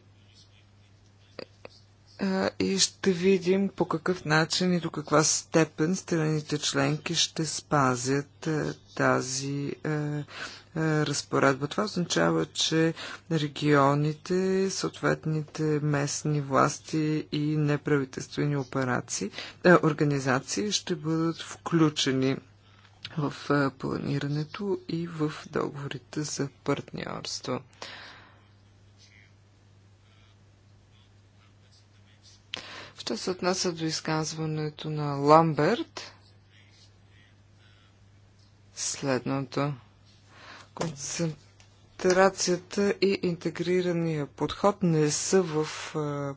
е, и ще видим по какъв начин и до каква степен страните членки ще спазят е, тази е, разпоредба. Това означава, че регионите, съответните местни власти и неправителствени операции, е, организации ще бъдат включени в е, планирането и в договорите за партньорство. Що се отнася до изказването на Ламберт, следното. Концентрацията и интегрирания подход не са в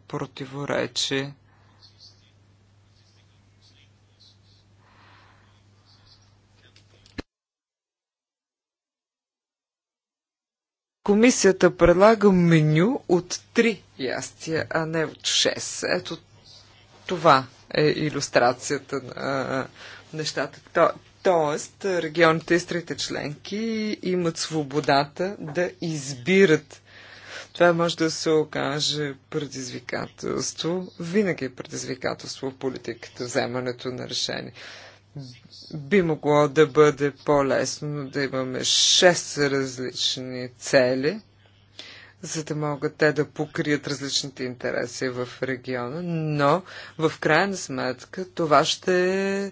противоречие. Комисията предлага меню от три ястия, а не от 6. Ето това е иллюстрацията на нещата. Тоест, регионите и страните членки имат свободата да избират. Това може да се окаже предизвикателство. Винаги е предизвикателство в политиката, вземането на решение. Би могло да бъде по-лесно да имаме шест различни цели, за да могат те да покрият различните интереси в региона, но в крайна сметка това ще е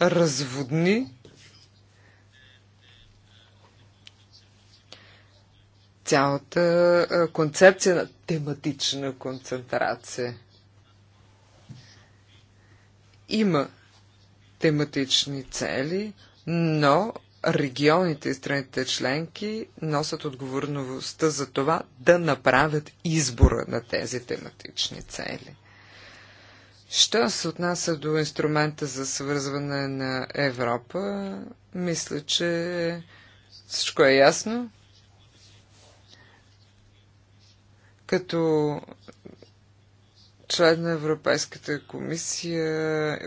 разводни цялата концепция на тематична концентрация. Има тематични цели, но регионите и страните членки носят отговорността за това да направят избора на тези тематични цели. Що се отнася до инструмента за свързване на Европа, мисля, че всичко е ясно. Като член на Европейската комисия,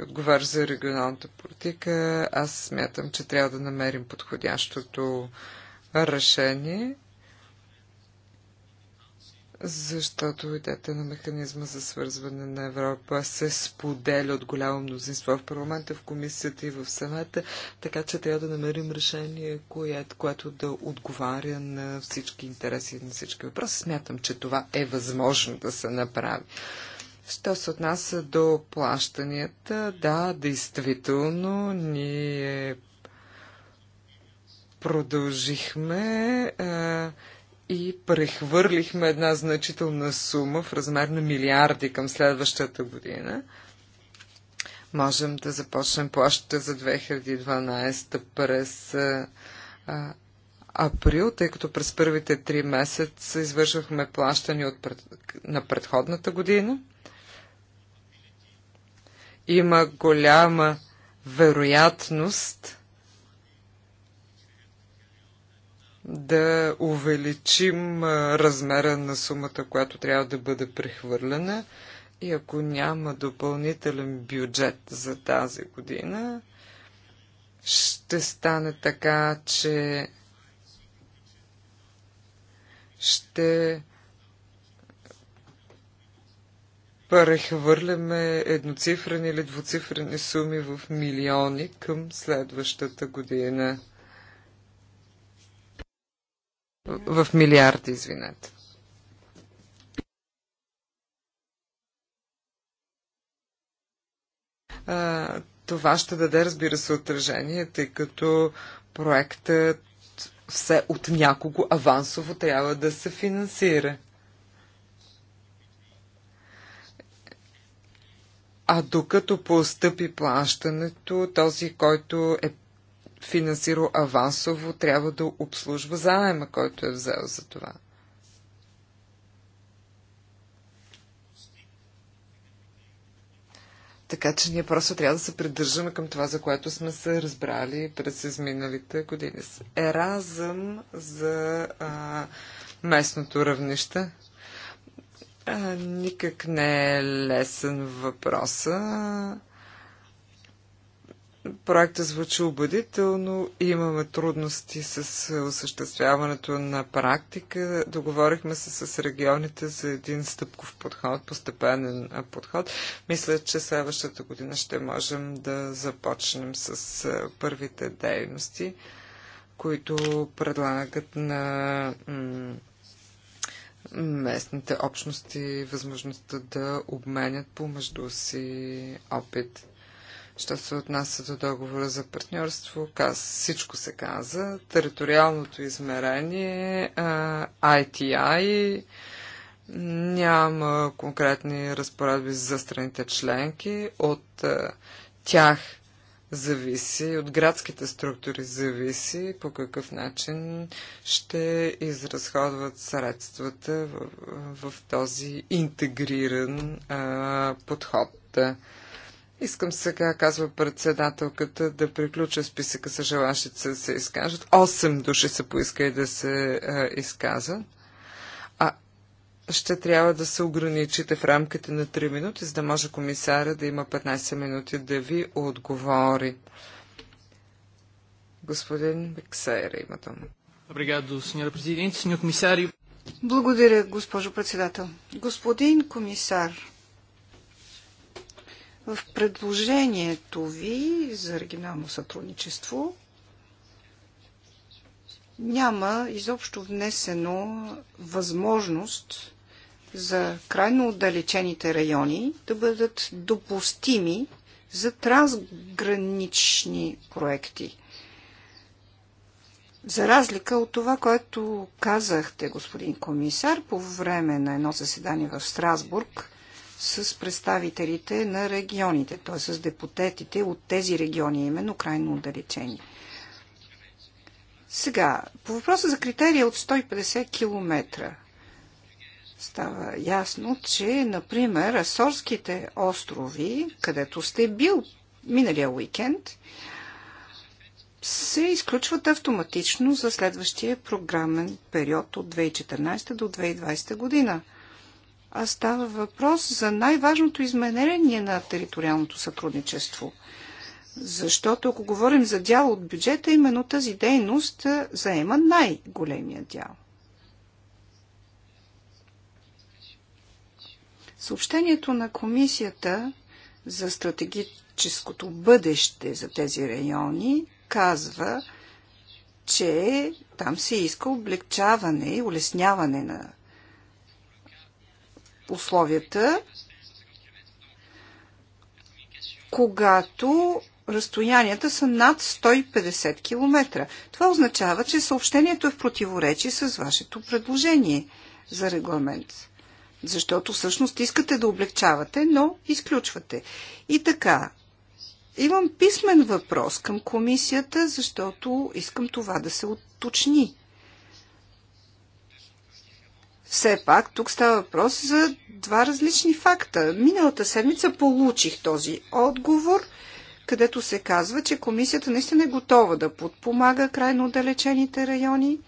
отговаря за регионалната политика, аз смятам, че трябва да намерим подходящото решение защото идеята на механизма за свързване на Европа се споделя от голямо мнозинство в парламента, в комисията и в съвета, така че трябва да намерим решение, което, което да отговаря на всички интереси и на всички въпроси. Смятам, че това е възможно да се направи. Що се отнася до плащанията, да, действително, ние продължихме. Е, и прехвърлихме една значителна сума в размер на милиарди към следващата година. Можем да започнем плащата за 2012 през а, април, тъй като през първите три месеца извършвахме плащане от пред... на предходната година. Има голяма вероятност да увеличим размера на сумата, която трябва да бъде прехвърлена. И ако няма допълнителен бюджет за тази година, ще стане така, че ще прехвърляме едноцифрени или двуцифрени суми в милиони към следващата година. В милиарди, извинете. А, това ще даде, разбира се, отражение, тъй като проектът все от някого авансово трябва да се финансира. А докато постъпи плащането, този, който е финансирал авансово, трябва да обслужва заема, който е взел за това. Така че ние просто трябва да се придържаме към това, за което сме се разбрали през изминалите години. Еразъм за а, местното равнище. А, никак не е лесен въпроса. Проектът звучи убедително, имаме трудности с осъществяването на практика. Договорихме се с регионите за един стъпков подход, постепенен подход. Мисля, че следващата година ще можем да започнем с първите дейности, които предлагат на местните общности възможността да обменят помежду си опит. Що се отнася до договора за партньорство, каз, всичко се каза. Териториалното измерение, ITI, няма конкретни разпоредби за страните членки. От тях зависи, от градските структури зависи по какъв начин ще изразходват средствата в, в този интегриран а, подход. Искам сега, казва председателката, да приключа списъка с желащите да се изкажат. Осем души са поискали да се а, е, изказат. А ще трябва да се ограничите в рамките на 3 минути, за да може комисаря да има 15 минути да ви отговори. Господин Бексайра има там. Obrigado, Благодаря, госпожо председател. Господин комисар, в предложението ви за регионално сътрудничество няма изобщо внесено възможност за крайно отдалечените райони да бъдат допустими за трансгранични проекти. За разлика от това, което казахте, господин комисар, по време на едно заседание в Страсбург, с представителите на регионите, т.е. с депутетите от тези региони, именно крайно отдалечени. Сега, по въпроса за критерия от 150 км става ясно, че, например, Асорските острови, където сте бил миналия уикенд, се изключват автоматично за следващия програмен период от 2014 до 2020 година а става въпрос за най-важното изменение на териториалното сътрудничество. Защото ако говорим за дял от бюджета, именно тази дейност заема най-големия дял. Съобщението на комисията за стратегическото бъдеще за тези райони казва, че там се иска облегчаване и улесняване на условията, когато разстоянията са над 150 км. Това означава, че съобщението е в противоречие с вашето предложение за регламент. Защото всъщност искате да облегчавате, но изключвате. И така, имам писмен въпрос към комисията, защото искам това да се уточни. Все пак, тук става въпрос за два различни факта. Миналата седмица получих този отговор, където се казва, че комисията наистина е готова да подпомага крайно отдалечените райони,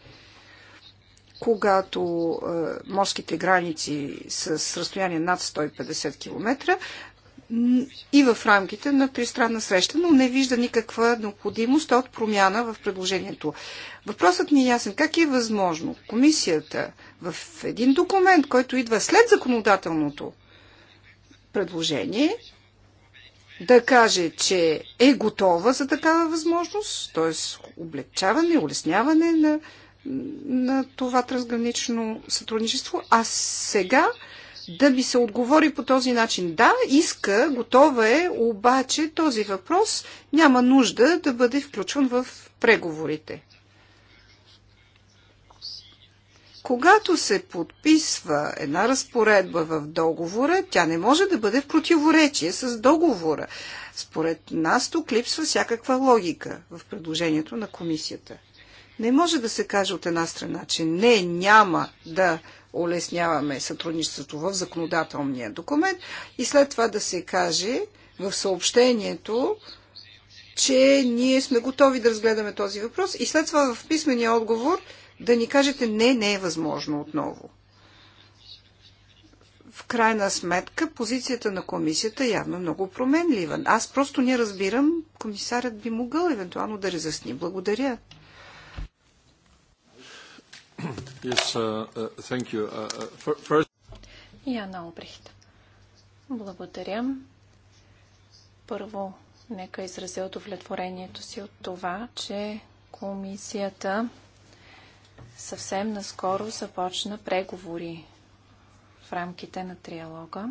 когато е, морските граници са с разстояние над 150 км и в рамките на тристранна среща, но не вижда никаква необходимост от промяна в предложението. Въпросът ни е ясен. Как е възможно комисията в един документ, който идва след законодателното предложение, да каже, че е готова за такава възможност, т.е. облегчаване, улесняване на, на това трансгранично сътрудничество, а сега да ми се отговори по този начин. Да, иска, готова е, обаче този въпрос няма нужда да бъде включван в преговорите. Когато се подписва една разпоредба в договора, тя не може да бъде в противоречие с договора. Според нас тук липсва всякаква логика в предложението на комисията. Не може да се каже от една страна, че не, няма да улесняваме сътрудничеството в законодателния документ и след това да се каже в съобщението, че ние сме готови да разгледаме този въпрос и след това в писмения отговор – да ни кажете не, не е възможно отново. В крайна сметка позицията на комисията явно много променлива. Аз просто не разбирам, комисарят би могъл евентуално да разясни. Благодаря. Yes, uh, uh thank you. Uh, uh first... Яна Обрихт. Благодаря. Първо, нека изразя удовлетворението си от това, че комисията съвсем наскоро започна преговори в рамките на триалога.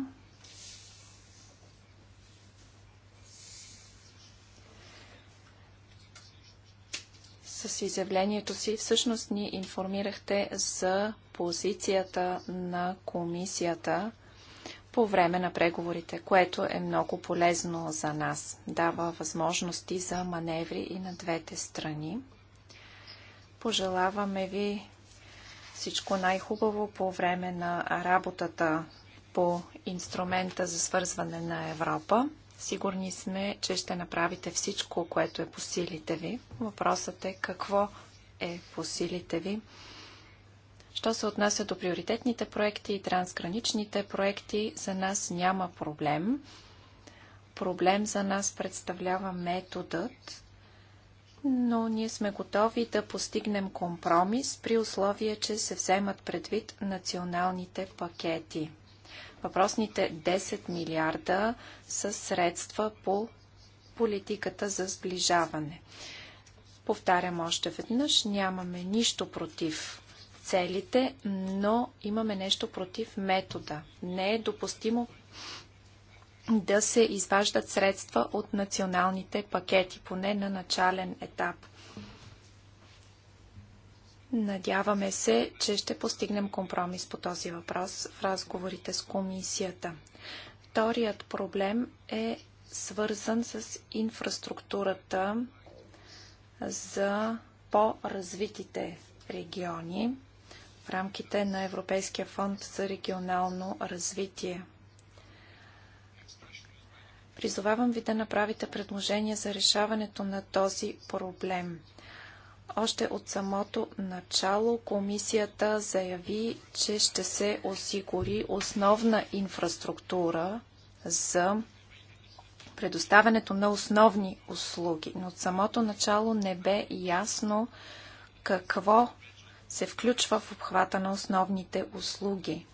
С изявлението си всъщност ни информирахте за позицията на комисията по време на преговорите, което е много полезно за нас. Дава възможности за маневри и на двете страни. Пожелаваме ви всичко най-хубаво по време на работата по инструмента за свързване на Европа. Сигурни сме, че ще направите всичко, което е по силите ви. Въпросът е какво е по силите ви. Що се отнася до приоритетните проекти и трансграничните проекти, за нас няма проблем. Проблем за нас представлява методът, но ние сме готови да постигнем компромис при условие, че се вземат предвид националните пакети. Въпросните 10 милиарда са средства по политиката за сближаване. Повтарям още веднъж, нямаме нищо против целите, но имаме нещо против метода. Не е допустимо да се изваждат средства от националните пакети, поне на начален етап. Надяваме се, че ще постигнем компромис по този въпрос в разговорите с комисията. Вторият проблем е свързан с инфраструктурата за по-развитите региони в рамките на Европейския фонд за регионално развитие. Призовавам ви да направите предложение за решаването на този проблем. Още от самото начало комисията заяви, че ще се осигури основна инфраструктура за предоставянето на основни услуги, но от самото начало не бе ясно какво се включва в обхвата на основните услуги.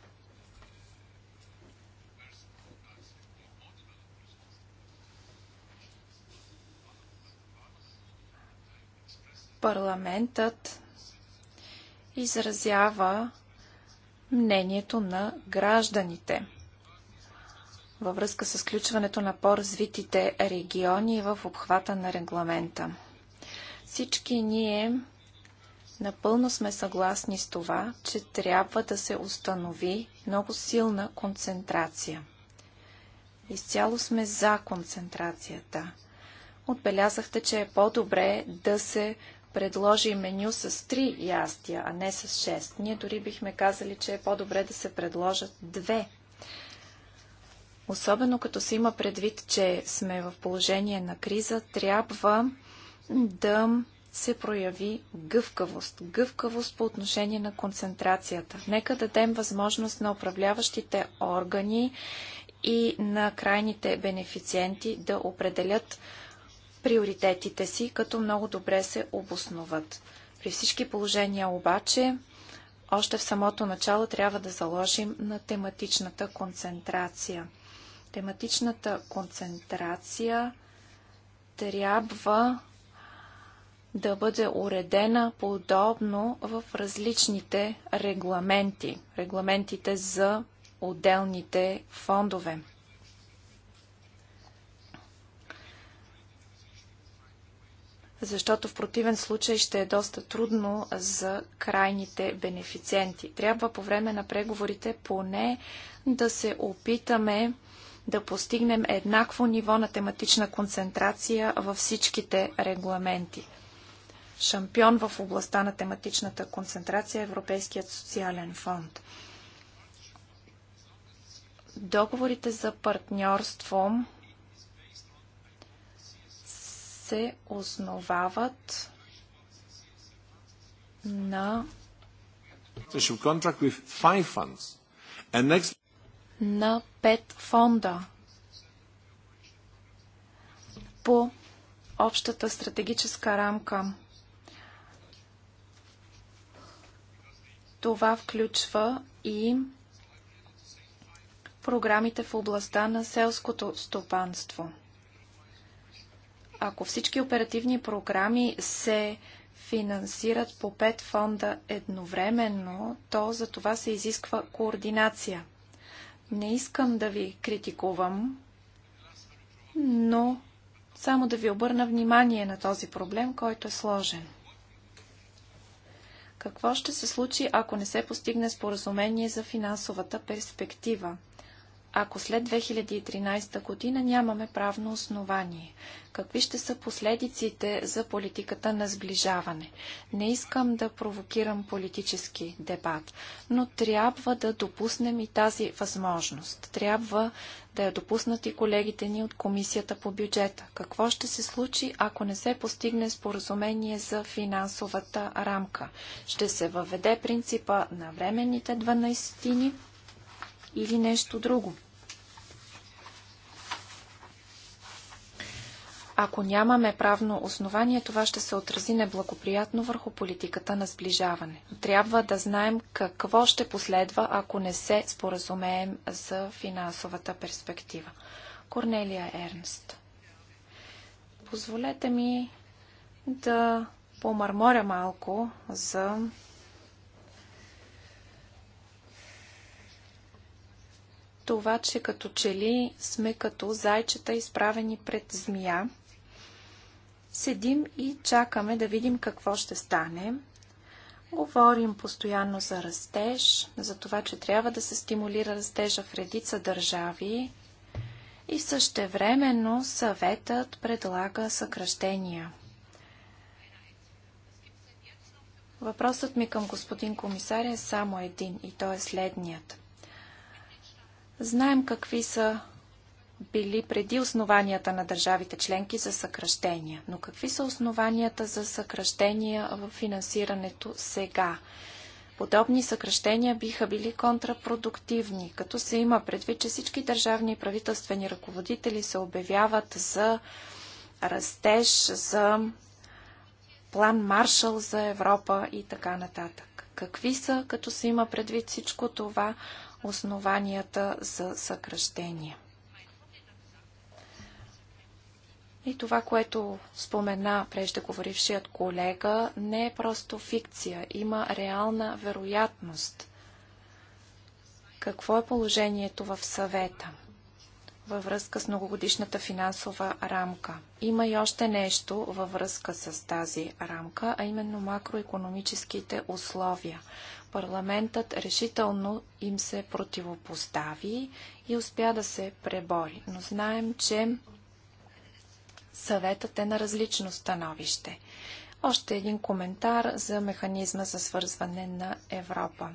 парламентът изразява мнението на гражданите във връзка с включването на по-развитите региони в обхвата на регламента. Всички ние напълно сме съгласни с това, че трябва да се установи много силна концентрация. Изцяло сме за концентрацията. Отбелязахте, че е по-добре да се предложи меню с три ястия, а не с 6. Ние дори бихме казали, че е по-добре да се предложат две. Особено като се има предвид, че сме в положение на криза, трябва да се прояви гъвкавост. Гъвкавост по отношение на концентрацията. Нека дадем възможност на управляващите органи и на крайните бенефициенти да определят приоритетите си, като много добре се обосноват. При всички положения обаче, още в самото начало трябва да заложим на тематичната концентрация. Тематичната концентрация трябва да бъде уредена подобно в различните регламенти, регламентите за отделните фондове. защото в противен случай ще е доста трудно за крайните бенефициенти. Трябва по време на преговорите поне да се опитаме да постигнем еднакво ниво на тематична концентрация във всичките регламенти. Шампион в областта на тематичната концентрация е Европейският социален фонд. Договорите за партньорство се основават на на пет фонда по общата стратегическа рамка. Това включва и програмите в областта на селското стопанство ако всички оперативни програми се финансират по пет фонда едновременно, то за това се изисква координация. Не искам да ви критикувам, но само да ви обърна внимание на този проблем, който е сложен. Какво ще се случи, ако не се постигне споразумение за финансовата перспектива? ако след 2013 година нямаме правно основание? Какви ще са последиците за политиката на сближаване? Не искам да провокирам политически дебат, но трябва да допуснем и тази възможност. Трябва да я допуснат и колегите ни от Комисията по бюджета. Какво ще се случи, ако не се постигне споразумение за финансовата рамка? Ще се въведе принципа на временните 12 -тини или нещо друго. Ако нямаме правно основание, това ще се отрази неблагоприятно върху политиката на сближаване. Трябва да знаем какво ще последва, ако не се споразумеем за финансовата перспектива. Корнелия Ернст. Позволете ми да помърморя малко за това, че като че ли сме като зайчета изправени пред змия. Седим и чакаме да видим какво ще стане. Говорим постоянно за растеж, за това, че трябва да се стимулира растежа в редица държави и същевременно съветът предлага съкръщения. Въпросът ми към господин комисаря е само един и то е следният – Знаем какви са били преди основанията на държавите членки за съкръщения. Но какви са основанията за съкръщения в финансирането сега? Подобни съкръщения биха били контрапродуктивни, като се има предвид, че всички държавни и правителствени ръководители се обявяват за растеж, за план Маршал за Европа и така нататък. Какви са, като се има предвид всичко това, основанията за съкръщение. И това, което спомена преждеговорившият колега, не е просто фикция. Има реална вероятност. Какво е положението в съвета във връзка с многогодишната финансова рамка? Има и още нещо във връзка с тази рамка, а именно макроекономическите условия. Парламентът решително им се противопостави и успя да се пребори. Но знаем, че съветът е на различно становище. Още един коментар за механизма за свързване на Европа.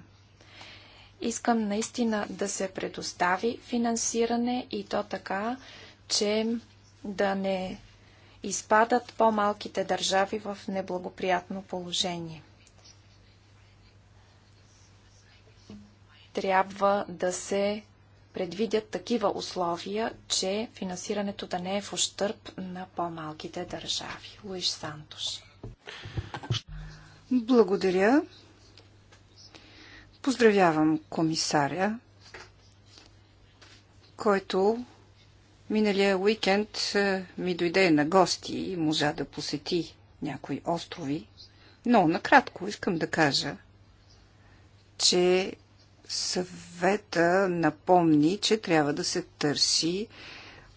Искам наистина да се предостави финансиране и то така, че да не изпадат по-малките държави в неблагоприятно положение. трябва да се предвидят такива условия, че финансирането да не е в ущърп на по-малките държави. Луиш Сантош. Благодаря. Поздравявам комисаря, който миналия уикенд е, ми дойде на гости и можа да посети някои острови. Но накратко искам да кажа, че Съвета напомни, че трябва да се търси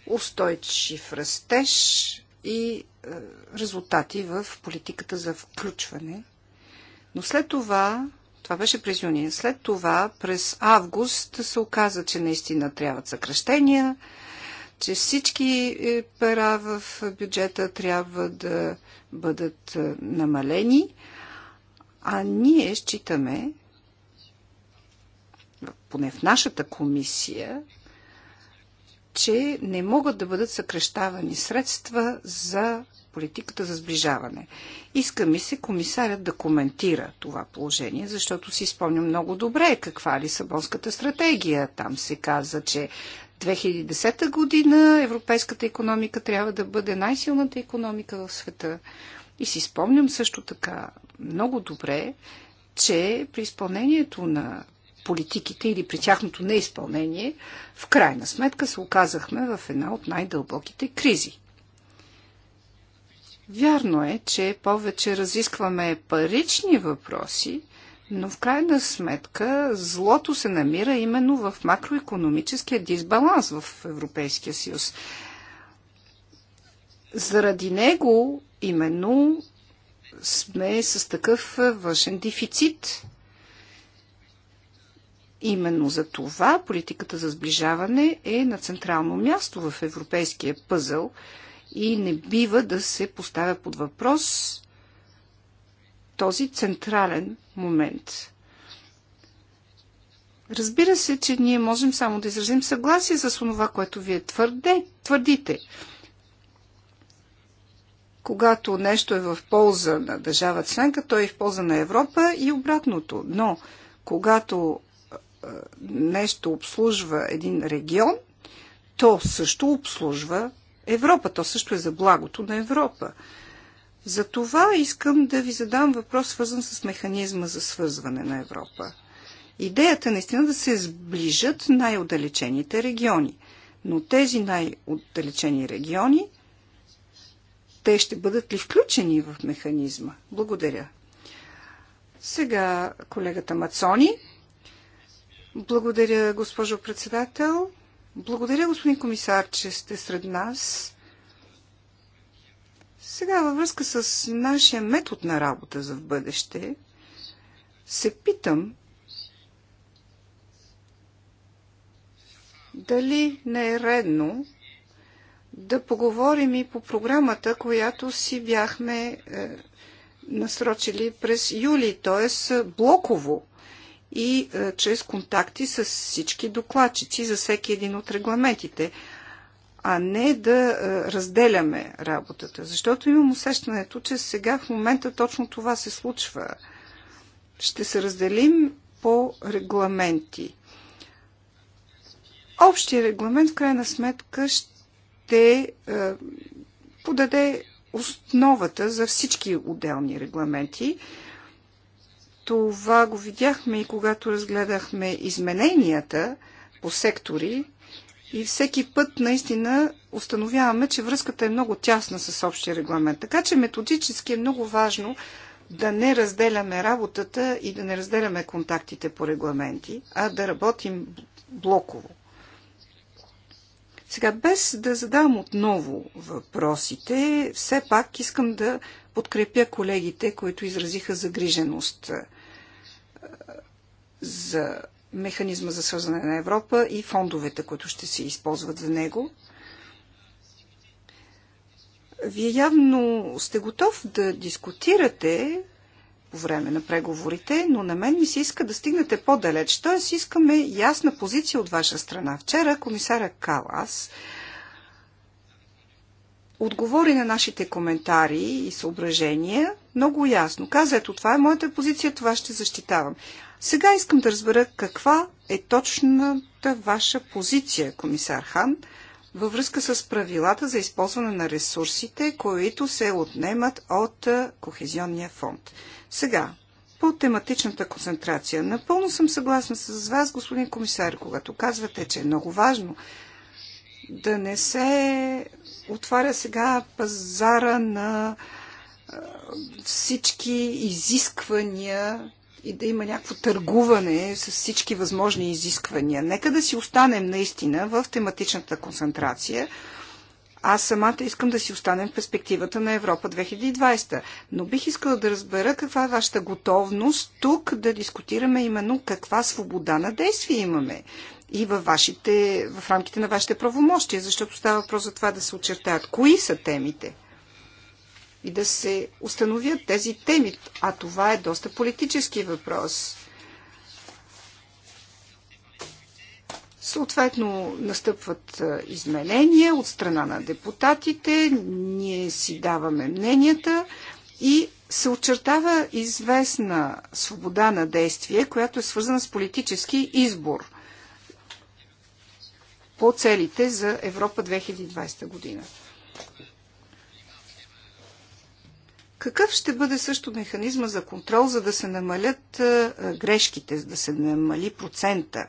устойчив растеж и е, резултати в политиката за включване. Но след това, това беше през юни, след това през август се оказа, че наистина трябват съкръщения, че всички е, пера в бюджета трябва да бъдат е, намалени, а ние считаме, поне в нашата комисия, че не могат да бъдат съкрещавани средства за политиката за сближаване. Иска ми се комисарят да коментира това положение, защото си спомням много добре каква е Лисабонската стратегия. Там се каза, че 2010 година европейската економика трябва да бъде най-силната економика в света. И си спомням също така много добре, че при изпълнението на политиките или при тяхното неизпълнение, в крайна сметка се оказахме в една от най-дълбоките кризи. Вярно е, че повече разискваме парични въпроси, но в крайна сметка злото се намира именно в макроекономическия дисбаланс в Европейския съюз. Заради него именно сме с такъв външен дефицит Именно за това политиката за сближаване е на централно място в европейския пъзъл и не бива да се поставя под въпрос този централен момент. Разбира се, че ние можем само да изразим съгласие с това, което вие твърде, твърдите. Когато нещо е в полза на държава членка, то е в полза на Европа и обратното. Но когато нещо обслужва един регион, то също обслужва Европа. То също е за благото на Европа. За това искам да ви задам въпрос, свързан с механизма за свързване на Европа. Идеята е наистина да се сближат най-отдалечените региони. Но тези най-отдалечени региони, те ще бъдат ли включени в механизма? Благодаря. Сега колегата Мацони. Благодаря, госпожо председател. Благодаря, господин комисар, че сте сред нас. Сега във връзка с нашия метод на работа за в бъдеще, се питам дали не е редно да поговорим и по програмата, която си бяхме е, насрочили през юли, т.е. блоково и а, е, чрез контакти с всички докладчици за всеки един от регламентите, а не да а, е, разделяме работата. Защото имам усещането, че сега в момента точно това се случва. Ще се разделим по регламенти. Общия регламент в крайна сметка ще а, е, подаде основата за всички отделни регламенти това го видяхме и когато разгледахме измененията по сектори и всеки път наистина установяваме, че връзката е много тясна с общия регламент. Така че методически е много важно да не разделяме работата и да не разделяме контактите по регламенти, а да работим блоково. Сега, без да задам отново въпросите, все пак искам да подкрепя колегите, които изразиха загриженост за механизма за свързване на Европа и фондовете, които ще се използват за него. Вие явно сте готов да дискутирате по време на преговорите, но на мен ми се иска да стигнете по-далеч. Т.е. искаме ясна позиция от ваша страна. Вчера комисаря Калас отговори на нашите коментари и съображения много ясно. Каза, ето това е моята позиция, това ще защитавам. Сега искам да разбера каква е точната ваша позиция, комисар Хан, във връзка с правилата за използване на ресурсите, които се отнемат от Кохезионния фонд. Сега, по тематичната концентрация. Напълно съм съгласна с вас, господин комисар, когато казвате, че е много важно да не се отваря сега пазара на всички изисквания и да има някакво търгуване с всички възможни изисквания. Нека да си останем наистина в тематичната концентрация. Аз самата искам да си останем в перспективата на Европа 2020, но бих искала да разбера каква е вашата готовност тук да дискутираме именно каква свобода на действие имаме и във вашите, в рамките на вашите правомощия, защото става въпрос за това да се очертаят кои са темите – и да се установят тези теми. А това е доста политически въпрос. Съответно, настъпват изменения от страна на депутатите, ние си даваме мненията и се очертава известна свобода на действие, която е свързана с политически избор по целите за Европа 2020 година. Какъв ще бъде също механизма за контрол, за да се намалят грешките, за да се намали процента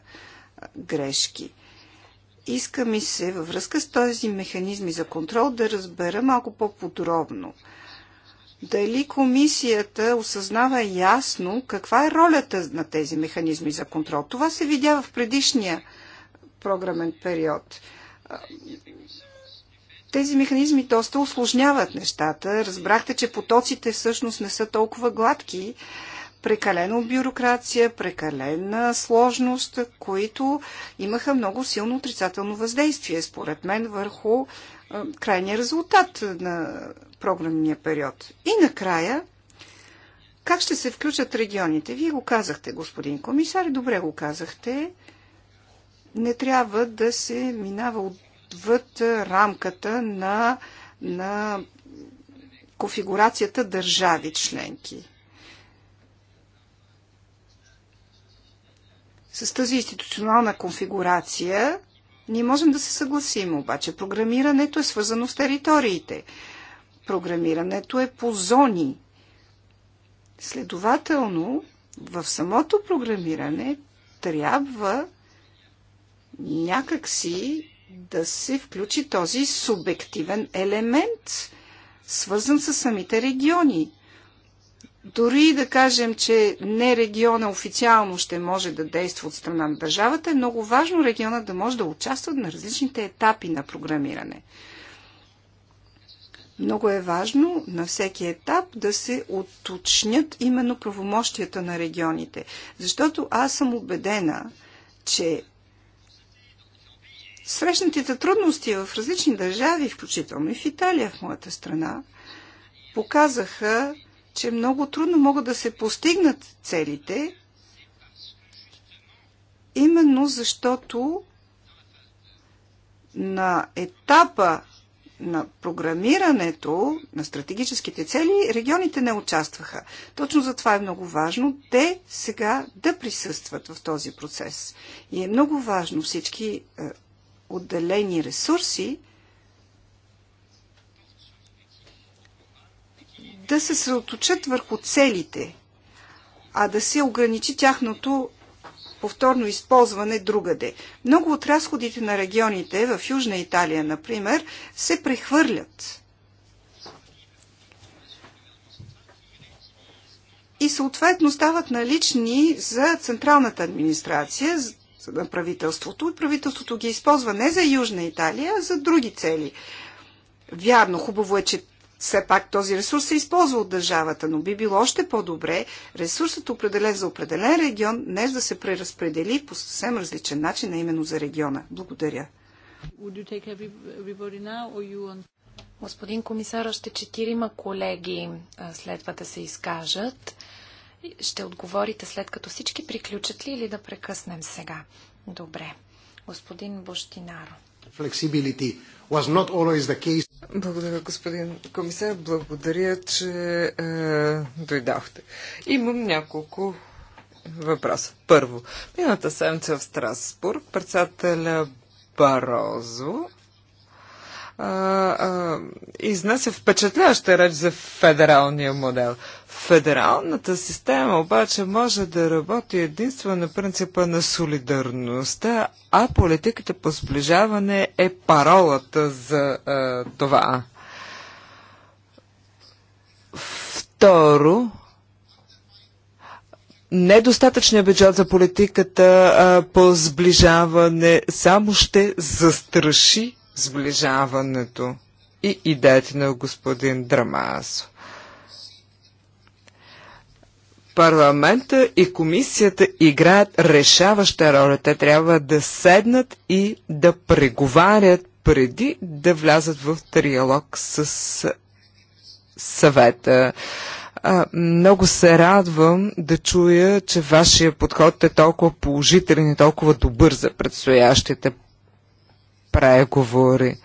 грешки? Иска ми се във връзка с този механизми за контрол да разбера малко по-подробно. Дали комисията осъзнава ясно каква е ролята на тези механизми за контрол? Това се видя в предишния програмен период тези механизми доста осложняват нещата. Разбрахте, че потоците всъщност не са толкова гладки. Прекалено бюрокрация, прекалена сложност, които имаха много силно отрицателно въздействие, според мен, върху е, крайния резултат на програмния период. И накрая, как ще се включат регионите? Вие го казахте, господин комисар, добре го казахте. Не трябва да се минава от отвъд рамката на, на конфигурацията държави членки. С тази институционална конфигурация ние можем да се съгласим, обаче програмирането е свързано с териториите. Програмирането е по зони. Следователно, в самото програмиране трябва някакси да се включи този субективен елемент, свързан с самите региони. Дори да кажем, че не региона официално ще може да действа от страна на държавата, е много важно региона да може да участва на различните етапи на програмиране. Много е важно на всеки етап да се уточнят именно правомощията на регионите. Защото аз съм убедена, че Срещнатите трудности в различни държави, включително и в Италия, в моята страна, показаха, че много трудно могат да се постигнат целите, именно защото на етапа на програмирането на стратегическите цели регионите не участваха. Точно за това е много важно те сега да присъстват в този процес. И е много важно всички е, отделени ресурси, да се съоточат върху целите, а да се ограничи тяхното повторно използване другаде. Много от разходите на регионите в Южна Италия, например, се прехвърлят. И съответно стават налични за централната администрация, на правителството и правителството ги използва не за Южна Италия, а за други цели. Вярно, хубаво е, че все пак този ресурс се използва от държавата, но би било още по-добре ресурсът определен за определен регион не да се преразпредели по съвсем различен начин, а именно за региона. Благодаря. Господин комисар, още четирима колеги следва да се изкажат. Ще отговорите след като всички приключат ли или да прекъснем сега? Добре. Господин Бощинаро. Flexibility was not always the case. Благодаря, господин комисар. Благодаря, че е, дойдохте. Имам няколко въпроса. Първо, миналата седмица в Страсбург председателя Барозо изнася впечатляваща реч за федералния модел. Федералната система обаче може да работи единствено на принципа на солидарността, а политиката по сближаване е паролата за а, това. Второ, недостатъчният бюджет за политиката а, по сближаване само ще застраши сближаването и идеите на господин Драмасо. Парламента и комисията играят решаваща роля. Те трябва да седнат и да преговарят преди да влязат в триалог с съвета. А, много се радвам да чуя, че вашия подход е толкова положителен и толкова добър за предстоящите преговори.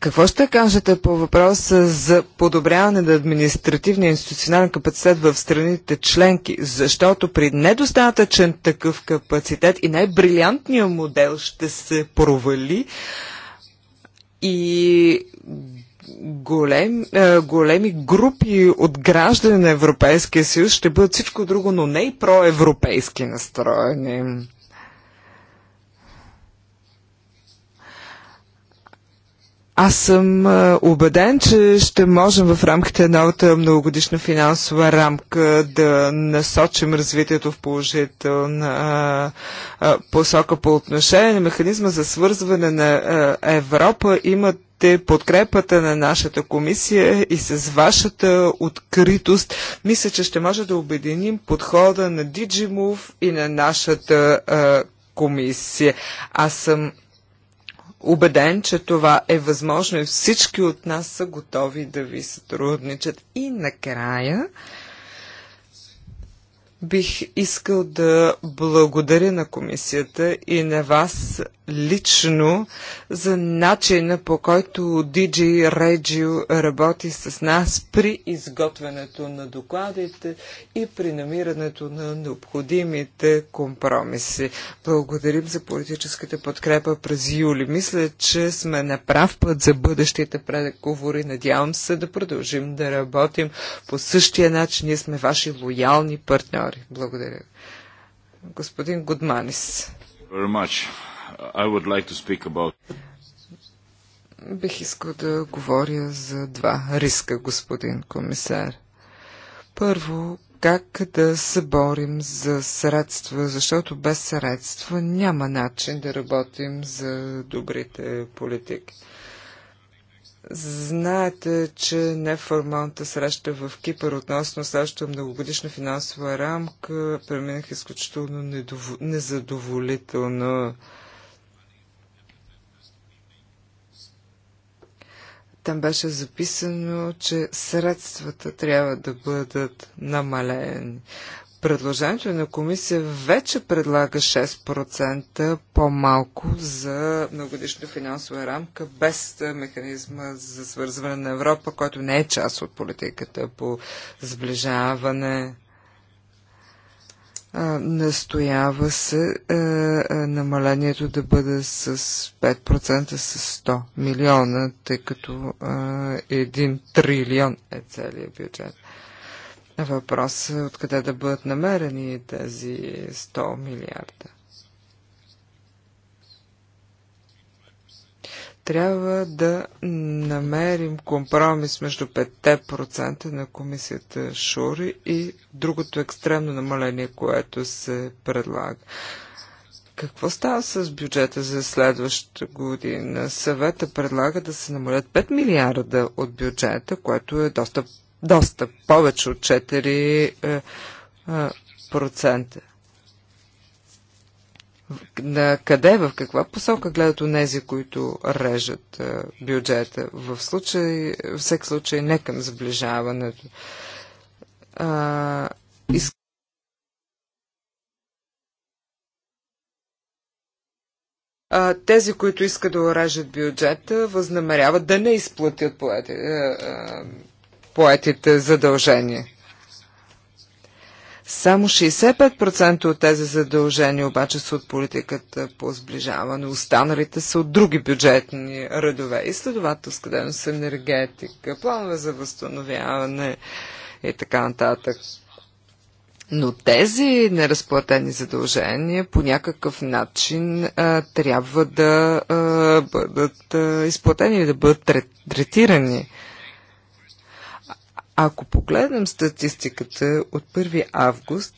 Какво ще кажете по въпроса за подобряване на административния институционален капацитет в страните членки? Защото при недостатъчен такъв капацитет и най-брилянтният модел ще се провали и голем, е, големи групи от граждани на Европейския съюз ще бъдат всичко друго, но не и проевропейски настроени. Аз съм убеден, че ще можем в рамките на новата многогодишна финансова рамка да насочим развитието в положителна посока по отношение на механизма за свързване на Европа. имате подкрепата на нашата комисия и с вашата откритост, мисля, че ще може да обединим подхода на Диджимов и на нашата комисия. Аз съм убеден, че това е възможно и всички от нас са готови да ви сътрудничат. И накрая Бих искал да благодаря на комисията и на вас лично за начина по който DJ Regio работи с нас при изготвянето на докладите и при намирането на необходимите компромиси. Благодарим за политическата подкрепа през юли. Мисля, че сме на прав път за бъдещите преговори. Надявам се да продължим да работим по същия начин. Ние сме ваши лоялни партньори отговори. Благодаря. Господин Гудманис. Бих искал да говоря за два риска, господин комисар. Първо, как да се борим за средства, защото без средства няма начин да работим за добрите политики. Знаете, че неформалната среща в Кипър относно следващата многогодишна финансова рамка преминах изключително недов... незадоволително. Там беше записано, че средствата трябва да бъдат намалени. Предложението на комисия вече предлага 6% по-малко за многодишна финансова рамка без е, механизма за свързване на Европа, който не е част от политиката по сближаване. настоява се е, е, намалението да бъде с 5% с 100 милиона, тъй като 1 трилион е целият бюджет. Въпрос е откъде да бъдат намерени тези 100 милиарда. Трябва да намерим компромис между 5% на комисията Шури и другото екстремно намаление, което се предлага. Какво става с бюджета за следващата година? Съвета предлага да се намалят 5 милиарда от бюджета, което е доста доста повече от 4%. Е, е, На къде, в каква посока гледат онези, които режат е, бюджета? В случай, всек случай не към сближаването. тези, които искат да урежат бюджета, възнамеряват да не изплатят поети, поетите задължения. Само 65% от тези задължения обаче са от политиката по сближаване. Останалите са от други бюджетни редове. Изследователска дейност, енергетика, планове за възстановяване и така нататък. Но тези неразплатени задължения по някакъв начин а, трябва да а, бъдат а, изплатени, да бъдат третирани. Ако погледнем статистиката от 1 август,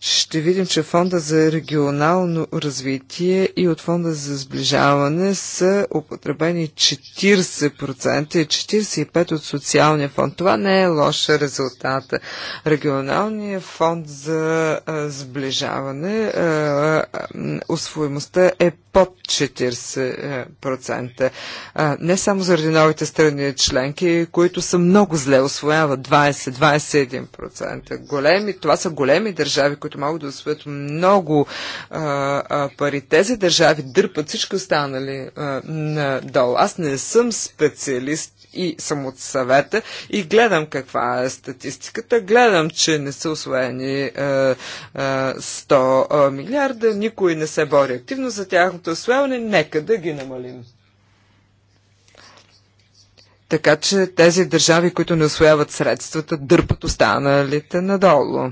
ще видим, че фонда за регионално развитие и от фонда за сближаване са употребени 40% и 45% от социалния фонд. Това не е лоша резултата. Регионалният фонд за а, сближаване, а, освоимостта е под 40%. А, не само заради новите страни членки, които са много зле освояват 20-21%. Големи, това са големи държави, които които могат да освоят много а, а, пари. Тези държави дърпат всички останали а, надолу. Аз не съм специалист и съм от съвета и гледам каква е статистиката. Гледам, че не са освоени 100 милиарда, никой не се бори активно за тяхното освояване. Нека да ги намалим. Така че тези държави, които не освояват средствата, дърпат останалите надолу.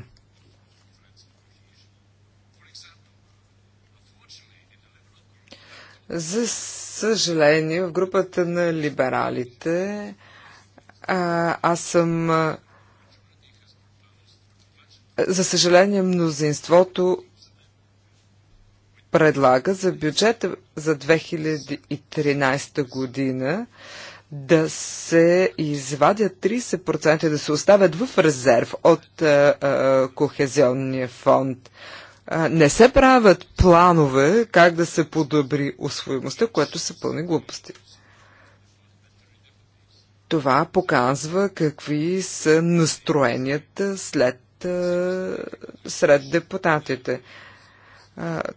За съжаление, в групата на либералите а, аз съм. А, за съжаление, мнозинството предлага за бюджета за 2013 година да се извадят 30% и да се оставят в резерв от а, а, кохезионния фонд. А, не се правят планове как да се подобри усвоимостта, което са пълни глупости. Това показва какви са настроенията след, сред депутатите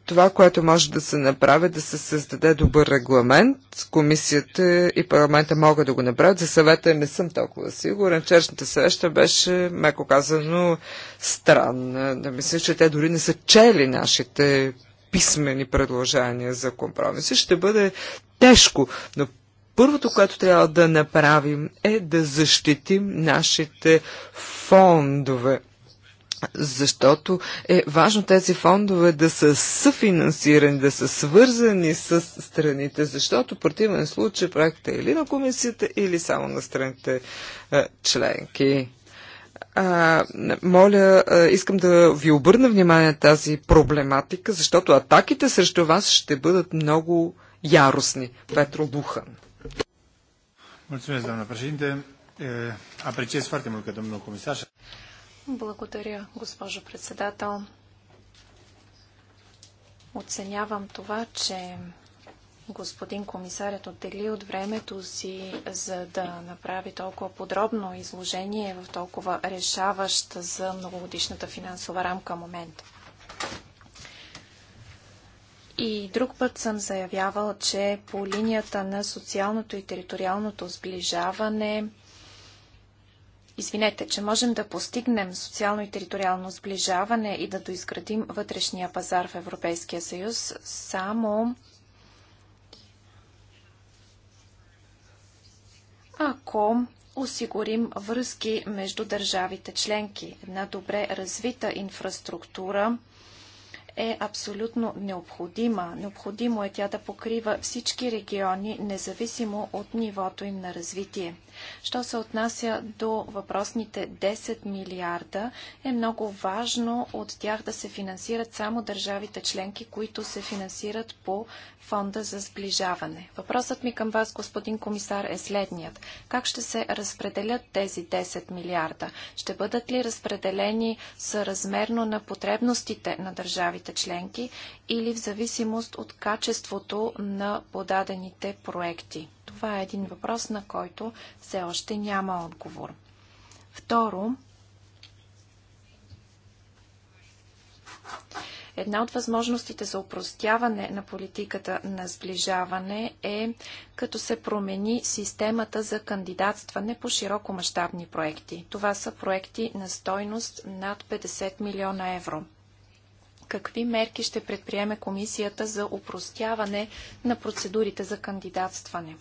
това, което може да се направи, да се създаде добър регламент. Комисията и парламента могат да го направят. За съвета не съм толкова сигурен. Вчерашната среща беше, меко казано, странна. Да мисля, че те дори не са чели нашите писмени предложения за компромиси. Ще бъде тежко, но първото, което трябва да направим е да защитим нашите фондове защото е важно тези фондове да са съфинансирани, да са свързани с страните, защото противен случай проекта е или на комисията, или само на страните е, членки. А, моля, искам да ви обърна внимание на тази проблематика, защото атаките срещу вас ще бъдат много яростни. Петро Бухан. Mulțumesc, doamna președinte. Е, apreciez foarte mult că domnul comisar благодаря, госпожо председател. Оценявам това, че господин комисарят отдели от времето си, за да направи толкова подробно изложение в толкова решаващ за многогодишната финансова рамка момент. И друг път съм заявявал, че по линията на социалното и териториалното сближаване – извинете, че можем да постигнем социално и териториално сближаване и да доизградим вътрешния пазар в Европейския съюз, само ако осигурим връзки между държавите членки, една добре развита инфраструктура, е абсолютно необходима. Необходимо е тя да покрива всички региони, независимо от нивото им на развитие. Що се отнася до въпросните 10 милиарда, е много важно от тях да се финансират само държавите членки, които се финансират по фонда за сближаване. Въпросът ми към вас, господин комисар, е следният. Как ще се разпределят тези 10 милиарда? Ще бъдат ли разпределени съразмерно на потребностите на държавите държавите членки или в зависимост от качеството на подадените проекти? Това е един въпрос, на който все още няма отговор. Второ, Една от възможностите за упростяване на политиката на сближаване е като се промени системата за кандидатстване по широкомащабни проекти. Това са проекти на стойност над 50 милиона евро какви мерки ще предприеме комисията за упростяване на процедурите за кандидатстване?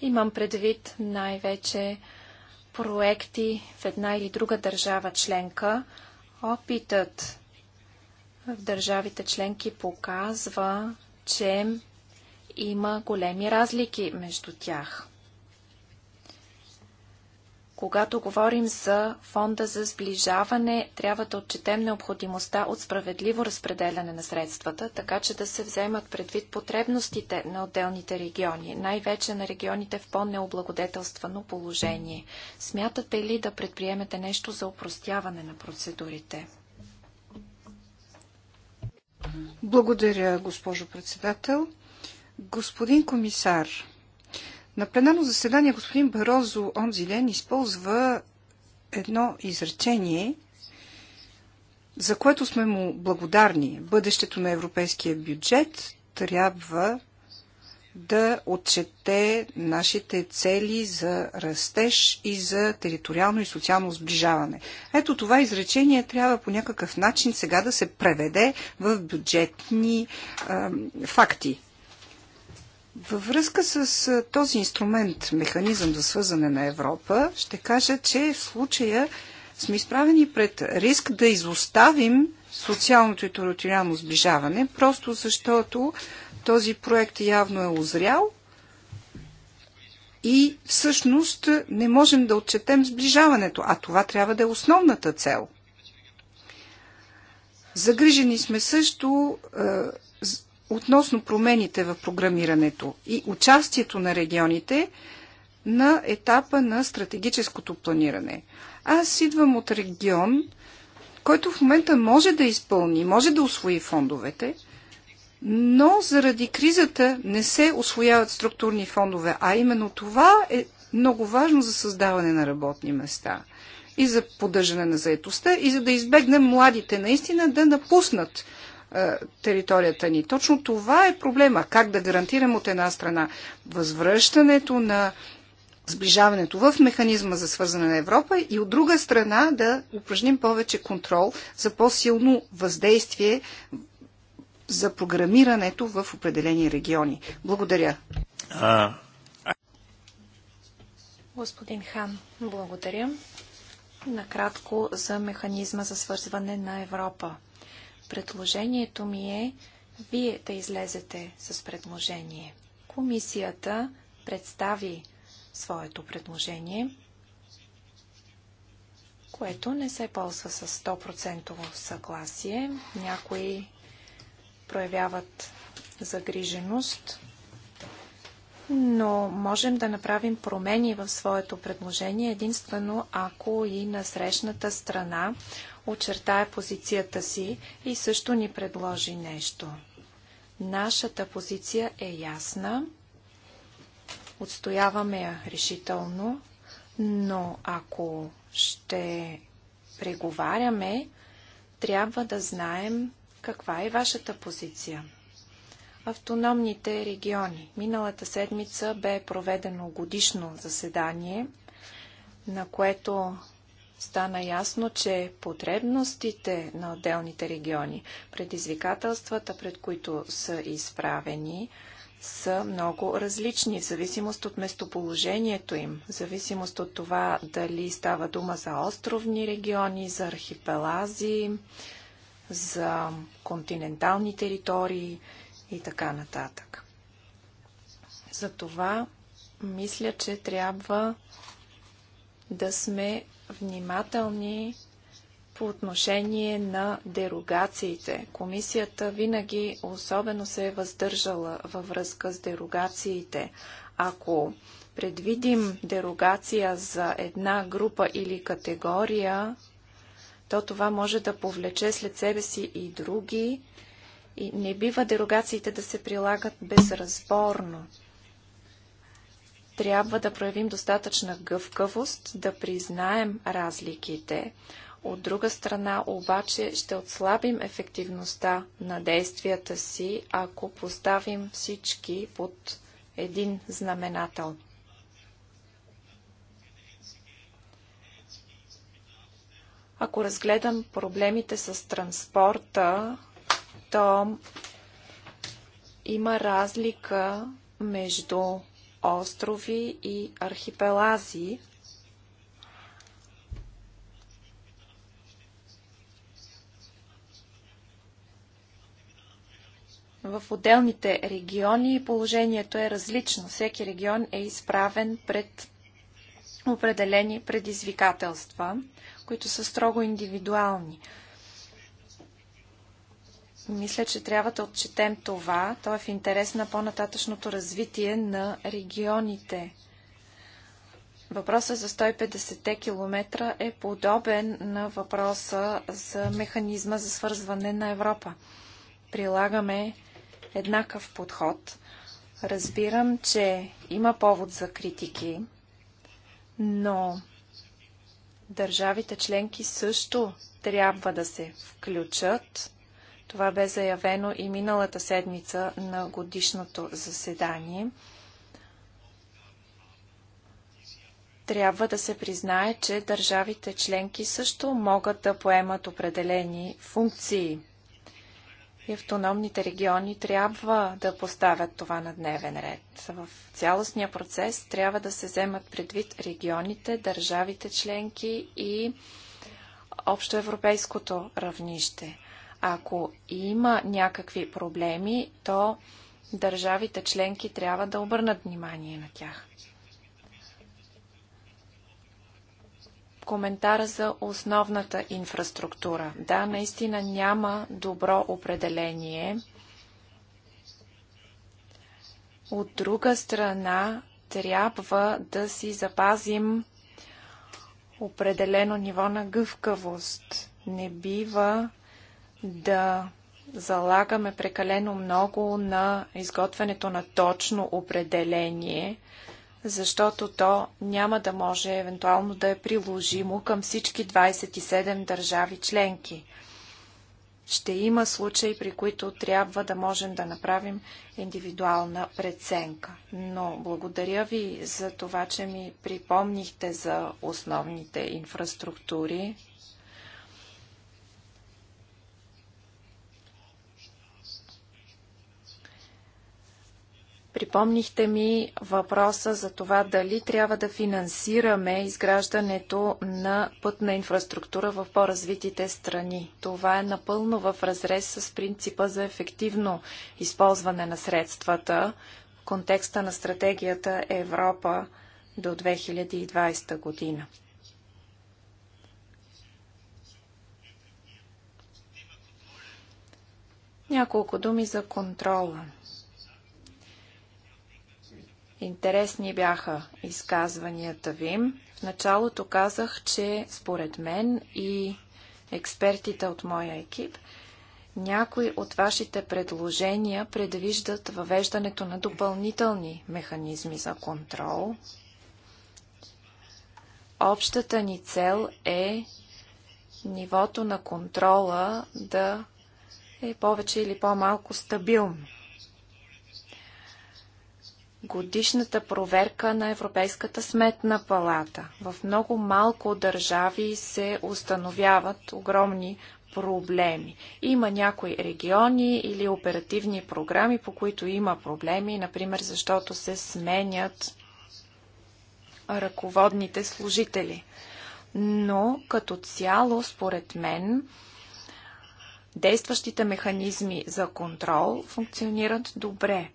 Имам предвид най-вече проекти в една или друга държава членка. Опитът в държавите членки показва, че има големи разлики между тях. Когато говорим за фонда за сближаване, трябва да отчетем необходимостта от справедливо разпределяне на средствата, така че да се вземат предвид потребностите на отделните региони, най-вече на регионите в по-необлагодетелствано положение. Смятате ли да предприемете нещо за упростяване на процедурите? Благодаря, госпожо председател. Господин комисар, на пленарно заседание господин Барозо онзи ден използва едно изречение, за което сме му благодарни. Бъдещето на европейския бюджет трябва да отчете нашите цели за растеж и за териториално и социално сближаване. Ето това изречение трябва по някакъв начин сега да се преведе в бюджетни е, факти. Във връзка с този инструмент, механизъм за свързане на Европа, ще кажа, че в случая сме изправени пред риск да изоставим социалното и териториално сближаване, просто защото този проект явно е озрял и всъщност не можем да отчетем сближаването, а това трябва да е основната цел. Загрижени сме също относно промените в програмирането и участието на регионите на етапа на стратегическото планиране. Аз идвам от регион, който в момента може да изпълни, може да освои фондовете, но заради кризата не се освояват структурни фондове, а именно това е много важно за създаване на работни места и за поддържане на заетостта и за да избегнем младите наистина да напуснат е, територията ни. Точно това е проблема. Как да гарантирам от една страна възвръщането на сближаването в механизма за свързане на Европа и от друга страна да упражним повече контрол за по-силно въздействие за програмирането в определени региони. Благодаря. А... Господин Хан, благодаря. Накратко за механизма за свързване на Европа. Предложението ми е вие да излезете с предложение. Комисията представи своето предложение, което не се ползва с 100% съгласие. Някои проявяват загриженост, но можем да направим промени в своето предложение единствено ако и на срещната страна Очертая позицията си и също ни предложи нещо. Нашата позиция е ясна, отстояваме я решително, но ако ще преговаряме, трябва да знаем каква е вашата позиция. Автономните региони. Миналата седмица бе проведено годишно заседание, на което стана ясно, че потребностите на отделните региони, предизвикателствата, пред които са изправени, са много различни в зависимост от местоположението им, в зависимост от това дали става дума за островни региони, за архипелази, за континентални територии и така нататък. Затова мисля, че трябва да сме внимателни по отношение на дерогациите. Комисията винаги особено се е въздържала във връзка с дерогациите. Ако предвидим дерогация за една група или категория, то това може да повлече след себе си и други. И не бива дерогациите да се прилагат безразборно. Трябва да проявим достатъчна гъвкавост, да признаем разликите. От друга страна обаче ще отслабим ефективността на действията си, ако поставим всички под един знаменател. Ако разгледам проблемите с транспорта, то има разлика между острови и архипелази. В отделните региони положението е различно. Всеки регион е изправен пред определени предизвикателства, които са строго индивидуални. Мисля, че трябва да отчетем това. То е в интерес на по-нататъчното развитие на регионите. Въпросът за 150-те километра е подобен на въпроса за механизма за свързване на Европа. Прилагаме еднакъв подход. Разбирам, че има повод за критики, но държавите членки също трябва да се включат това бе заявено и миналата седмица на годишното заседание. Трябва да се признае, че държавите членки също могат да поемат определени функции. И автономните региони трябва да поставят това на дневен ред. В цялостния процес трябва да се вземат предвид регионите, държавите членки и общоевропейското равнище. Ако има някакви проблеми, то държавите членки трябва да обърнат внимание на тях. коментара за основната инфраструктура. Да, наистина няма добро определение. От друга страна, трябва да си запазим определено ниво на гъвкавост. Не бива да залагаме прекалено много на изготвянето на точно определение, защото то няма да може евентуално да е приложимо към всички 27 държави членки. Ще има случаи, при които трябва да можем да направим индивидуална преценка. Но благодаря ви за това, че ми припомнихте за основните инфраструктури. Припомнихте ми въпроса за това дали трябва да финансираме изграждането на пътна инфраструктура в по-развитите страни. Това е напълно в разрез с принципа за ефективно използване на средствата в контекста на стратегията Европа до 2020 година. Няколко думи за контрола. Интересни бяха изказванията ви. В началото казах, че според мен и експертите от моя екип, някои от вашите предложения предвиждат въвеждането на допълнителни механизми за контрол. Общата ни цел е нивото на контрола да е повече или по-малко стабилно годишната проверка на Европейската сметна палата. В много малко държави се установяват огромни проблеми. Има някои региони или оперативни програми, по които има проблеми, например защото се сменят ръководните служители. Но като цяло, според мен, действащите механизми за контрол функционират добре.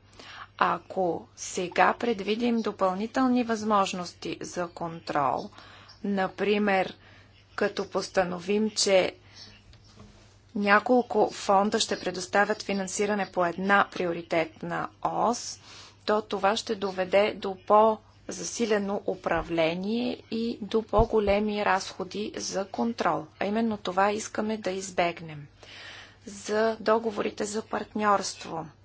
Ако сега предвидим допълнителни възможности за контрол, например, като постановим, че няколко фонда ще предоставят финансиране по една приоритетна ОС, то това ще доведе до по-засилено управление и до по-големи разходи за контрол. А именно това искаме да избегнем. За договорите за партньорство –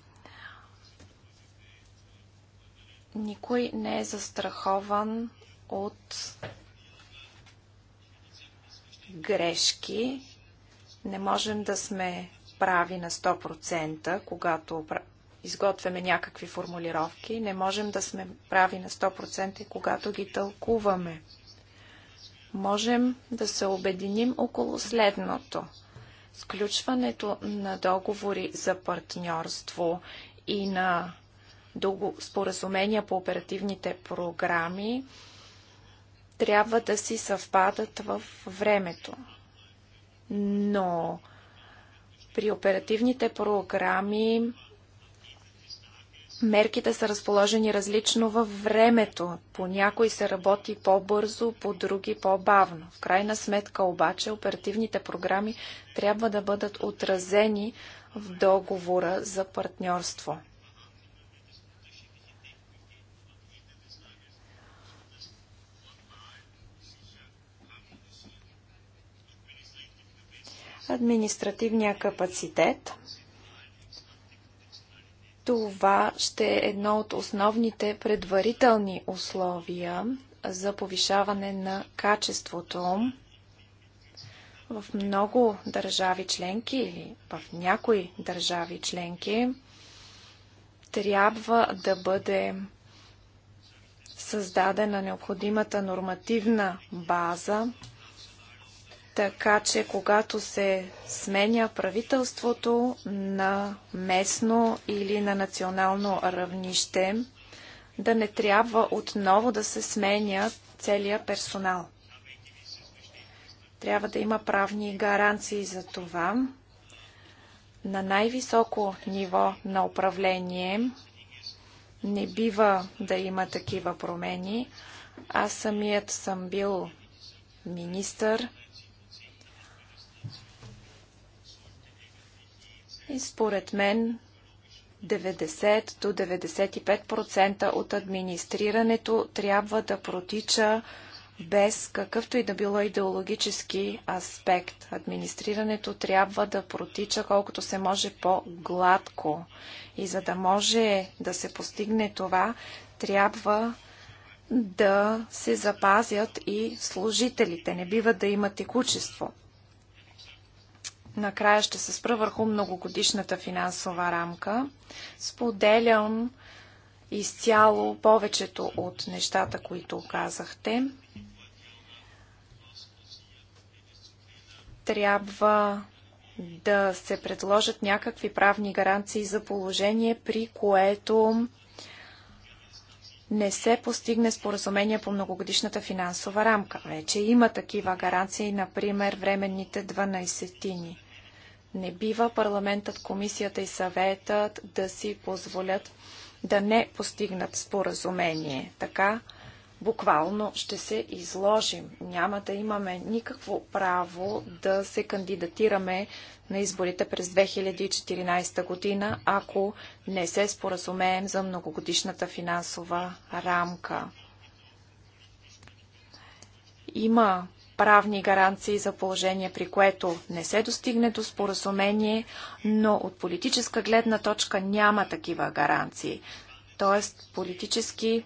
Никой не е застрахован от грешки. Не можем да сме прави на 100%, когато изготвяме някакви формулировки. Не можем да сме прави на 100%, когато ги тълкуваме. Можем да се обединим около следното. Сключването на договори за партньорство и на дълго споразумения по оперативните програми трябва да си съвпадат в времето. Но при оперативните програми мерките са разположени различно във времето. По някои се работи по-бързо, по други по-бавно. В крайна сметка обаче оперативните програми трябва да бъдат отразени в договора за партньорство. административния капацитет. Това ще е едно от основните предварителни условия за повишаване на качеството в много държави членки или в някои държави членки трябва да бъде създадена необходимата нормативна база така че, когато се сменя правителството на местно или на национално равнище, да не трябва отново да се сменя целият персонал. Трябва да има правни гаранции за това. На най-високо ниво на управление не бива да има такива промени. Аз самият съм бил министър И според мен 90 до 95% от администрирането трябва да протича без какъвто и да било идеологически аспект. Администрирането трябва да протича колкото се може по-гладко. И за да може да се постигне това, трябва да се запазят и служителите. Не бива да има текучество накрая ще се спра върху многогодишната финансова рамка. Споделям изцяло повечето от нещата, които казахте. Трябва да се предложат някакви правни гаранции за положение, при което не се постигне споразумение по многогодишната финансова рамка. Вече има такива гаранции, например, временните 12-тини. Не бива парламентът, комисията и съветът да си позволят да не постигнат споразумение. Така буквално ще се изложим. Няма да имаме никакво право да се кандидатираме на изборите през 2014 година, ако не се споразумеем за многогодишната финансова рамка. Има правни гаранции за положение, при което не се достигне до споразумение, но от политическа гледна точка няма такива гаранции. Тоест, политически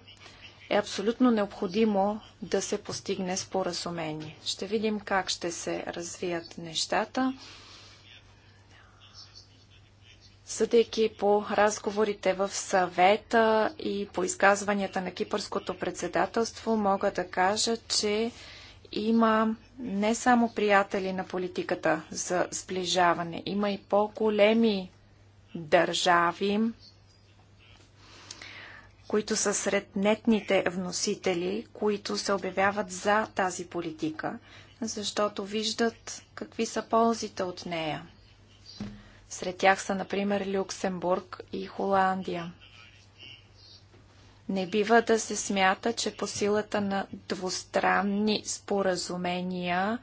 е абсолютно необходимо да се постигне споразумение. Ще видим как ще се развият нещата. Съдейки по разговорите в съвета и по изказванията на кипърското председателство, мога да кажа, че има не само приятели на политиката за сближаване, има и по-големи държави, които са сред нетните вносители, които се обявяват за тази политика, защото виждат какви са ползите от нея. Сред тях са, например, Люксембург и Холандия. Не бива да се смята, че по силата на двустранни споразумения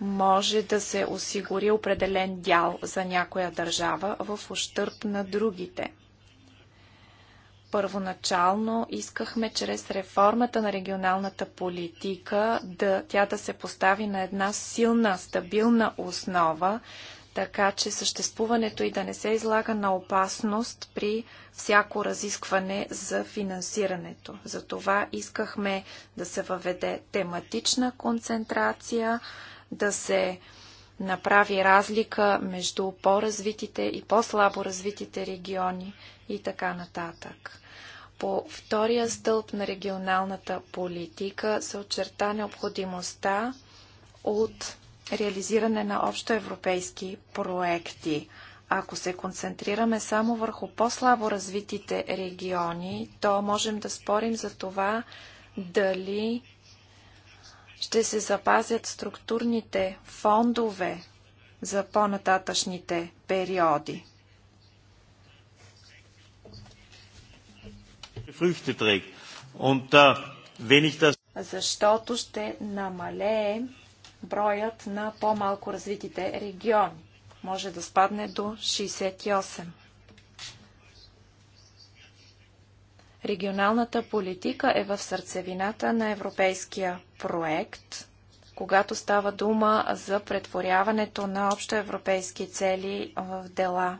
може да се осигури определен дял за някоя държава в ущърп на другите. Първоначално искахме чрез реформата на регионалната политика да, тя да се постави на една силна, стабилна основа, така че съществуването и да не се излага на опасност при всяко разискване за финансирането. Затова искахме да се въведе тематична концентрация, да се направи разлика между по-развитите и по-слабо развитите региони и така нататък. По втория стълб на регионалната политика се очерта необходимостта от реализиране на общоевропейски проекти. Ако се концентрираме само върху по-слабо развитите региони, то можем да спорим за това дали ще се запазят структурните фондове за по-нататъчните периоди. Защото ще намалее броят на по-малко развитите региони. Може да спадне до 68. Регионалната политика е в сърцевината на европейския проект, когато става дума за претворяването на общоевропейски цели в дела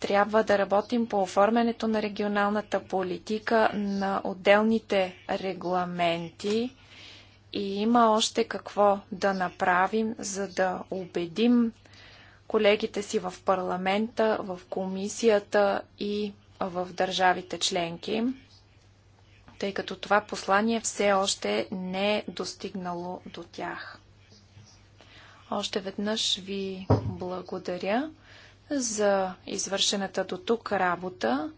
Трябва да работим по оформянето на регионалната политика на отделните регламенти и има още какво да направим, за да убедим колегите си в парламента, в комисията и в държавите членки, тъй като това послание все още не е достигнало до тях. Още веднъж ви благодаря за извършената до тук работа.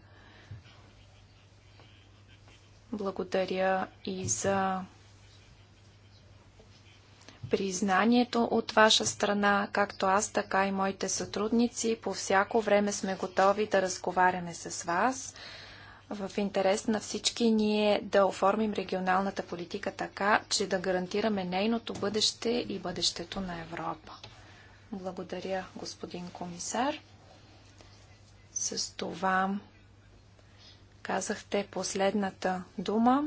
Благодаря и за признанието от ваша страна, както аз, така и моите сътрудници. По всяко време сме готови да разговаряме с вас. В интерес на всички ние да оформим регионалната политика така, че да гарантираме нейното бъдеще и бъдещето на Европа. Благодаря, господин комисар. С това казахте последната дума.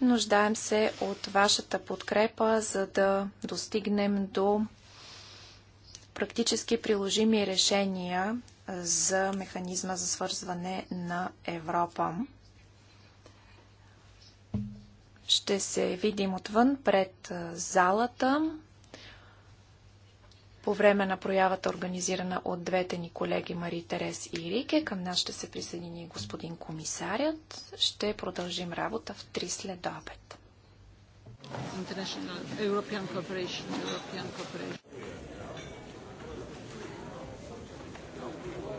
Нуждаем се от вашата подкрепа, за да достигнем до практически приложими решения за механизма за свързване на Европа. Ще се видим отвън пред залата по време на проявата, организирана от двете ни колеги Мари Терес и Рике. Към нас ще се присъедини господин комисарят. Ще продължим работа в 3 след обед. International European Cooperation, European Cooperation.